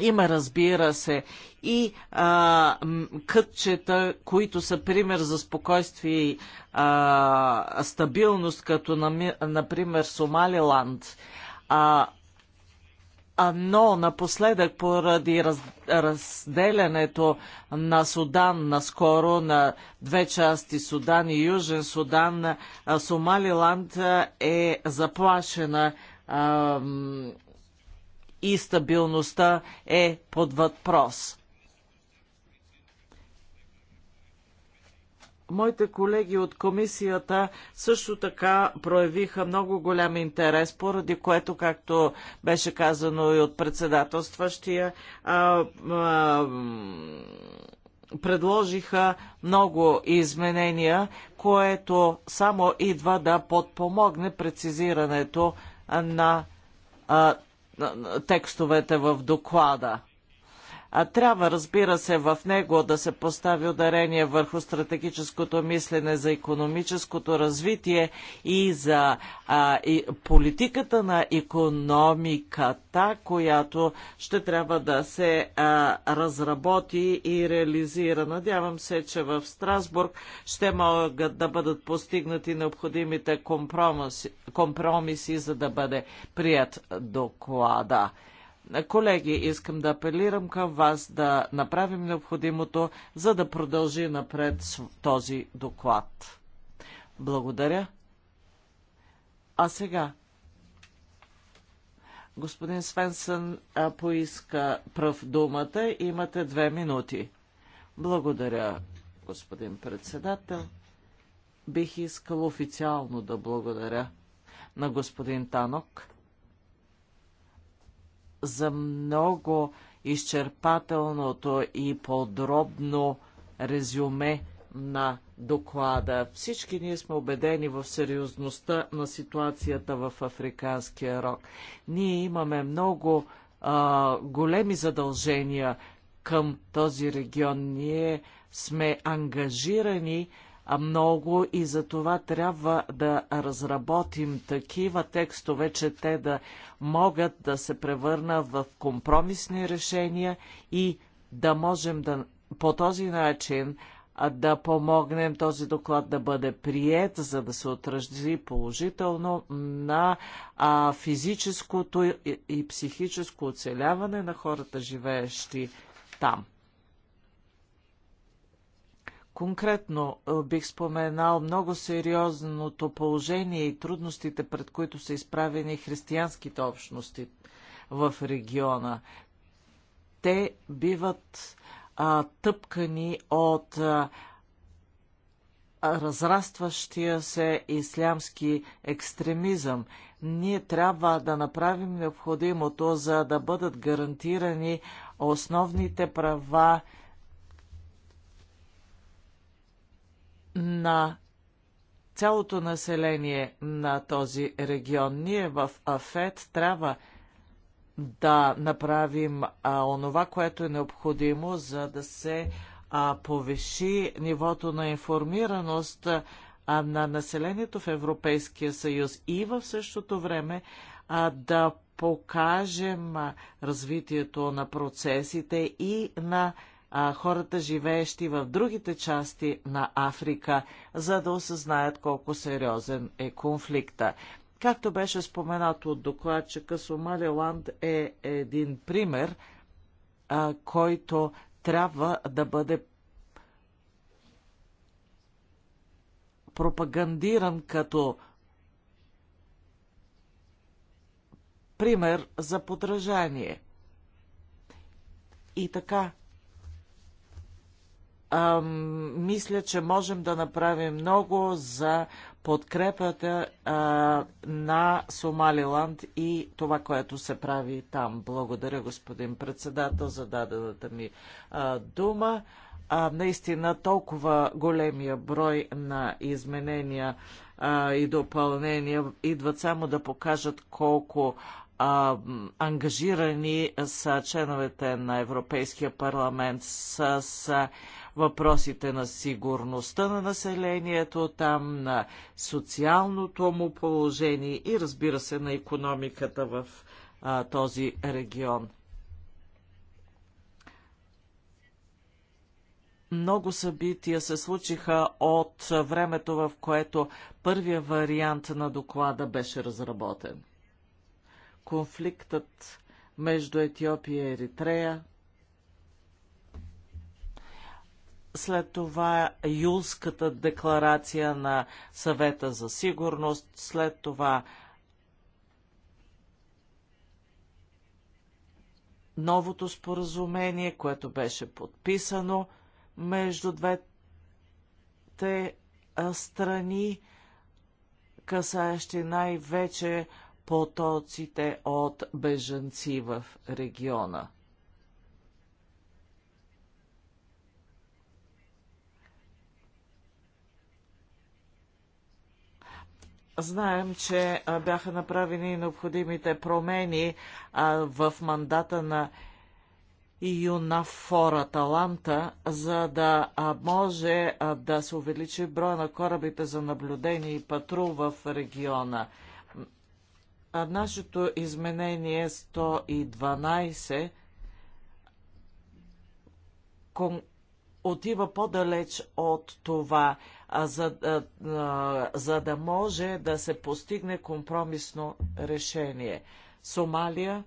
Има, разбира се, и а, кътчета, които са пример за спокойствие и а, стабилност, като, на, например, Сомалиланд. А, а, но напоследък, поради раз, разделянето на Судан, наскоро на две части Судан и Южен Судан, Сомалиланд е заплашена. А, и стабилността е под въпрос. Моите колеги от комисията също така проявиха много голям интерес, поради което, както беше казано и от председателстващия, а, а, предложиха много изменения, което само идва да подпомогне прецизирането на а, текстовете в доклада. А трябва, разбира се, в него да се постави ударение върху стратегическото мислене за економическото развитие и за а, и политиката на економиката, която ще трябва да се а, разработи и реализира. Надявам се, че в Страсбург ще могат да бъдат постигнати необходимите компромиси, компромиси за да бъде прият доклада. Колеги, искам да апелирам към вас да направим необходимото, за да продължи напред този доклад. Благодаря. А сега Господин Свенсън поиска пръв думата. Имате две минути. Благодаря, господин председател. Бих искал официално да благодаря на господин Танок за много изчерпателното и подробно резюме на доклада. Всички ние сме убедени в сериозността на ситуацията в Африканския рок. Ние имаме много а, големи задължения към този регион. Ние сме ангажирани много и за това трябва да разработим такива текстове, че те да могат да се превърнат в компромисни решения и да можем да по този начин да помогнем този доклад да бъде прият, за да се отрази положително на а, физическото и, и психическо оцеляване на хората, живеещи там. Конкретно е, бих споменал много сериозното положение и трудностите, пред които са изправени християнските общности в региона. Те биват а, тъпкани от а, разрастващия се ислямски екстремизъм. Ние трябва да направим необходимото, за да бъдат гарантирани основните права на цялото население на този регион. Ние в АФЕТ трябва да направим а, онова, което е необходимо, за да се а, повиши нивото на информираност а, на населението в Европейския съюз и в същото време а, да покажем развитието на процесите и на а, хората, живеещи в другите части на Африка, за да осъзнаят колко сериозен е конфликта. Както беше споменато от докладчика, Сомалиланд е един пример, а, който трябва да бъде пропагандиран като пример за подражание. И така, мисля, че можем да направим много за подкрепата а, на Сомалиланд и това, което се прави там. Благодаря, господин председател, за дадената ми а, дума. А, наистина толкова големия брой на изменения а, и допълнения идват само да покажат колко а, ангажирани са членовете на Европейския парламент с, с въпросите на сигурността на населението там, на социалното му положение и разбира се на економиката в а, този регион. много събития се случиха от времето, в което първия вариант на доклада беше разработен. Конфликтът между Етиопия и Еритрея, след това Юлската декларация на съвета за сигурност, след това новото споразумение, което беше подписано между двете страни, касаещи най-вече потоците от бежанци в региона. Знаем, че бяха направени необходимите промени в мандата на ЮНАФОР Аталанта, за да може да се увеличи броя на корабите за наблюдение и патрул в региона. Нашето изменение 112 отива по-далеч от това за, а, за да може да се постигне компромисно решение. Сомалия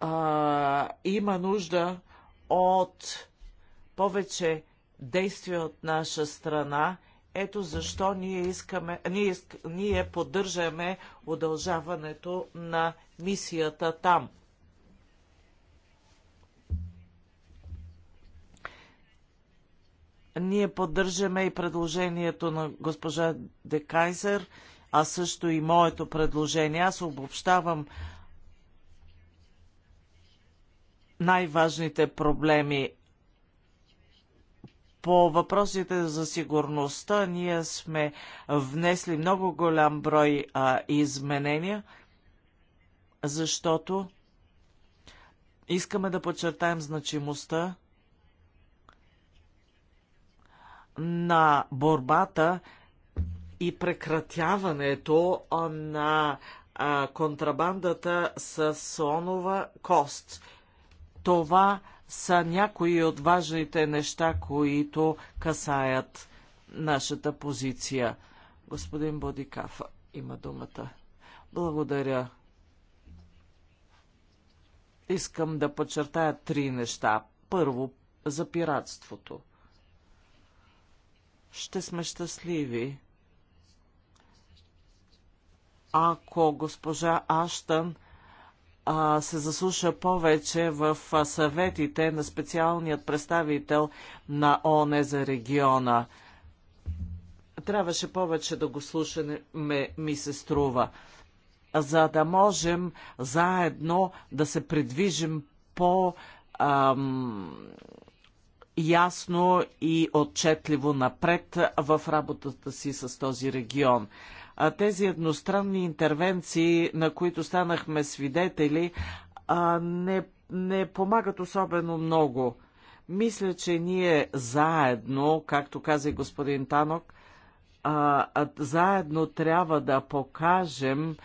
а, има нужда от повече действия от наша страна. Ето защо ние, искаме, ние, ние поддържаме удължаването на мисията там. Ние поддържаме и предложението на госпожа Декайзер, а също и моето предложение. Аз обобщавам най-важните проблеми. По въпросите за сигурността ние сме внесли много голям брой а, изменения, защото искаме да подчертаем значимостта на борбата и прекратяването на контрабандата с слонова кост. Това са някои от важните неща, които касаят нашата позиция. Господин Бодикафа има думата. Благодаря. Искам да подчертая три неща. Първо, за пиратството ще сме щастливи, ако госпожа Аштън а, се заслуша повече в съветите на специалният представител на ООН за региона. Трябваше повече да го слушаме, ми се струва, за да можем заедно да се придвижим по ам, ясно и отчетливо напред в работата си с този регион. А тези едностранни интервенции, на които станахме свидетели, не, не помагат особено много. Мисля, че ние заедно, както каза и господин Танок, заедно трябва да покажем,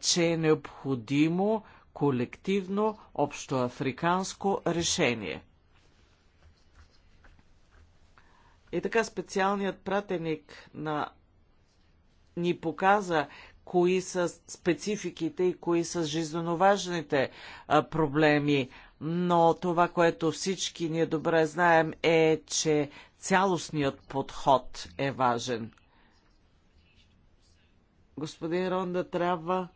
че е необходимо колективно общоафриканско решение. И е така специалният пратеник на... ни показа кои са спецификите и кои са жизненоважните проблеми. Но това, което всички ние добре знаем е, че цялостният подход е важен. Господин Ронда трябва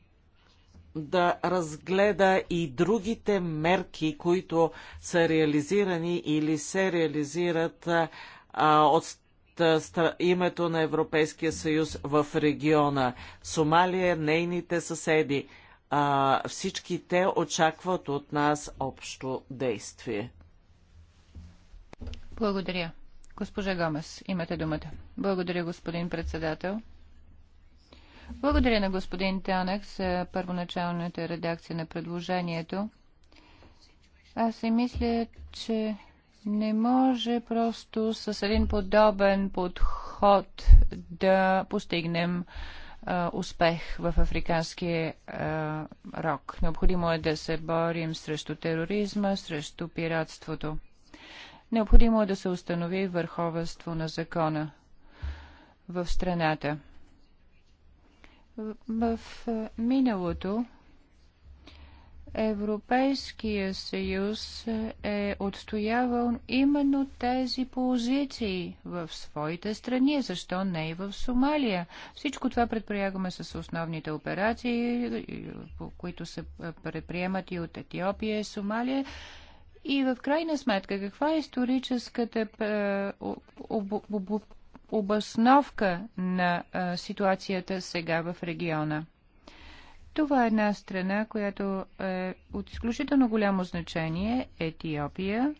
да разгледа и другите мерки, които са реализирани или се реализират от името на Европейския съюз в региона. Сомалия, нейните съседи, а, всички те очакват от нас общо действие. Благодаря. Госпожа Гомес, имате думата. Благодаря, господин председател. Благодаря на господин Тянек за първоначалната редакция на предложението. Аз си мисля, че не може просто с един подобен подход да постигнем а, успех в африканския рок. Необходимо е да се борим срещу тероризма, срещу пиратството. Необходимо е да се установи върховенство на закона в страната. В, в миналото Европейския съюз е отстоявал именно тези позиции в своите страни, защо не и в Сомалия. Всичко това предприягаме с основните операции, които се предприемат и от Етиопия и Сомалия. И в крайна сметка, каква е историческата е, обосновка на е, ситуацията сега в региона? Това е една страна, която е от изключително голямо значение Етиопия.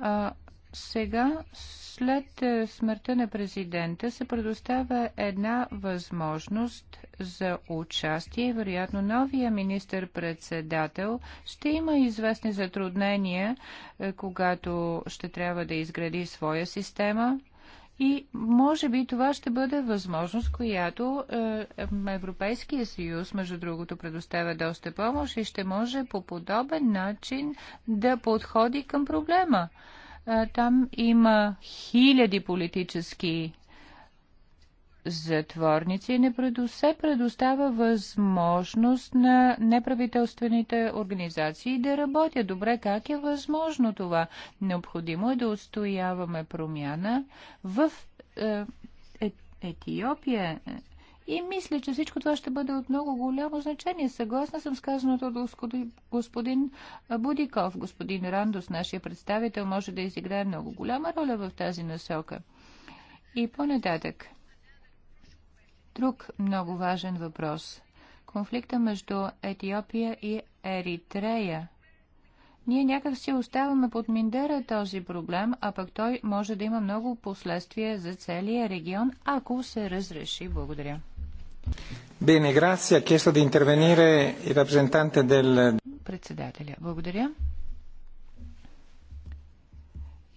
А, сега, след е, смъртта на президента, се предоставя една възможност за участие. Вероятно, новия министр-председател ще има известни затруднения, е, когато ще трябва да изгради своя система и може би това ще бъде възможност, която е, Европейския съюз, между другото, предоставя доста помощ и ще може по подобен начин да подходи към проблема. Е, там има хиляди политически затворници не се предоставя възможност на неправителствените организации да работят. Добре, как е възможно това? Необходимо е да устояваме промяна в е, е, Етиопия. И мисля, че всичко това ще бъде от много голямо значение. Съгласна съм с казаното от господин Будиков. Господин Рандос, нашия представител, може да изиграе много голяма роля в тази насока. И по-нататък – друг много важен въпрос. Конфликта между Етиопия и Еритрея. Ние някак си оставаме под Миндера този проблем, а пък той може да има много последствия за целия регион, ако се разреши. Благодаря. Bene, grazie. Ha chiesto di intervenire il rappresentante del... Председателя. Благодаря.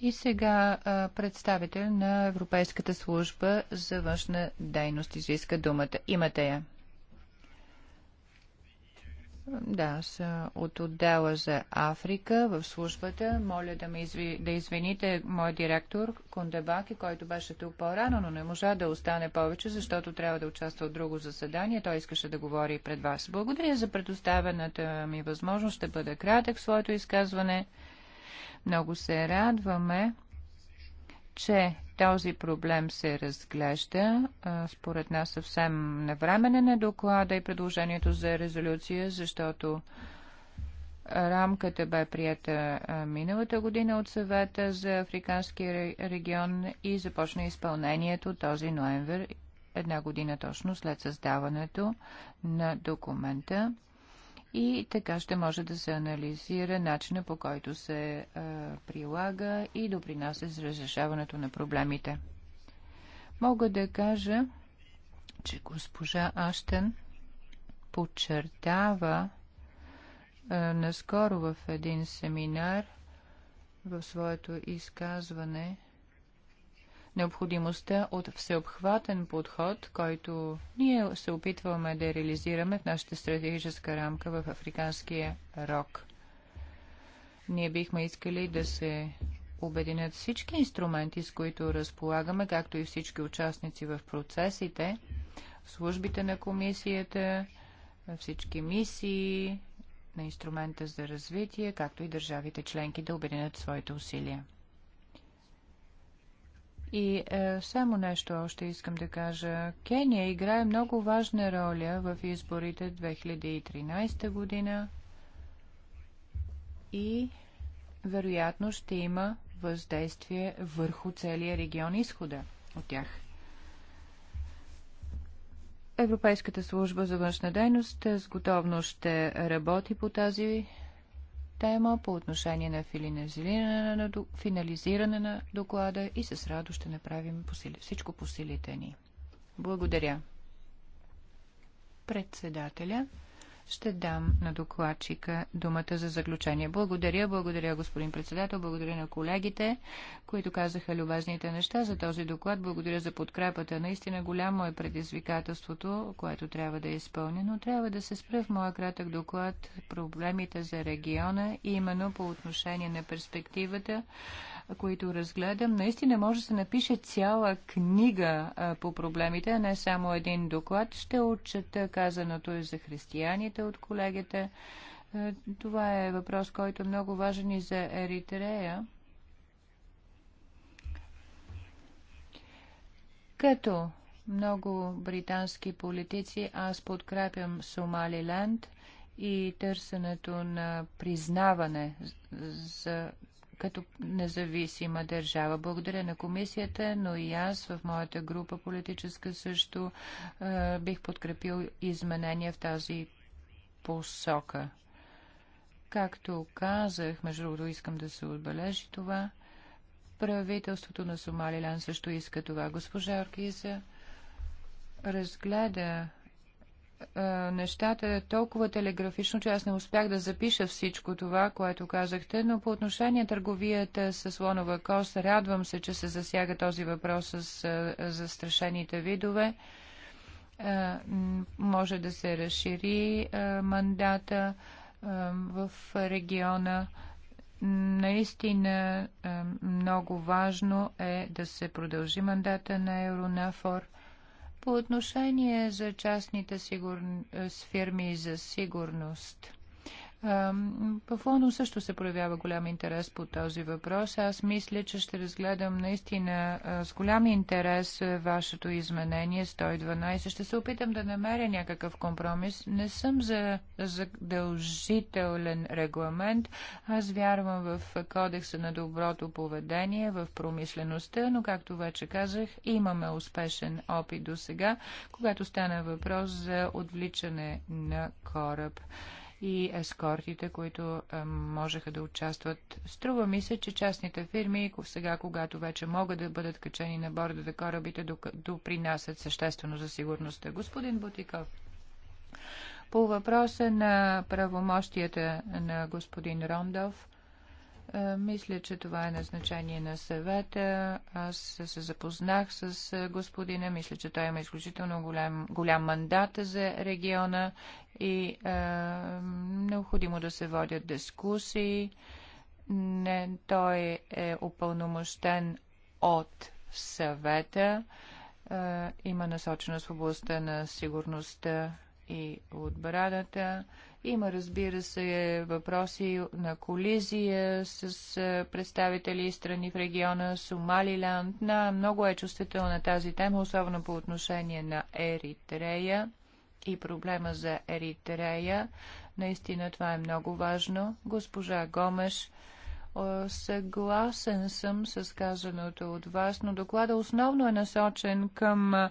И сега представител на Европейската служба за външна дейност изиска думата. Имате я. Да, аз от отдела за Африка в службата. Моля да, ме изви... да извините мой директор Кондебаки, който беше тук по-рано, но не можа да остане повече, защото трябва да участва в друго заседание. Той искаше да говори пред вас. Благодаря за предоставената ми възможност. Ще бъда кратък в своето изказване. Много се радваме, че този проблем се разглежда, според нас съвсем навременен на е доклада и предложението за резолюция, защото рамката бе прията миналата година от съвета за Африканския регион и започна изпълнението този ноември, една година точно след създаването на документа и така ще може да се анализира начина по който се а, прилага и допринася за разрешаването на проблемите. Мога да кажа, че госпожа Аштен подчертава а, наскоро в един семинар в своето изказване – необходимостта от всеобхватен подход, който ние се опитваме да реализираме в нашата стратегическа рамка в Африканския рок. Ние бихме искали да се обединят всички инструменти, с които разполагаме, както и всички участници в процесите, службите на комисията, всички мисии на инструмента за развитие, както и държавите членки да обединят своите усилия. И е, само нещо още искам да кажа. Кения играе много важна роля в изборите 2013 година и вероятно ще има въздействие върху целия регион изхода от тях. Европейската служба за външна дейност с готовност ще работи по тази тема по отношение на финализиране на доклада и с радост ще направим всичко по силите ни. Благодаря. Председателя. Ще дам на докладчика думата за заключение. Благодаря, благодаря господин председател, благодаря на колегите, които казаха любезните неща за този доклад. Благодаря за подкрепата. Наистина голямо е предизвикателството, което трябва да е изпълнено. Трябва да се спра в моя кратък доклад проблемите за региона именно по отношение на перспективата които разгледам, наистина може да се напише цяла книга а, по проблемите, а не само един доклад. Ще отчета казаното и за християните от колегите. Това е въпрос, който е много важен и за Еритрея. Като много британски политици, аз подкрепям Сомалиленд и търсенето на признаване за като независима държава. Благодаря на комисията, но и аз в моята група политическа също е, бих подкрепил изменения в тази посока. Както казах, между другото искам да се отбележи това, правителството на Сомалилян също иска това. Госпожа Оркиза разгледа е, нещата е толкова телеграфично, че аз не успях да запиша всичко това, което казахте, но по отношение търговията с слонова кост, радвам се, че се засяга този въпрос с е, застрашените видове. Може да се разшири мандата в региона. Наистина много важно е да се продължи мандата на Еронафор – по отношение за частните сигур... фирми за сигурност – в Лондон също се проявява голям интерес по този въпрос. Аз мисля, че ще разгледам наистина с голям интерес вашето изменение 112. Ще се опитам да намеря някакъв компромис. Не съм за задължителен регламент. Аз вярвам в кодекса на доброто поведение, в промислеността, но както вече казах, имаме успешен опит до сега, когато стана въпрос за отвличане на кораб и ескортите, които е, можеха да участват. Струва ми се, че частните фирми, сега когато вече могат да бъдат качени на борда на корабите, допринасят съществено за сигурността. Господин Бутиков. По въпроса на правомощията на господин Рондов, е, мисля, че това е назначение на съвета. Аз се запознах с е, господина. Мисля, че той има изключително голям, голям мандат за региона и е, необходимо да се водят дискусии. Не, той е упълномощен от съвета. Е, има насоченост в областта на сигурността и отбраната има, разбира се, въпроси на колизия с представители и страни в региона Сомалиланд. На, много е чувствителна тази тема, особено по отношение на Еритрея и проблема за Еритрея. Наистина това е много важно. Госпожа Гомеш е, съгласен съм с казаното от вас, но доклада основно е насочен към а,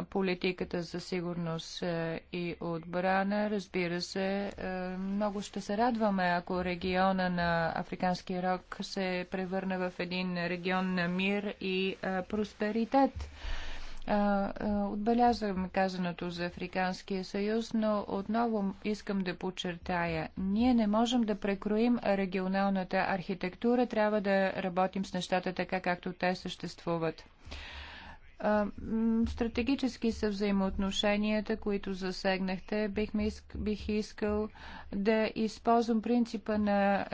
е, политиката за сигурност е, и отбрана. Разбира се, много ще се радваме, ако региона на Африканския рок се превърне в един регион на мир и а, просперитет. Отбелязвам казаното за Африканския съюз, но отново искам да подчертая. Ние не можем да прекроим регионалната архитектура, трябва да работим с нещата така, както те съществуват. Стратегически са взаимоотношенията, които засегнахте. Бих, иск, бих искал да използвам принципа на,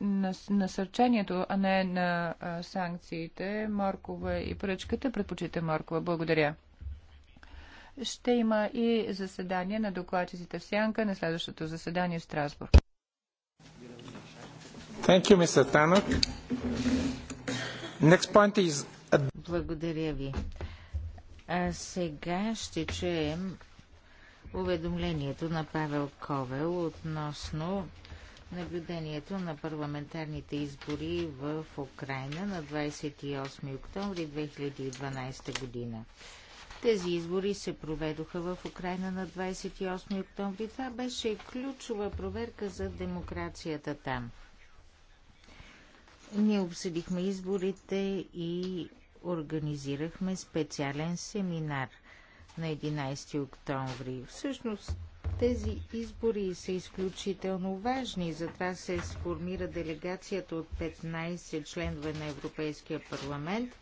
на насърчението, а не на санкциите. Моркова и пръчката. Предпочита моркова. Благодаря. Ще има и заседание на докладчиците в Сянка на следващото заседание в Страсбург. Thank you, Mr. Next point is... Благодаря ви. А сега ще чуем уведомлението на Павел Ковел относно наблюдението на парламентарните избори в Украина на 28 октомври 2012 година. Тези избори се проведоха в Украина на 28 октомври. Това беше ключова проверка за демокрацията там. Ние обсъдихме изборите и организирахме специален семинар на 11 октомври. Всъщност тези избори са изключително важни, затова се сформира делегацията от 15 членове на Европейския парламент.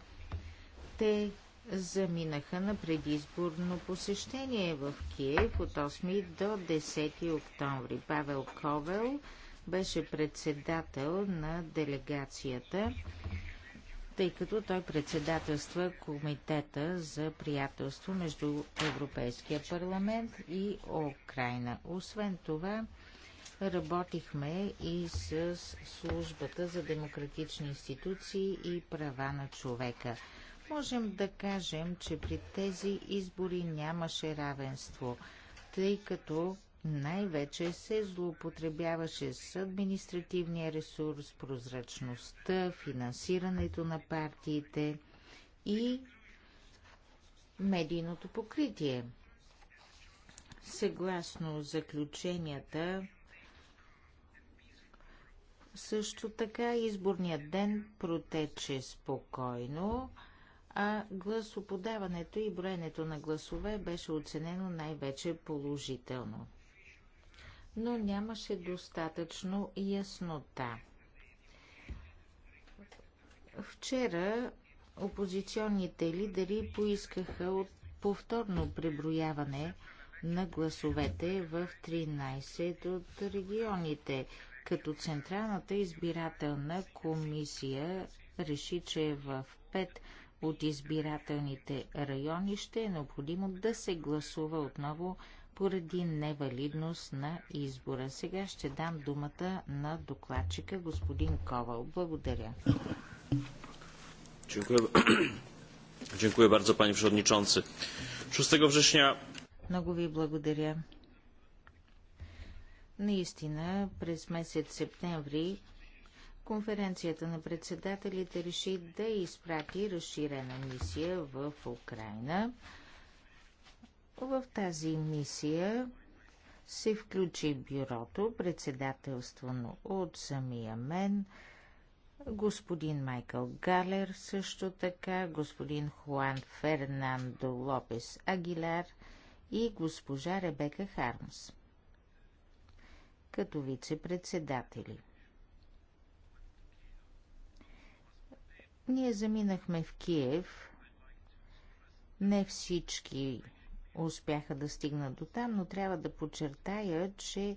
Те заминаха на предизборно посещение в Киев от 8 до 10 октомври. Павел Ковел беше председател на делегацията тъй като той председателства Комитета за приятелство между Европейския парламент и Украина. Освен това, работихме и с службата за демократични институции и права на човека. Можем да кажем, че при тези избори нямаше равенство, тъй като най-вече се злоупотребяваше с административния ресурс, прозрачността, финансирането на партиите и медийното покритие. Съгласно заключенията, също така изборният ден протече спокойно, а гласоподаването и броенето на гласове беше оценено най-вече положително но нямаше достатъчно яснота. Вчера опозиционните лидери поискаха от повторно преброяване на гласовете в 13 от регионите, като Централната избирателна комисия реши, че в 5 от избирателните райони ще е необходимо да се гласува отново поради невалидност на избора. Сега ще дам думата на докладчика господин Ковал. Благодаря. Dziękuję bardzo, panie przewodniczący. 6 września. Много ви благодаря. Наистина, през месец септември конференцията на председателите реши да изпрати разширена мисия в Украина. В тази мисия се включи бюрото, председателствано от самия мен, господин Майкъл Галер също така, господин Хуан Фернандо Лопес Агилар и госпожа Ребека Хармс като вице-председатели. Ние заминахме в Киев. Не всички успяха да стигнат до там, но трябва да подчертая, че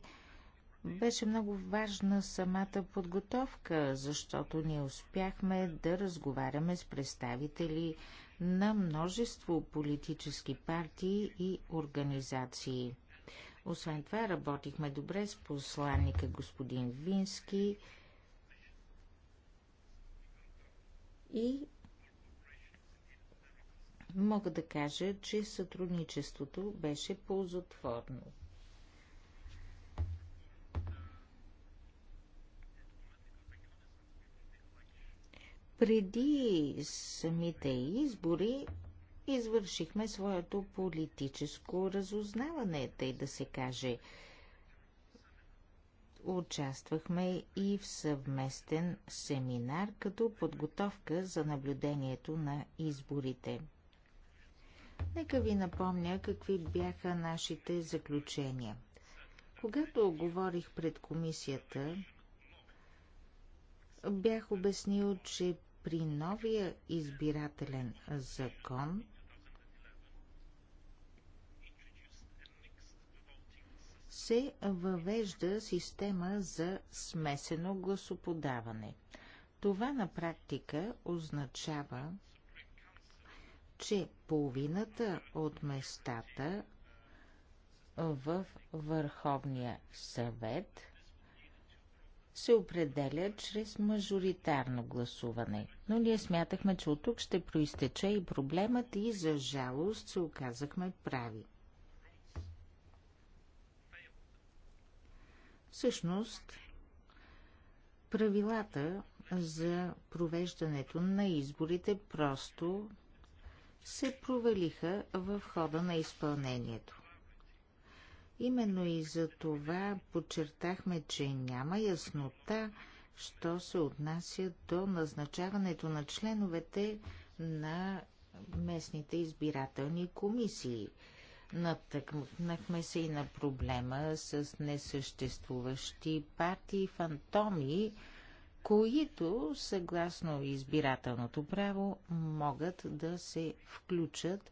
беше много важна самата подготовка, защото ние успяхме да разговаряме с представители на множество политически партии и организации. Освен това, работихме добре с посланника господин Вински и мога да кажа, че сътрудничеството беше ползотворно. Преди самите избори извършихме своето политическо разузнаване, тъй да се каже. Участвахме и в съвместен семинар като подготовка за наблюдението на изборите – Нека ви напомня какви бяха нашите заключения. Когато говорих пред комисията, бях обяснил, че при новия избирателен закон се въвежда система за смесено гласоподаване. Това на практика означава, че половината от местата в Върховния съвет се определя чрез мажоритарно гласуване. Но ние смятахме, че от тук ще проистече и проблемът и за жалост се оказахме прави. Всъщност, правилата за провеждането на изборите просто се провалиха в хода на изпълнението. Именно и за това подчертахме, че няма яснота, що се отнася до назначаването на членовете на местните избирателни комисии. Натъкнахме се и на проблема с несъществуващи партии фантоми, които съгласно избирателното право могат да се включат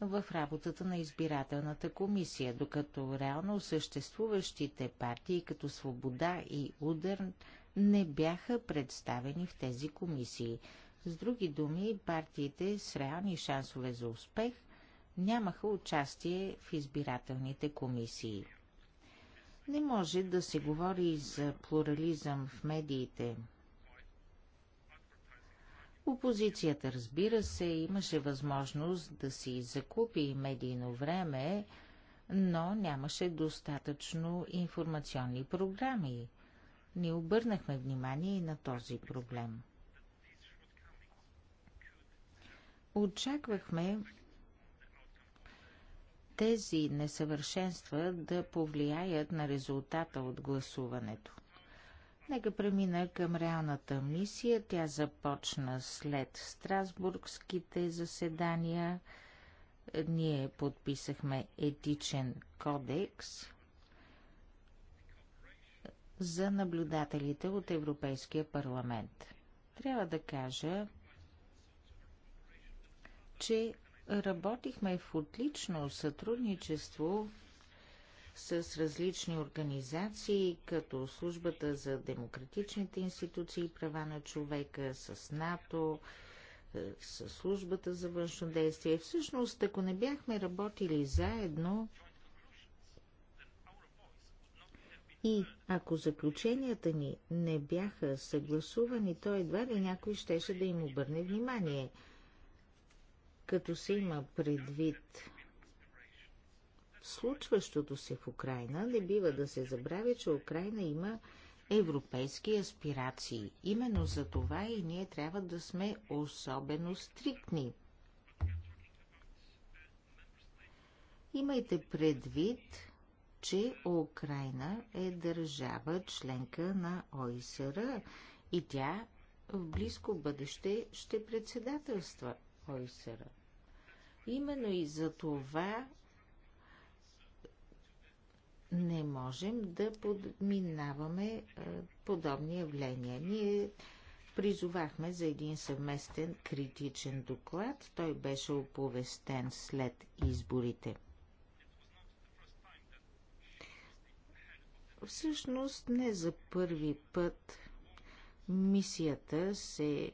в работата на избирателната комисия, докато реално съществуващите партии като Свобода и Удар не бяха представени в тези комисии. С други думи, партиите с реални шансове за успех нямаха участие в избирателните комисии. Не може да се говори за плурализъм в медиите. Опозицията, разбира се, имаше възможност да си закупи медийно време, но нямаше достатъчно информационни програми. Не обърнахме внимание и на този проблем. Очаквахме тези несъвършенства да повлияят на резултата от гласуването. Нека премина към реалната мисия. Тя започна след Страсбургските заседания. Ние подписахме етичен кодекс за наблюдателите от Европейския парламент. Трябва да кажа, че Работихме в отлично сътрудничество с различни организации, като Службата за демократичните институции и права на човека, с НАТО, е, с Службата за външно действие. Всъщност, ако не бяхме работили заедно, и ако заключенията ни не бяха съгласувани, то едва ли някой щеше да им обърне внимание – като се има предвид случващото се в Украина, не бива да се забравя, че Украина има европейски аспирации. Именно за това и ние трябва да сме особено стриктни. Имайте предвид, че Украина е държава членка на ОИСР и тя в близко бъдеще ще председателства Хойсера. Именно и за това не можем да подминаваме е, подобни явления. Ние призовахме за един съвместен критичен доклад. Той беше оповестен след изборите. Всъщност не за първи път мисията се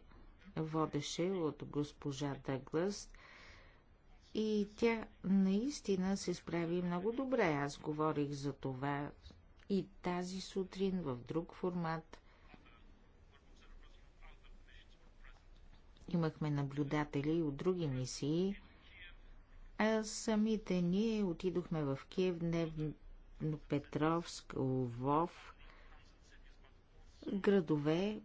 водеше от госпожа Дъглас и тя наистина се справи много добре. Аз говорих за това и тази сутрин в друг формат. Имахме наблюдатели от други мисии, а самите ние отидохме в Киев, Дневно Петровск, Лвов, градове,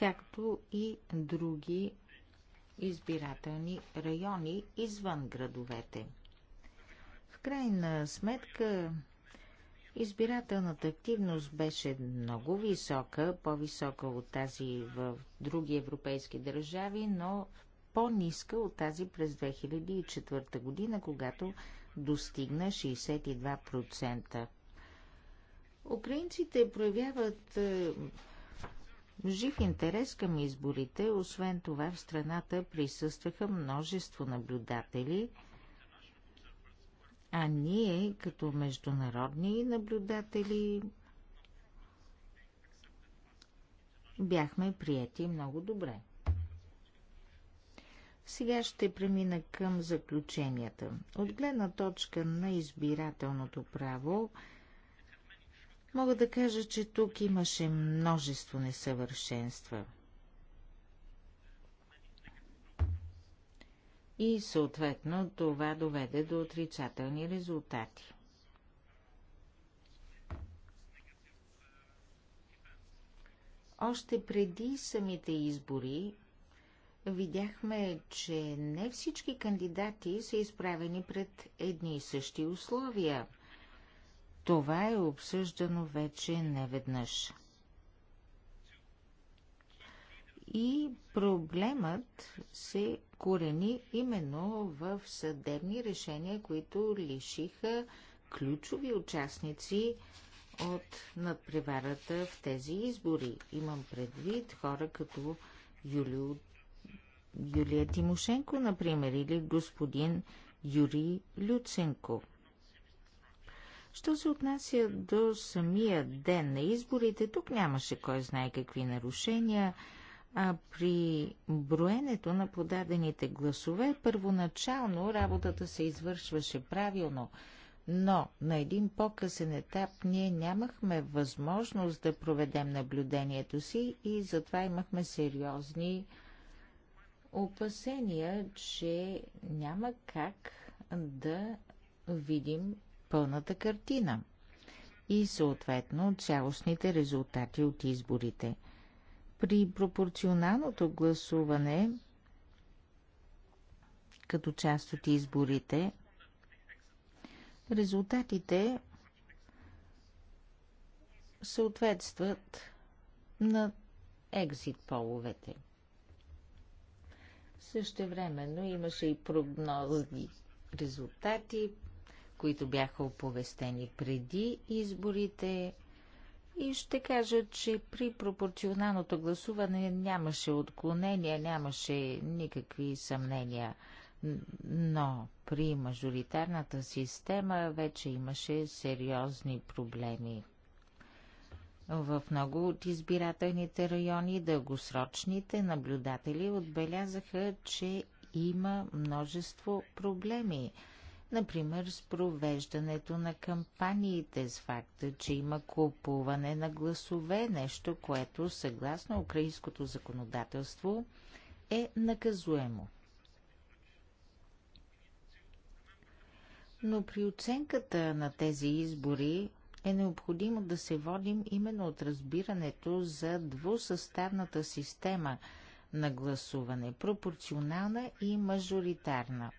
както и други избирателни райони извън градовете. В крайна сметка избирателната активност беше много висока, по-висока от тази в други европейски държави, но по-ниска от тази през 2004 година, когато достигна 62%. Украинците проявяват е, жив интерес към изборите. Освен това в страната присъстваха множество наблюдатели, а ние като международни наблюдатели бяхме прияти много добре. Сега ще премина към заключенията. От гледна точка на избирателното право, Мога да кажа, че тук имаше множество несъвършенства. И съответно това доведе до отрицателни резултати. Още преди самите избори видяхме, че не всички кандидати са изправени пред едни и същи условия – това е обсъждано вече неведнъж. И проблемът се корени именно в съдебни решения, които лишиха ключови участници от надпреварата в тези избори. Имам предвид хора като Юлио, Юлия Тимошенко, например, или господин Юрий Люценков. Що се отнася до самия ден на изборите, тук нямаше кой знае какви нарушения, а при броенето на подадените гласове първоначално работата се извършваше правилно, но на един по-късен етап ние нямахме възможност да проведем наблюдението си и затова имахме сериозни опасения, че няма как да видим пълната картина и съответно цялостните резултати от изборите. При пропорционалното гласуване, като част от изборите, резултатите съответстват на екзит половете. времено имаше и прогнозни резултати които бяха оповестени преди изборите. И ще кажа, че при пропорционалното гласуване нямаше отклонения, нямаше никакви съмнения. Но при мажоритарната система вече имаше сериозни проблеми. В много от избирателните райони дългосрочните наблюдатели отбелязаха, че има множество проблеми. Например, с провеждането на кампаниите, с факта, че има купуване на гласове, нещо, което съгласно украинското законодателство е наказуемо. Но при оценката на тези избори е необходимо да се водим именно от разбирането за двусъставната система на гласуване – пропорционална и мажоритарна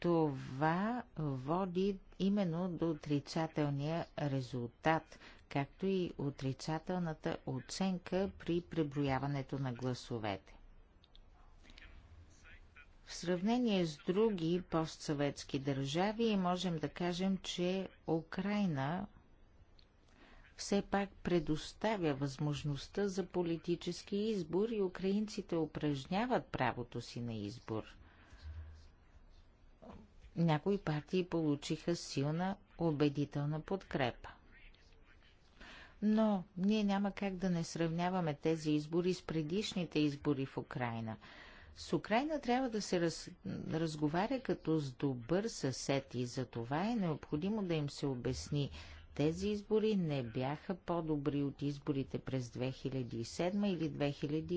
това води именно до отрицателния резултат, както и отрицателната оценка при преброяването на гласовете. В сравнение с други постсъветски държави можем да кажем, че Украина все пак предоставя възможността за политически избор и украинците упражняват правото си на избор – някои партии получиха силна, убедителна подкрепа. Но ние няма как да не сравняваме тези избори с предишните избори в Украина. С Украина трябва да се раз... разговаря като с добър съсед и за това е необходимо да им се обясни. Тези избори не бяха по-добри от изборите през 2007 или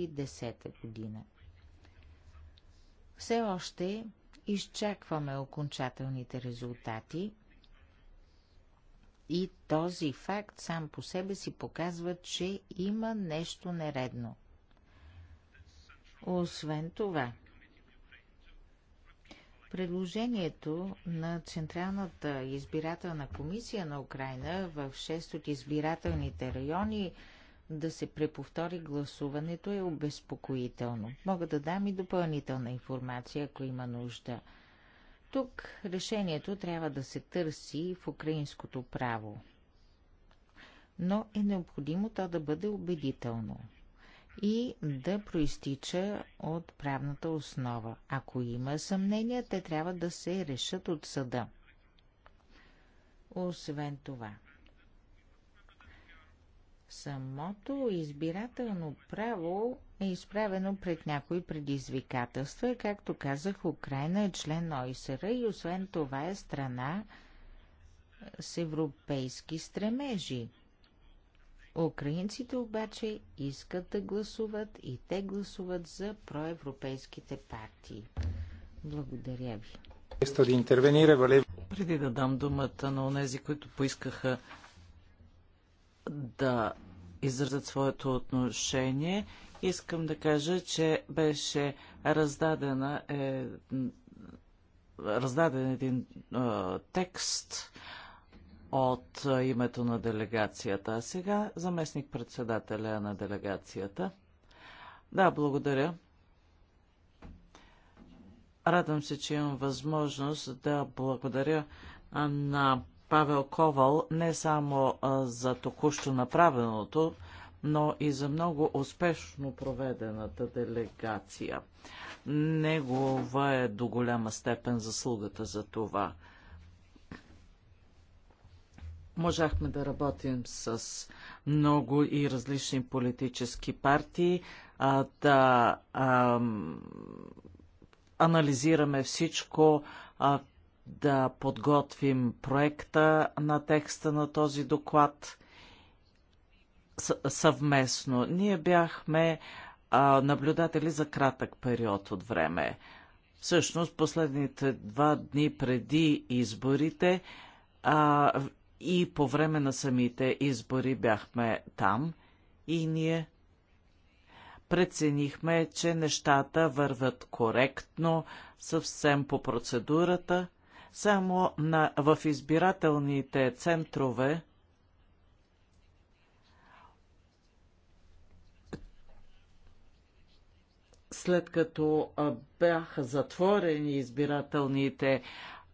2010 година. Все още изчакваме окончателните резултати и този факт сам по себе си показва, че има нещо нередно. Освен това, предложението на Централната избирателна комисия на Украина в 6 от избирателните райони – да се преповтори гласуването е обезпокоително. Мога да дам и допълнителна информация, ако има нужда. Тук решението трябва да се търси в украинското право. Но е необходимо то да бъде убедително и да проистича от правната основа. Ако има съмнения, те трябва да се решат от съда. Освен това, Самото избирателно право е изправено пред някои предизвикателства. Както казах, Украина е член на ОИСР и освен това е страна с европейски стремежи. Украинците обаче искат да гласуват и те гласуват за проевропейските партии. Благодаря ви. Преди да дам думата на онези, които поискаха да изразят своето отношение. Искам да кажа, че беше раздадена е, раздаден един е, текст от е, името на делегацията. А сега заместник председателя на делегацията. Да, благодаря. Радвам се, че имам възможност да благодаря на Павел Ковал не само за току-що направеното, но и за много успешно проведената делегация. Негова е до голяма степен заслугата за това. Можахме да работим с много и различни политически партии, а, да а, анализираме всичко, а, да подготвим проекта на текста на този доклад съвместно. Ние бяхме а, наблюдатели за кратък период от време. Всъщност, последните два дни преди изборите а, и по време на самите избори бяхме там и ние преценихме, че нещата върват коректно, съвсем по процедурата – само на, в избирателните центрове след като бяха затворени избирателните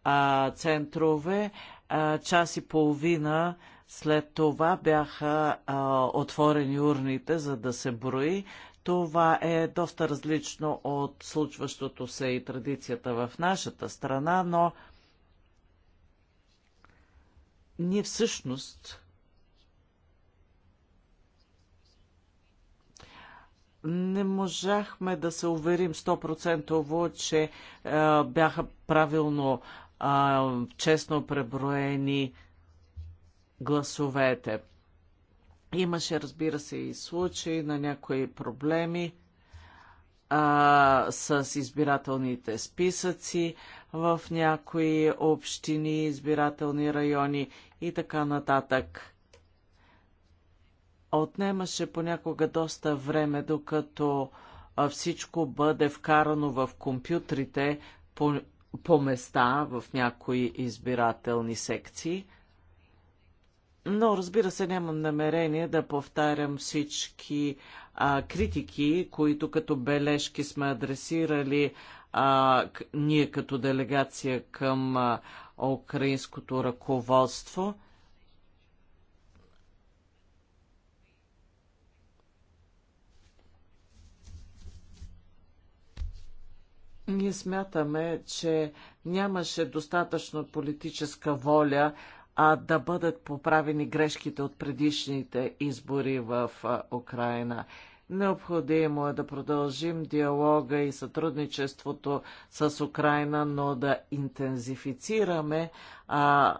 а, центрове, а, час и половина след това бяха а, отворени урните, за да се брои. Това е доста различно от случващото се и традицията в нашата страна, но ние всъщност не можахме да се уверим 100%, че а, бяха правилно а, честно преброени гласовете. Имаше, разбира се, и случаи на някои проблеми а, с избирателните списъци в някои общини, избирателни райони и така нататък. Отнемаше понякога доста време, докато всичко бъде вкарано в компютрите по, по места в някои избирателни секции – но разбира се, нямам намерение да повтарям всички а, критики, които като бележки сме адресирали а, ние като делегация към а, украинското ръководство. Ние смятаме, че нямаше достатъчно политическа воля а, да бъдат поправени грешките от предишните избори в Украина. Необходимо е да продължим диалога и сътрудничеството с Украина, но да интензифицираме а,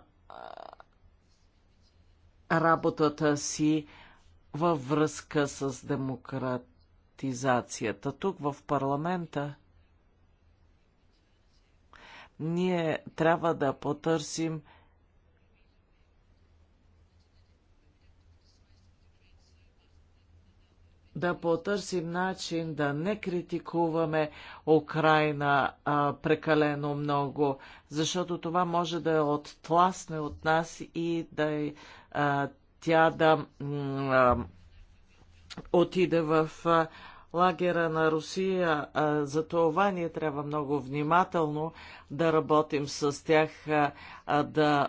работата си във връзка с демократизацията. Тук в парламента ние трябва да потърсим да потърсим начин да не критикуваме Украина а, прекалено много, защото това може да я е оттласне от нас и да е, а, тя да а, отиде в а, лагера на Русия. За това ние трябва много внимателно да работим с тях, да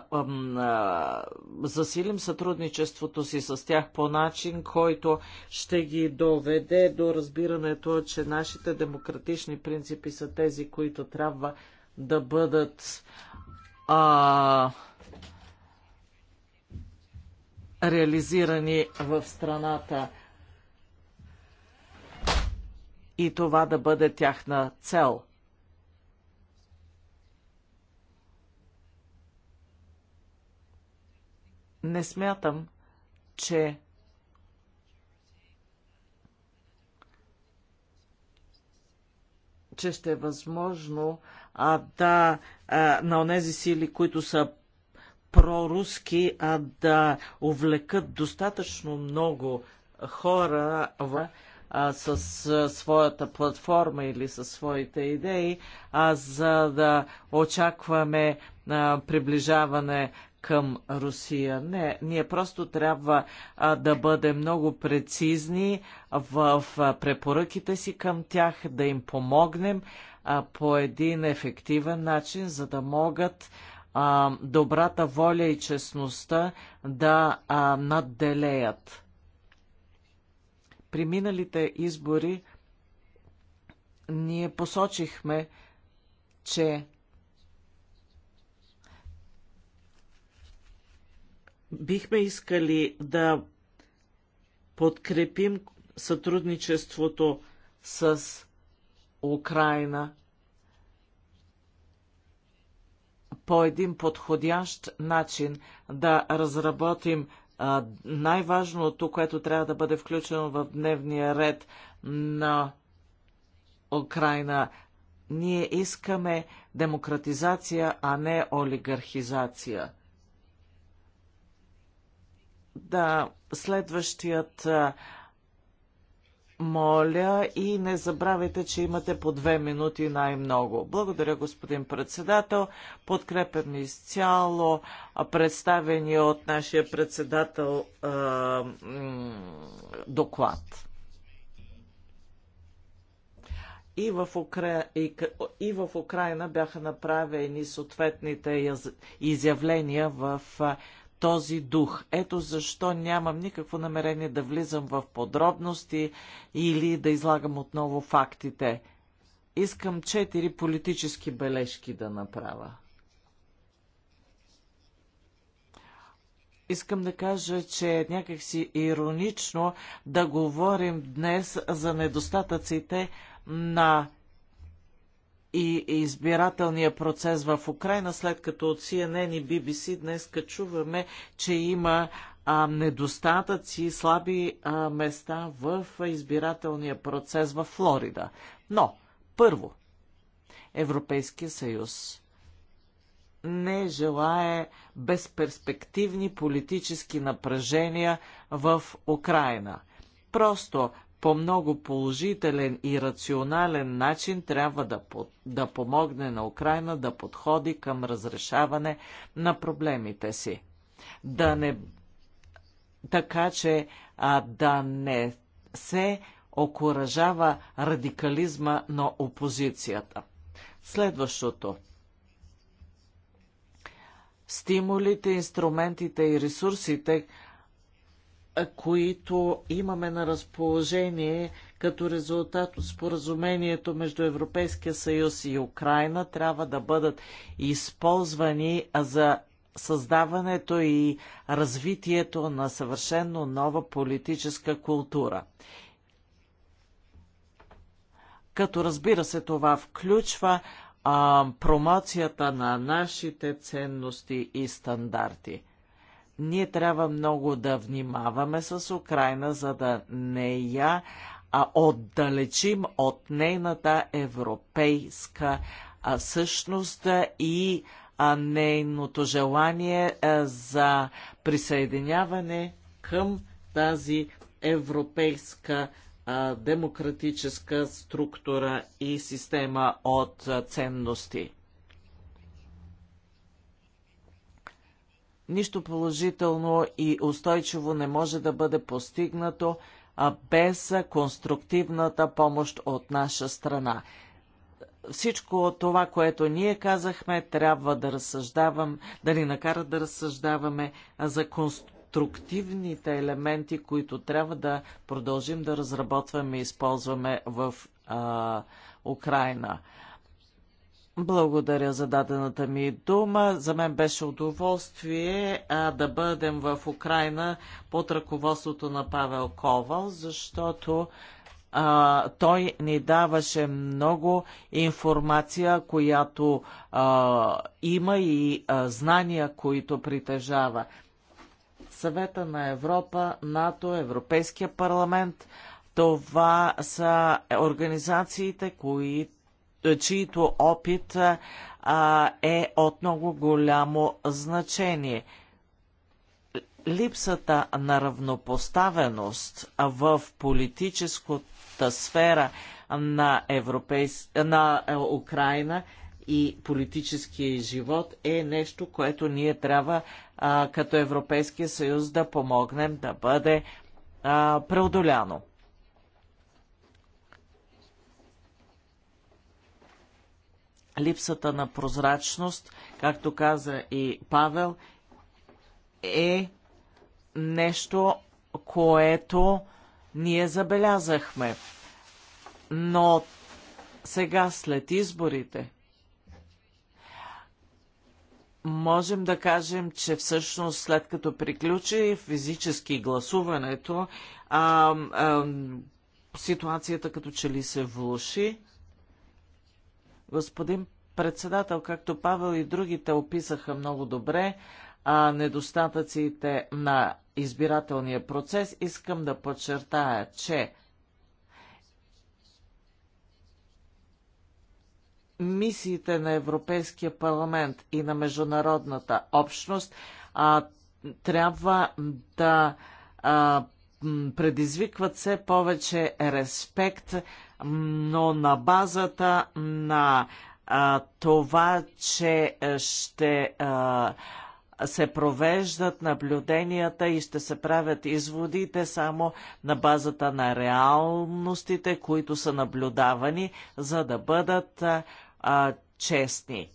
засилим сътрудничеството си с тях по начин, който ще ги доведе до разбирането, че нашите демократични принципи са тези, които трябва да бъдат а, реализирани в страната и това да бъде тяхна цел. Не смятам, че че ще е възможно а, да а, на онези сили, които са проруски, а да увлекат достатъчно много хора в а, с а, своята платформа или със своите идеи, а за да очакваме а, приближаване към Русия. Не, ние просто трябва а, да бъдем много прецизни в, препоръките си към тях, да им помогнем а, по един ефективен начин, за да могат а, добрата воля и честността да а, надделеят. При миналите избори ние посочихме, че бихме искали да подкрепим сътрудничеството с Украина по един подходящ начин да разработим най-важното, което трябва да бъде включено в дневния ред на Украина. Ние искаме демократизация, а не олигархизация. Да, следващият моля и не забравяйте, че имате по две минути най-много. Благодаря, господин председател. Подкрепям изцяло представени от нашия председател доклад. И в, Укра... и, и в Украина бяха направени съответните изявления в този дух. Ето защо нямам никакво намерение да влизам в подробности или да излагам отново фактите. Искам четири политически бележки да направя. Искам да кажа, че е някакси иронично да говорим днес за недостатъците на и избирателния процес в Украина, след като от CNN и BBC днес чуваме, че има а, недостатъци, слаби а, места в избирателния процес в Флорида. Но, първо, Европейския съюз не желае безперспективни политически напрежения в Украина. Просто по много положителен и рационален начин трябва да, по, да помогне на Украина да подходи към разрешаване на проблемите си. Да не, така че а, да не се окоръжава радикализма на опозицията. Следващото. Стимулите, инструментите и ресурсите, които имаме на разположение като резултат от споразумението между Европейския съюз и Украина, трябва да бъдат използвани за създаването и развитието на съвършенно нова политическа култура. Като разбира се, това включва а, промоцията на нашите ценности и стандарти. Ние трябва много да внимаваме с Украина, за да не я а отдалечим от нейната европейска а, същност и а, нейното желание а, за присъединяване към тази европейска а, демократическа структура и система от а, ценности. Нищо положително и устойчиво не може да бъде постигнато а без конструктивната помощ от наша страна. Всичко това, което ние казахме, трябва да разсъждавам, да ни накара да разсъждаваме за конструктивните елементи, които трябва да продължим да разработваме и използваме в а, Украина. Благодаря за дадената ми дума. За мен беше удоволствие а, да бъдем в Украина под ръководството на Павел Ковал, защото а, той ни даваше много информация, която а, има и а, знания, които притежава. Съвета на Европа, НАТО, Европейския парламент. Това са организациите, които чието опит а, е от много голямо значение. Липсата на равнопоставеност в политическата сфера на, европейс... на е, Украина и политическия живот е нещо, което ние трябва а, като Европейския съюз да помогнем да бъде а, преодоляно. липсата на прозрачност, както каза и Павел, е нещо, което ние забелязахме. Но сега, след изборите, можем да кажем, че всъщност след като приключи физически гласуването, а, а, ситуацията като че ли се влуши Господин председател, както Павел и другите описаха много добре а, недостатъците на избирателния процес, искам да подчертая, че мисиите на Европейския парламент и на международната общност а, трябва да а, предизвикват все повече респект, но на базата на а, това, че ще а, се провеждат наблюденията и ще се правят изводите само на базата на реалностите, които са наблюдавани, за да бъдат а, честни.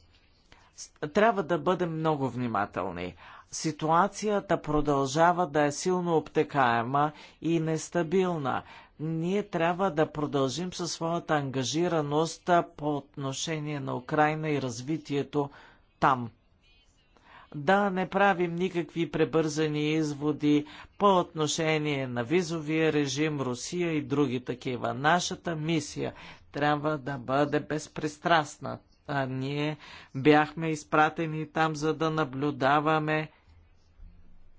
Трябва да бъдем много внимателни ситуацията продължава да е силно обтекаема и нестабилна. Ние трябва да продължим със своята ангажираност по отношение на Украина и развитието там. Да не правим никакви пребързани изводи по отношение на визовия режим, Русия и други такива. Нашата мисия трябва да бъде безпристрастна а ние бяхме изпратени там, за да наблюдаваме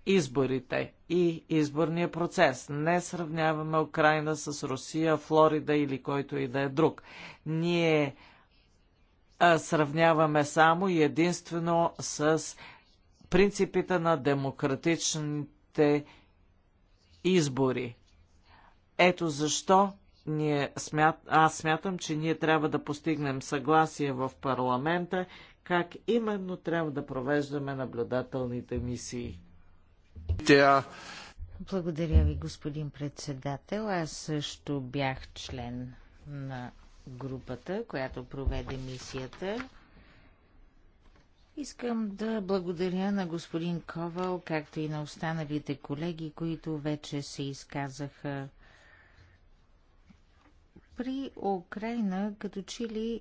изборите и изборния процес. Не сравняваме Украина с Русия, Флорида или който и да е друг. Ние а, сравняваме само и единствено с принципите на демократичните избори. Ето защо ние смят, аз смятам, че ние трябва да постигнем съгласие в парламента, как именно трябва да провеждаме наблюдателните мисии. Тя... Благодаря ви, господин председател. Аз също бях член на групата, която проведе мисията. Искам да благодаря на господин Ковал, както и на останалите колеги, които вече се изказаха при Украина, като че ли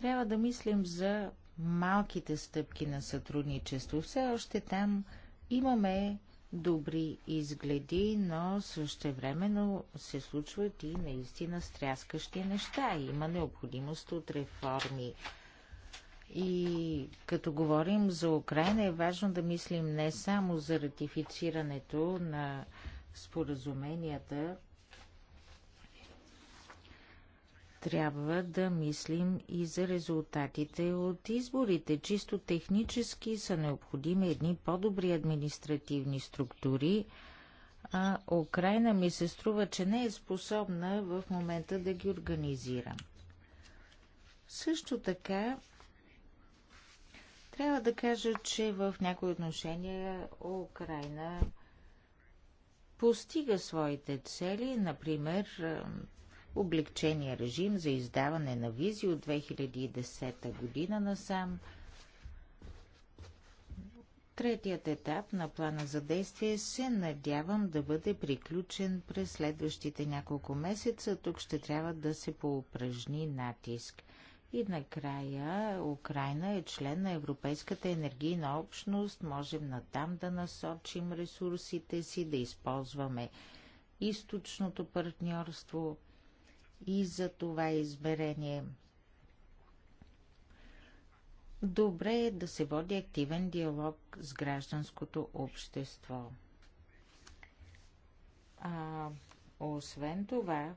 трябва да мислим за малките стъпки на сътрудничество. Все още там имаме добри изгледи, но същевременно се случват и наистина стряскащи неща. Има необходимост от реформи. И като говорим за Украина е важно да мислим не само за ратифицирането на споразуменията трябва да мислим и за резултатите от изборите. Чисто технически са необходими едни по-добри административни структури, а Украина ми се струва, че не е способна в момента да ги организира. Също така, трябва да кажа, че в някои отношения Украина постига своите цели, например облегчения режим за издаване на визи от 2010 година насам. Третият етап на плана за действие се надявам да бъде приключен през следващите няколко месеца. Тук ще трябва да се поупражни натиск. И накрая Украина е член на Европейската енергийна общност. Можем натам да насочим ресурсите си, да използваме източното партньорство и за това измерение. Добре е да се води активен диалог с гражданското общество. А, освен това,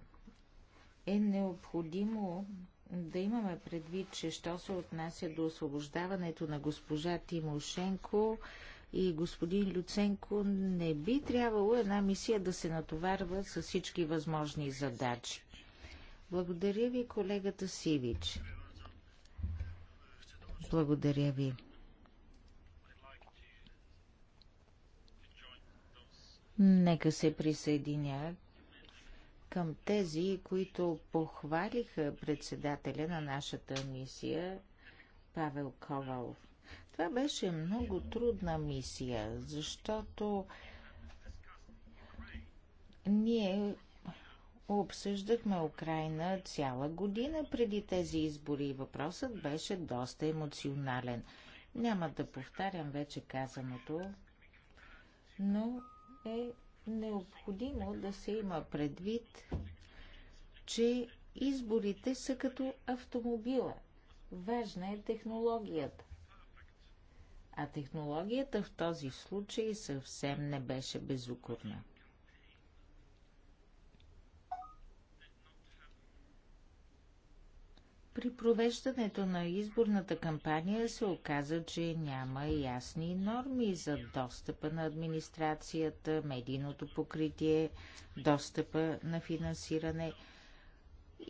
е необходимо да имаме предвид, че що се отнася до освобождаването на госпожа Тимошенко и господин Люценко, не би трябвало една мисия да се натоварва с всички възможни задачи. Благодаря ви, колегата Сивич. Благодаря ви. Нека се присъединя към тези, които похвалиха председателя на нашата мисия, Павел Ковалов. Това беше много трудна мисия, защото ние обсъждахме Украина цяла година преди тези избори и въпросът беше доста емоционален. Няма да повтарям вече казаното, но е необходимо да се има предвид, че изборите са като автомобила. Важна е технологията. А технологията в този случай съвсем не беше безукорна. При провеждането на изборната кампания се оказа, че няма ясни норми за достъпа на администрацията, медийното покритие, достъпа на финансиране.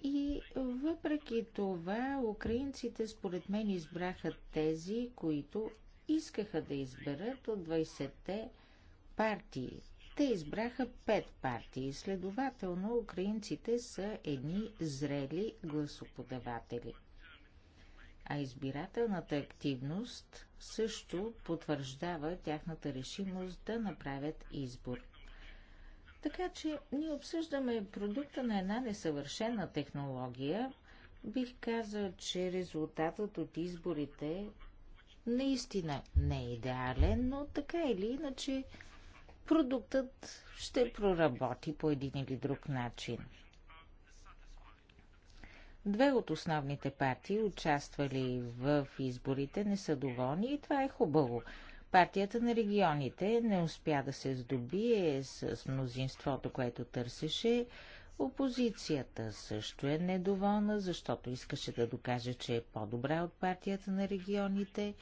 И въпреки това, украинците според мен избраха тези, които искаха да изберат от 20-те партии. Те избраха пет партии, следователно украинците са едни зрели гласоподаватели. А избирателната активност също потвърждава тяхната решимост да направят избор. Така че ние обсъждаме продукта на една несъвършена технология. Бих казал, че резултатът от изборите наистина не е идеален, но така или иначе продуктът ще проработи по един или друг начин. Две от основните партии, участвали в изборите, не са доволни и това е хубаво. Партията на регионите не успя да се здобие с мнозинството, което търсеше. Опозицията също е недоволна, защото искаше да докаже, че е по-добра от партията на регионите.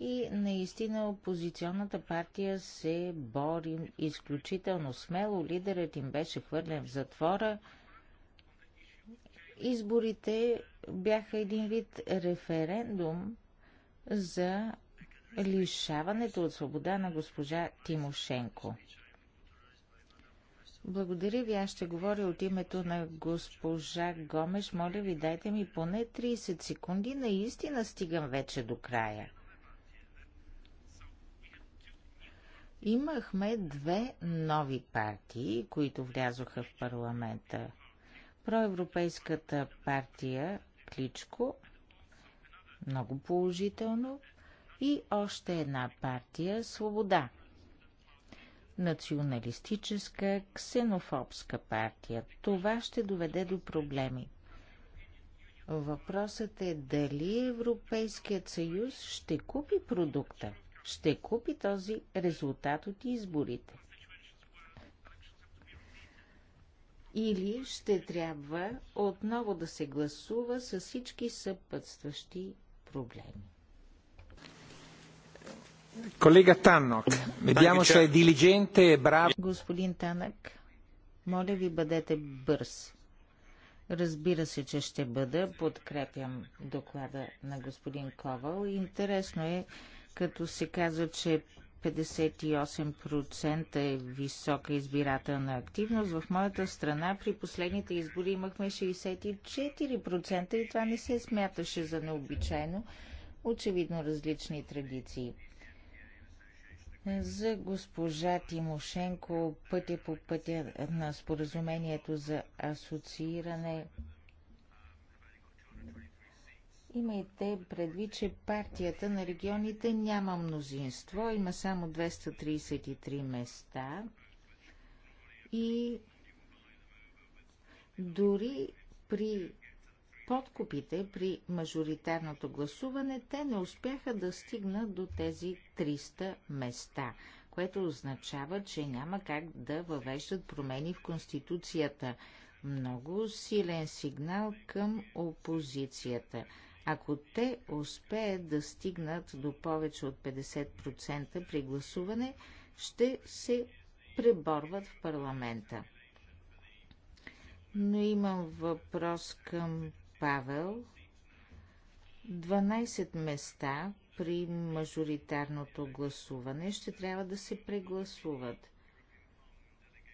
И наистина опозиционната партия се бори изключително смело. Лидерът им беше хвърлен в затвора. Изборите бяха един вид референдум за лишаването от свобода на госпожа Тимошенко. Благодаря ви, аз ще говоря от името на госпожа Гомеш. Моля ви, дайте ми поне 30 секунди. Наистина стигам вече до края. Имахме две нови партии, които влязоха в парламента. Проевропейската партия Кличко, много положително, и още една партия Свобода. Националистическа, ксенофобска партия. Това ще доведе до проблеми. Въпросът е дали Европейският съюз ще купи продукта – ще купи този резултат от изборите. Или ще трябва отново да се гласува с всички съпътстващи проблеми. Колега Таннок, vediamo se е дилигент е брав. Господин Танък, моля ви бъдете бърз. Разбира се, че ще бъда. Подкрепям доклада на господин Ковал. Интересно е, като се казва, че 58% е висока избирателна активност. В моята страна при последните избори имахме 64% и това не се смяташе за необичайно. Очевидно различни традиции. За госпожа Тимошенко пътя по пътя на споразумението за асоцииране Имайте предвид, че партията на регионите няма мнозинство, има само 233 места и дори при подкупите, при мажоритарното гласуване, те не успяха да стигнат до тези 300 места, което означава, че няма как да въвеждат промени в Конституцията. Много силен сигнал към опозицията – ако те успеят да стигнат до повече от 50% при гласуване, ще се преборват в парламента. Но имам въпрос към Павел. 12 места при мажоритарното гласуване ще трябва да се прегласуват.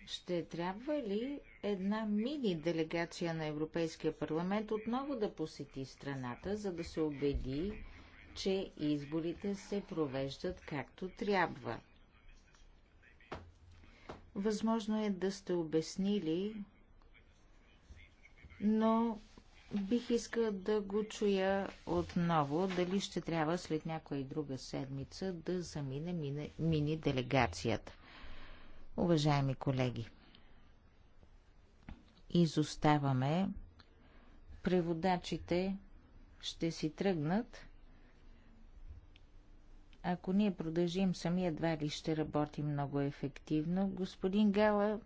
Ще трябва ли една мини делегация на Европейския парламент отново да посети страната, за да се убеди, че изборите се провеждат както трябва. Възможно е да сте обяснили, но бих искал да го чуя отново, дали ще трябва след някоя друга седмица да замине мини делегацията. Уважаеми колеги, изоставаме. Преводачите ще си тръгнат. Ако ние продължим сами, едва ли ще работим много ефективно. Господин Гала,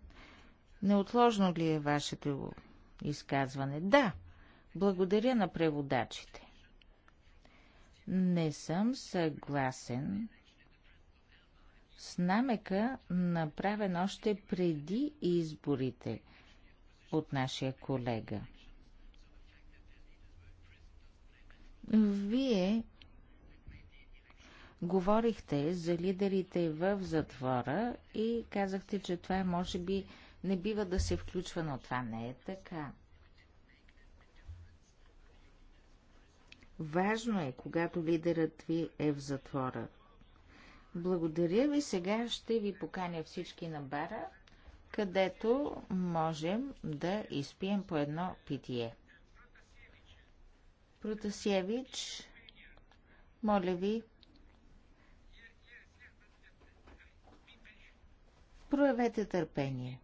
неотложно ли е вашето изказване? Да, благодаря на преводачите. Не съм съгласен с намека, направен още преди изборите – от нашия колега. Вие говорихте за лидерите в затвора и казахте, че това може би не бива да се включва, но това не е така. Важно е, когато лидерът ви е в затвора. Благодаря ви, сега ще ви поканя всички на бара където можем да изпием по едно питие. Протасевич, моля ви, проявете търпение.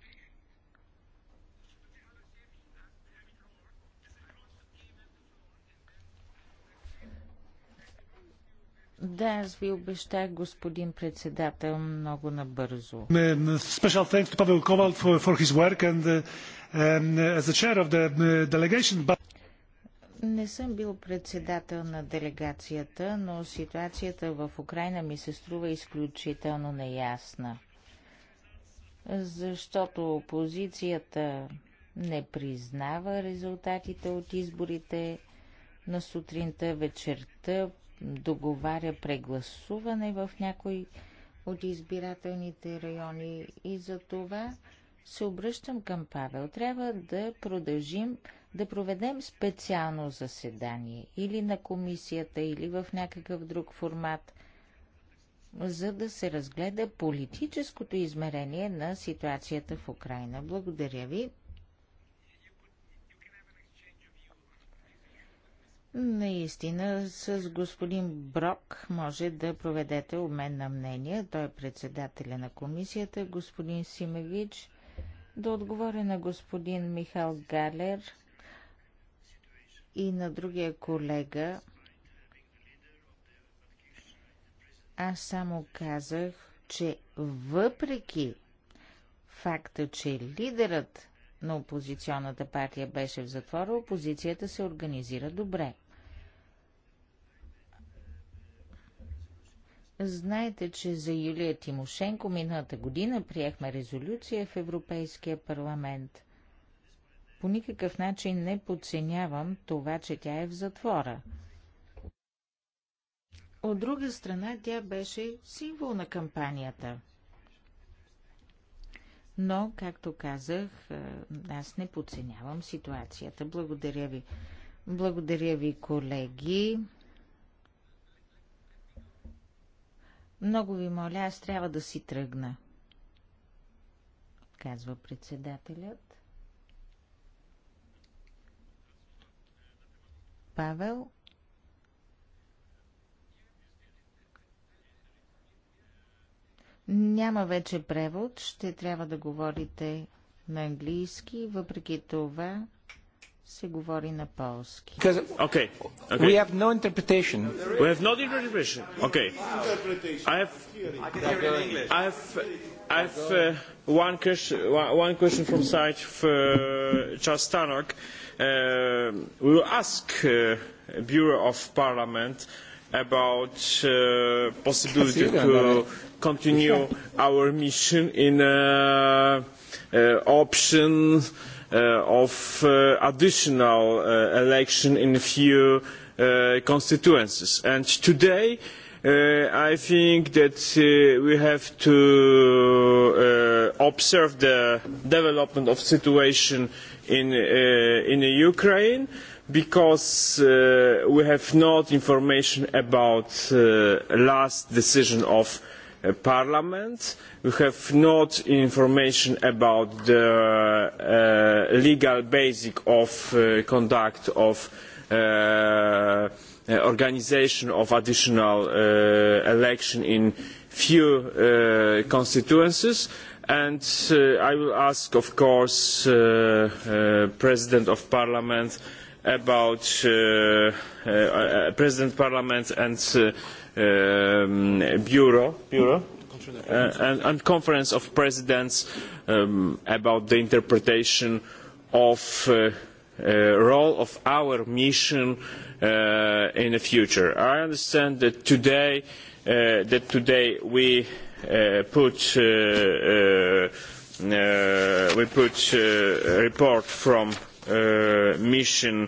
Да, аз ви обещах, господин председател, много набързо. Special thanks to Pavel Koval for, for his work and, and um, as the chair of the uh, delegation. But... Не съм бил председател на делегацията, но ситуацията в Украина ми се струва изключително неясна. Защото опозицията не признава резултатите от изборите на сутринта, вечерта договаря прегласуване в някои от избирателните райони и за това се обръщам към Павел. Трябва да продължим да проведем специално заседание или на комисията, или в някакъв друг формат, за да се разгледа политическото измерение на ситуацията в Украина. Благодаря ви. Наистина с господин Брок може да проведете обмен на мнение. Той е председателя на комисията, господин Симевич. Да отговоря на господин Михал Галер и на другия колега. Аз само казах, че въпреки факта, че лидерът на опозиционната партия беше в затвора, опозицията се организира добре. Знаете, че за Юлия Тимошенко миналата година приехме резолюция в Европейския парламент. По никакъв начин не подценявам това, че тя е в затвора. От друга страна, тя беше символ на кампанията. Но, както казах, аз не подценявам ситуацията. Благодаря ви. Благодаря ви, колеги. Много ви моля, аз трябва да си тръгна, казва председателят. Павел Няма вече превод, ще трябва да говорите на английски, въпреки това се говори на полски. Okay. Okay. We have no interpretation. We have no interpretation. Okay. I have, I have, I have uh, one question, one question from side for Charles Tannock. Uh, we will ask uh, Bureau of Parliament about uh, possibility to continue our mission in uh, uh, option of additional election in a few constituencies. And today, I think that we have to observe the development of the situation in, Ukraine because we have not information about the last decision of parliament. We have not information about the legal basis of conduct of organisation of additional election in few constituencies. And I will ask, of course, uh, President of Parliament about President Parliament and Bureau, and, Conference of Presidents about the interpretation of the role of our mission in the future. I understand that today, we put we put a report from uh, mission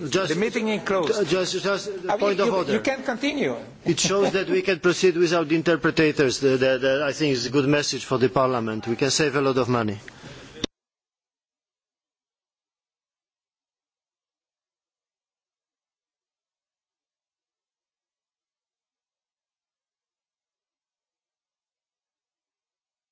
the meeting is closed. Just, just a point of order. You can continue. It shows that we can proceed without interpreters. That, I think is a good message for the Parliament. We can save a lot of money.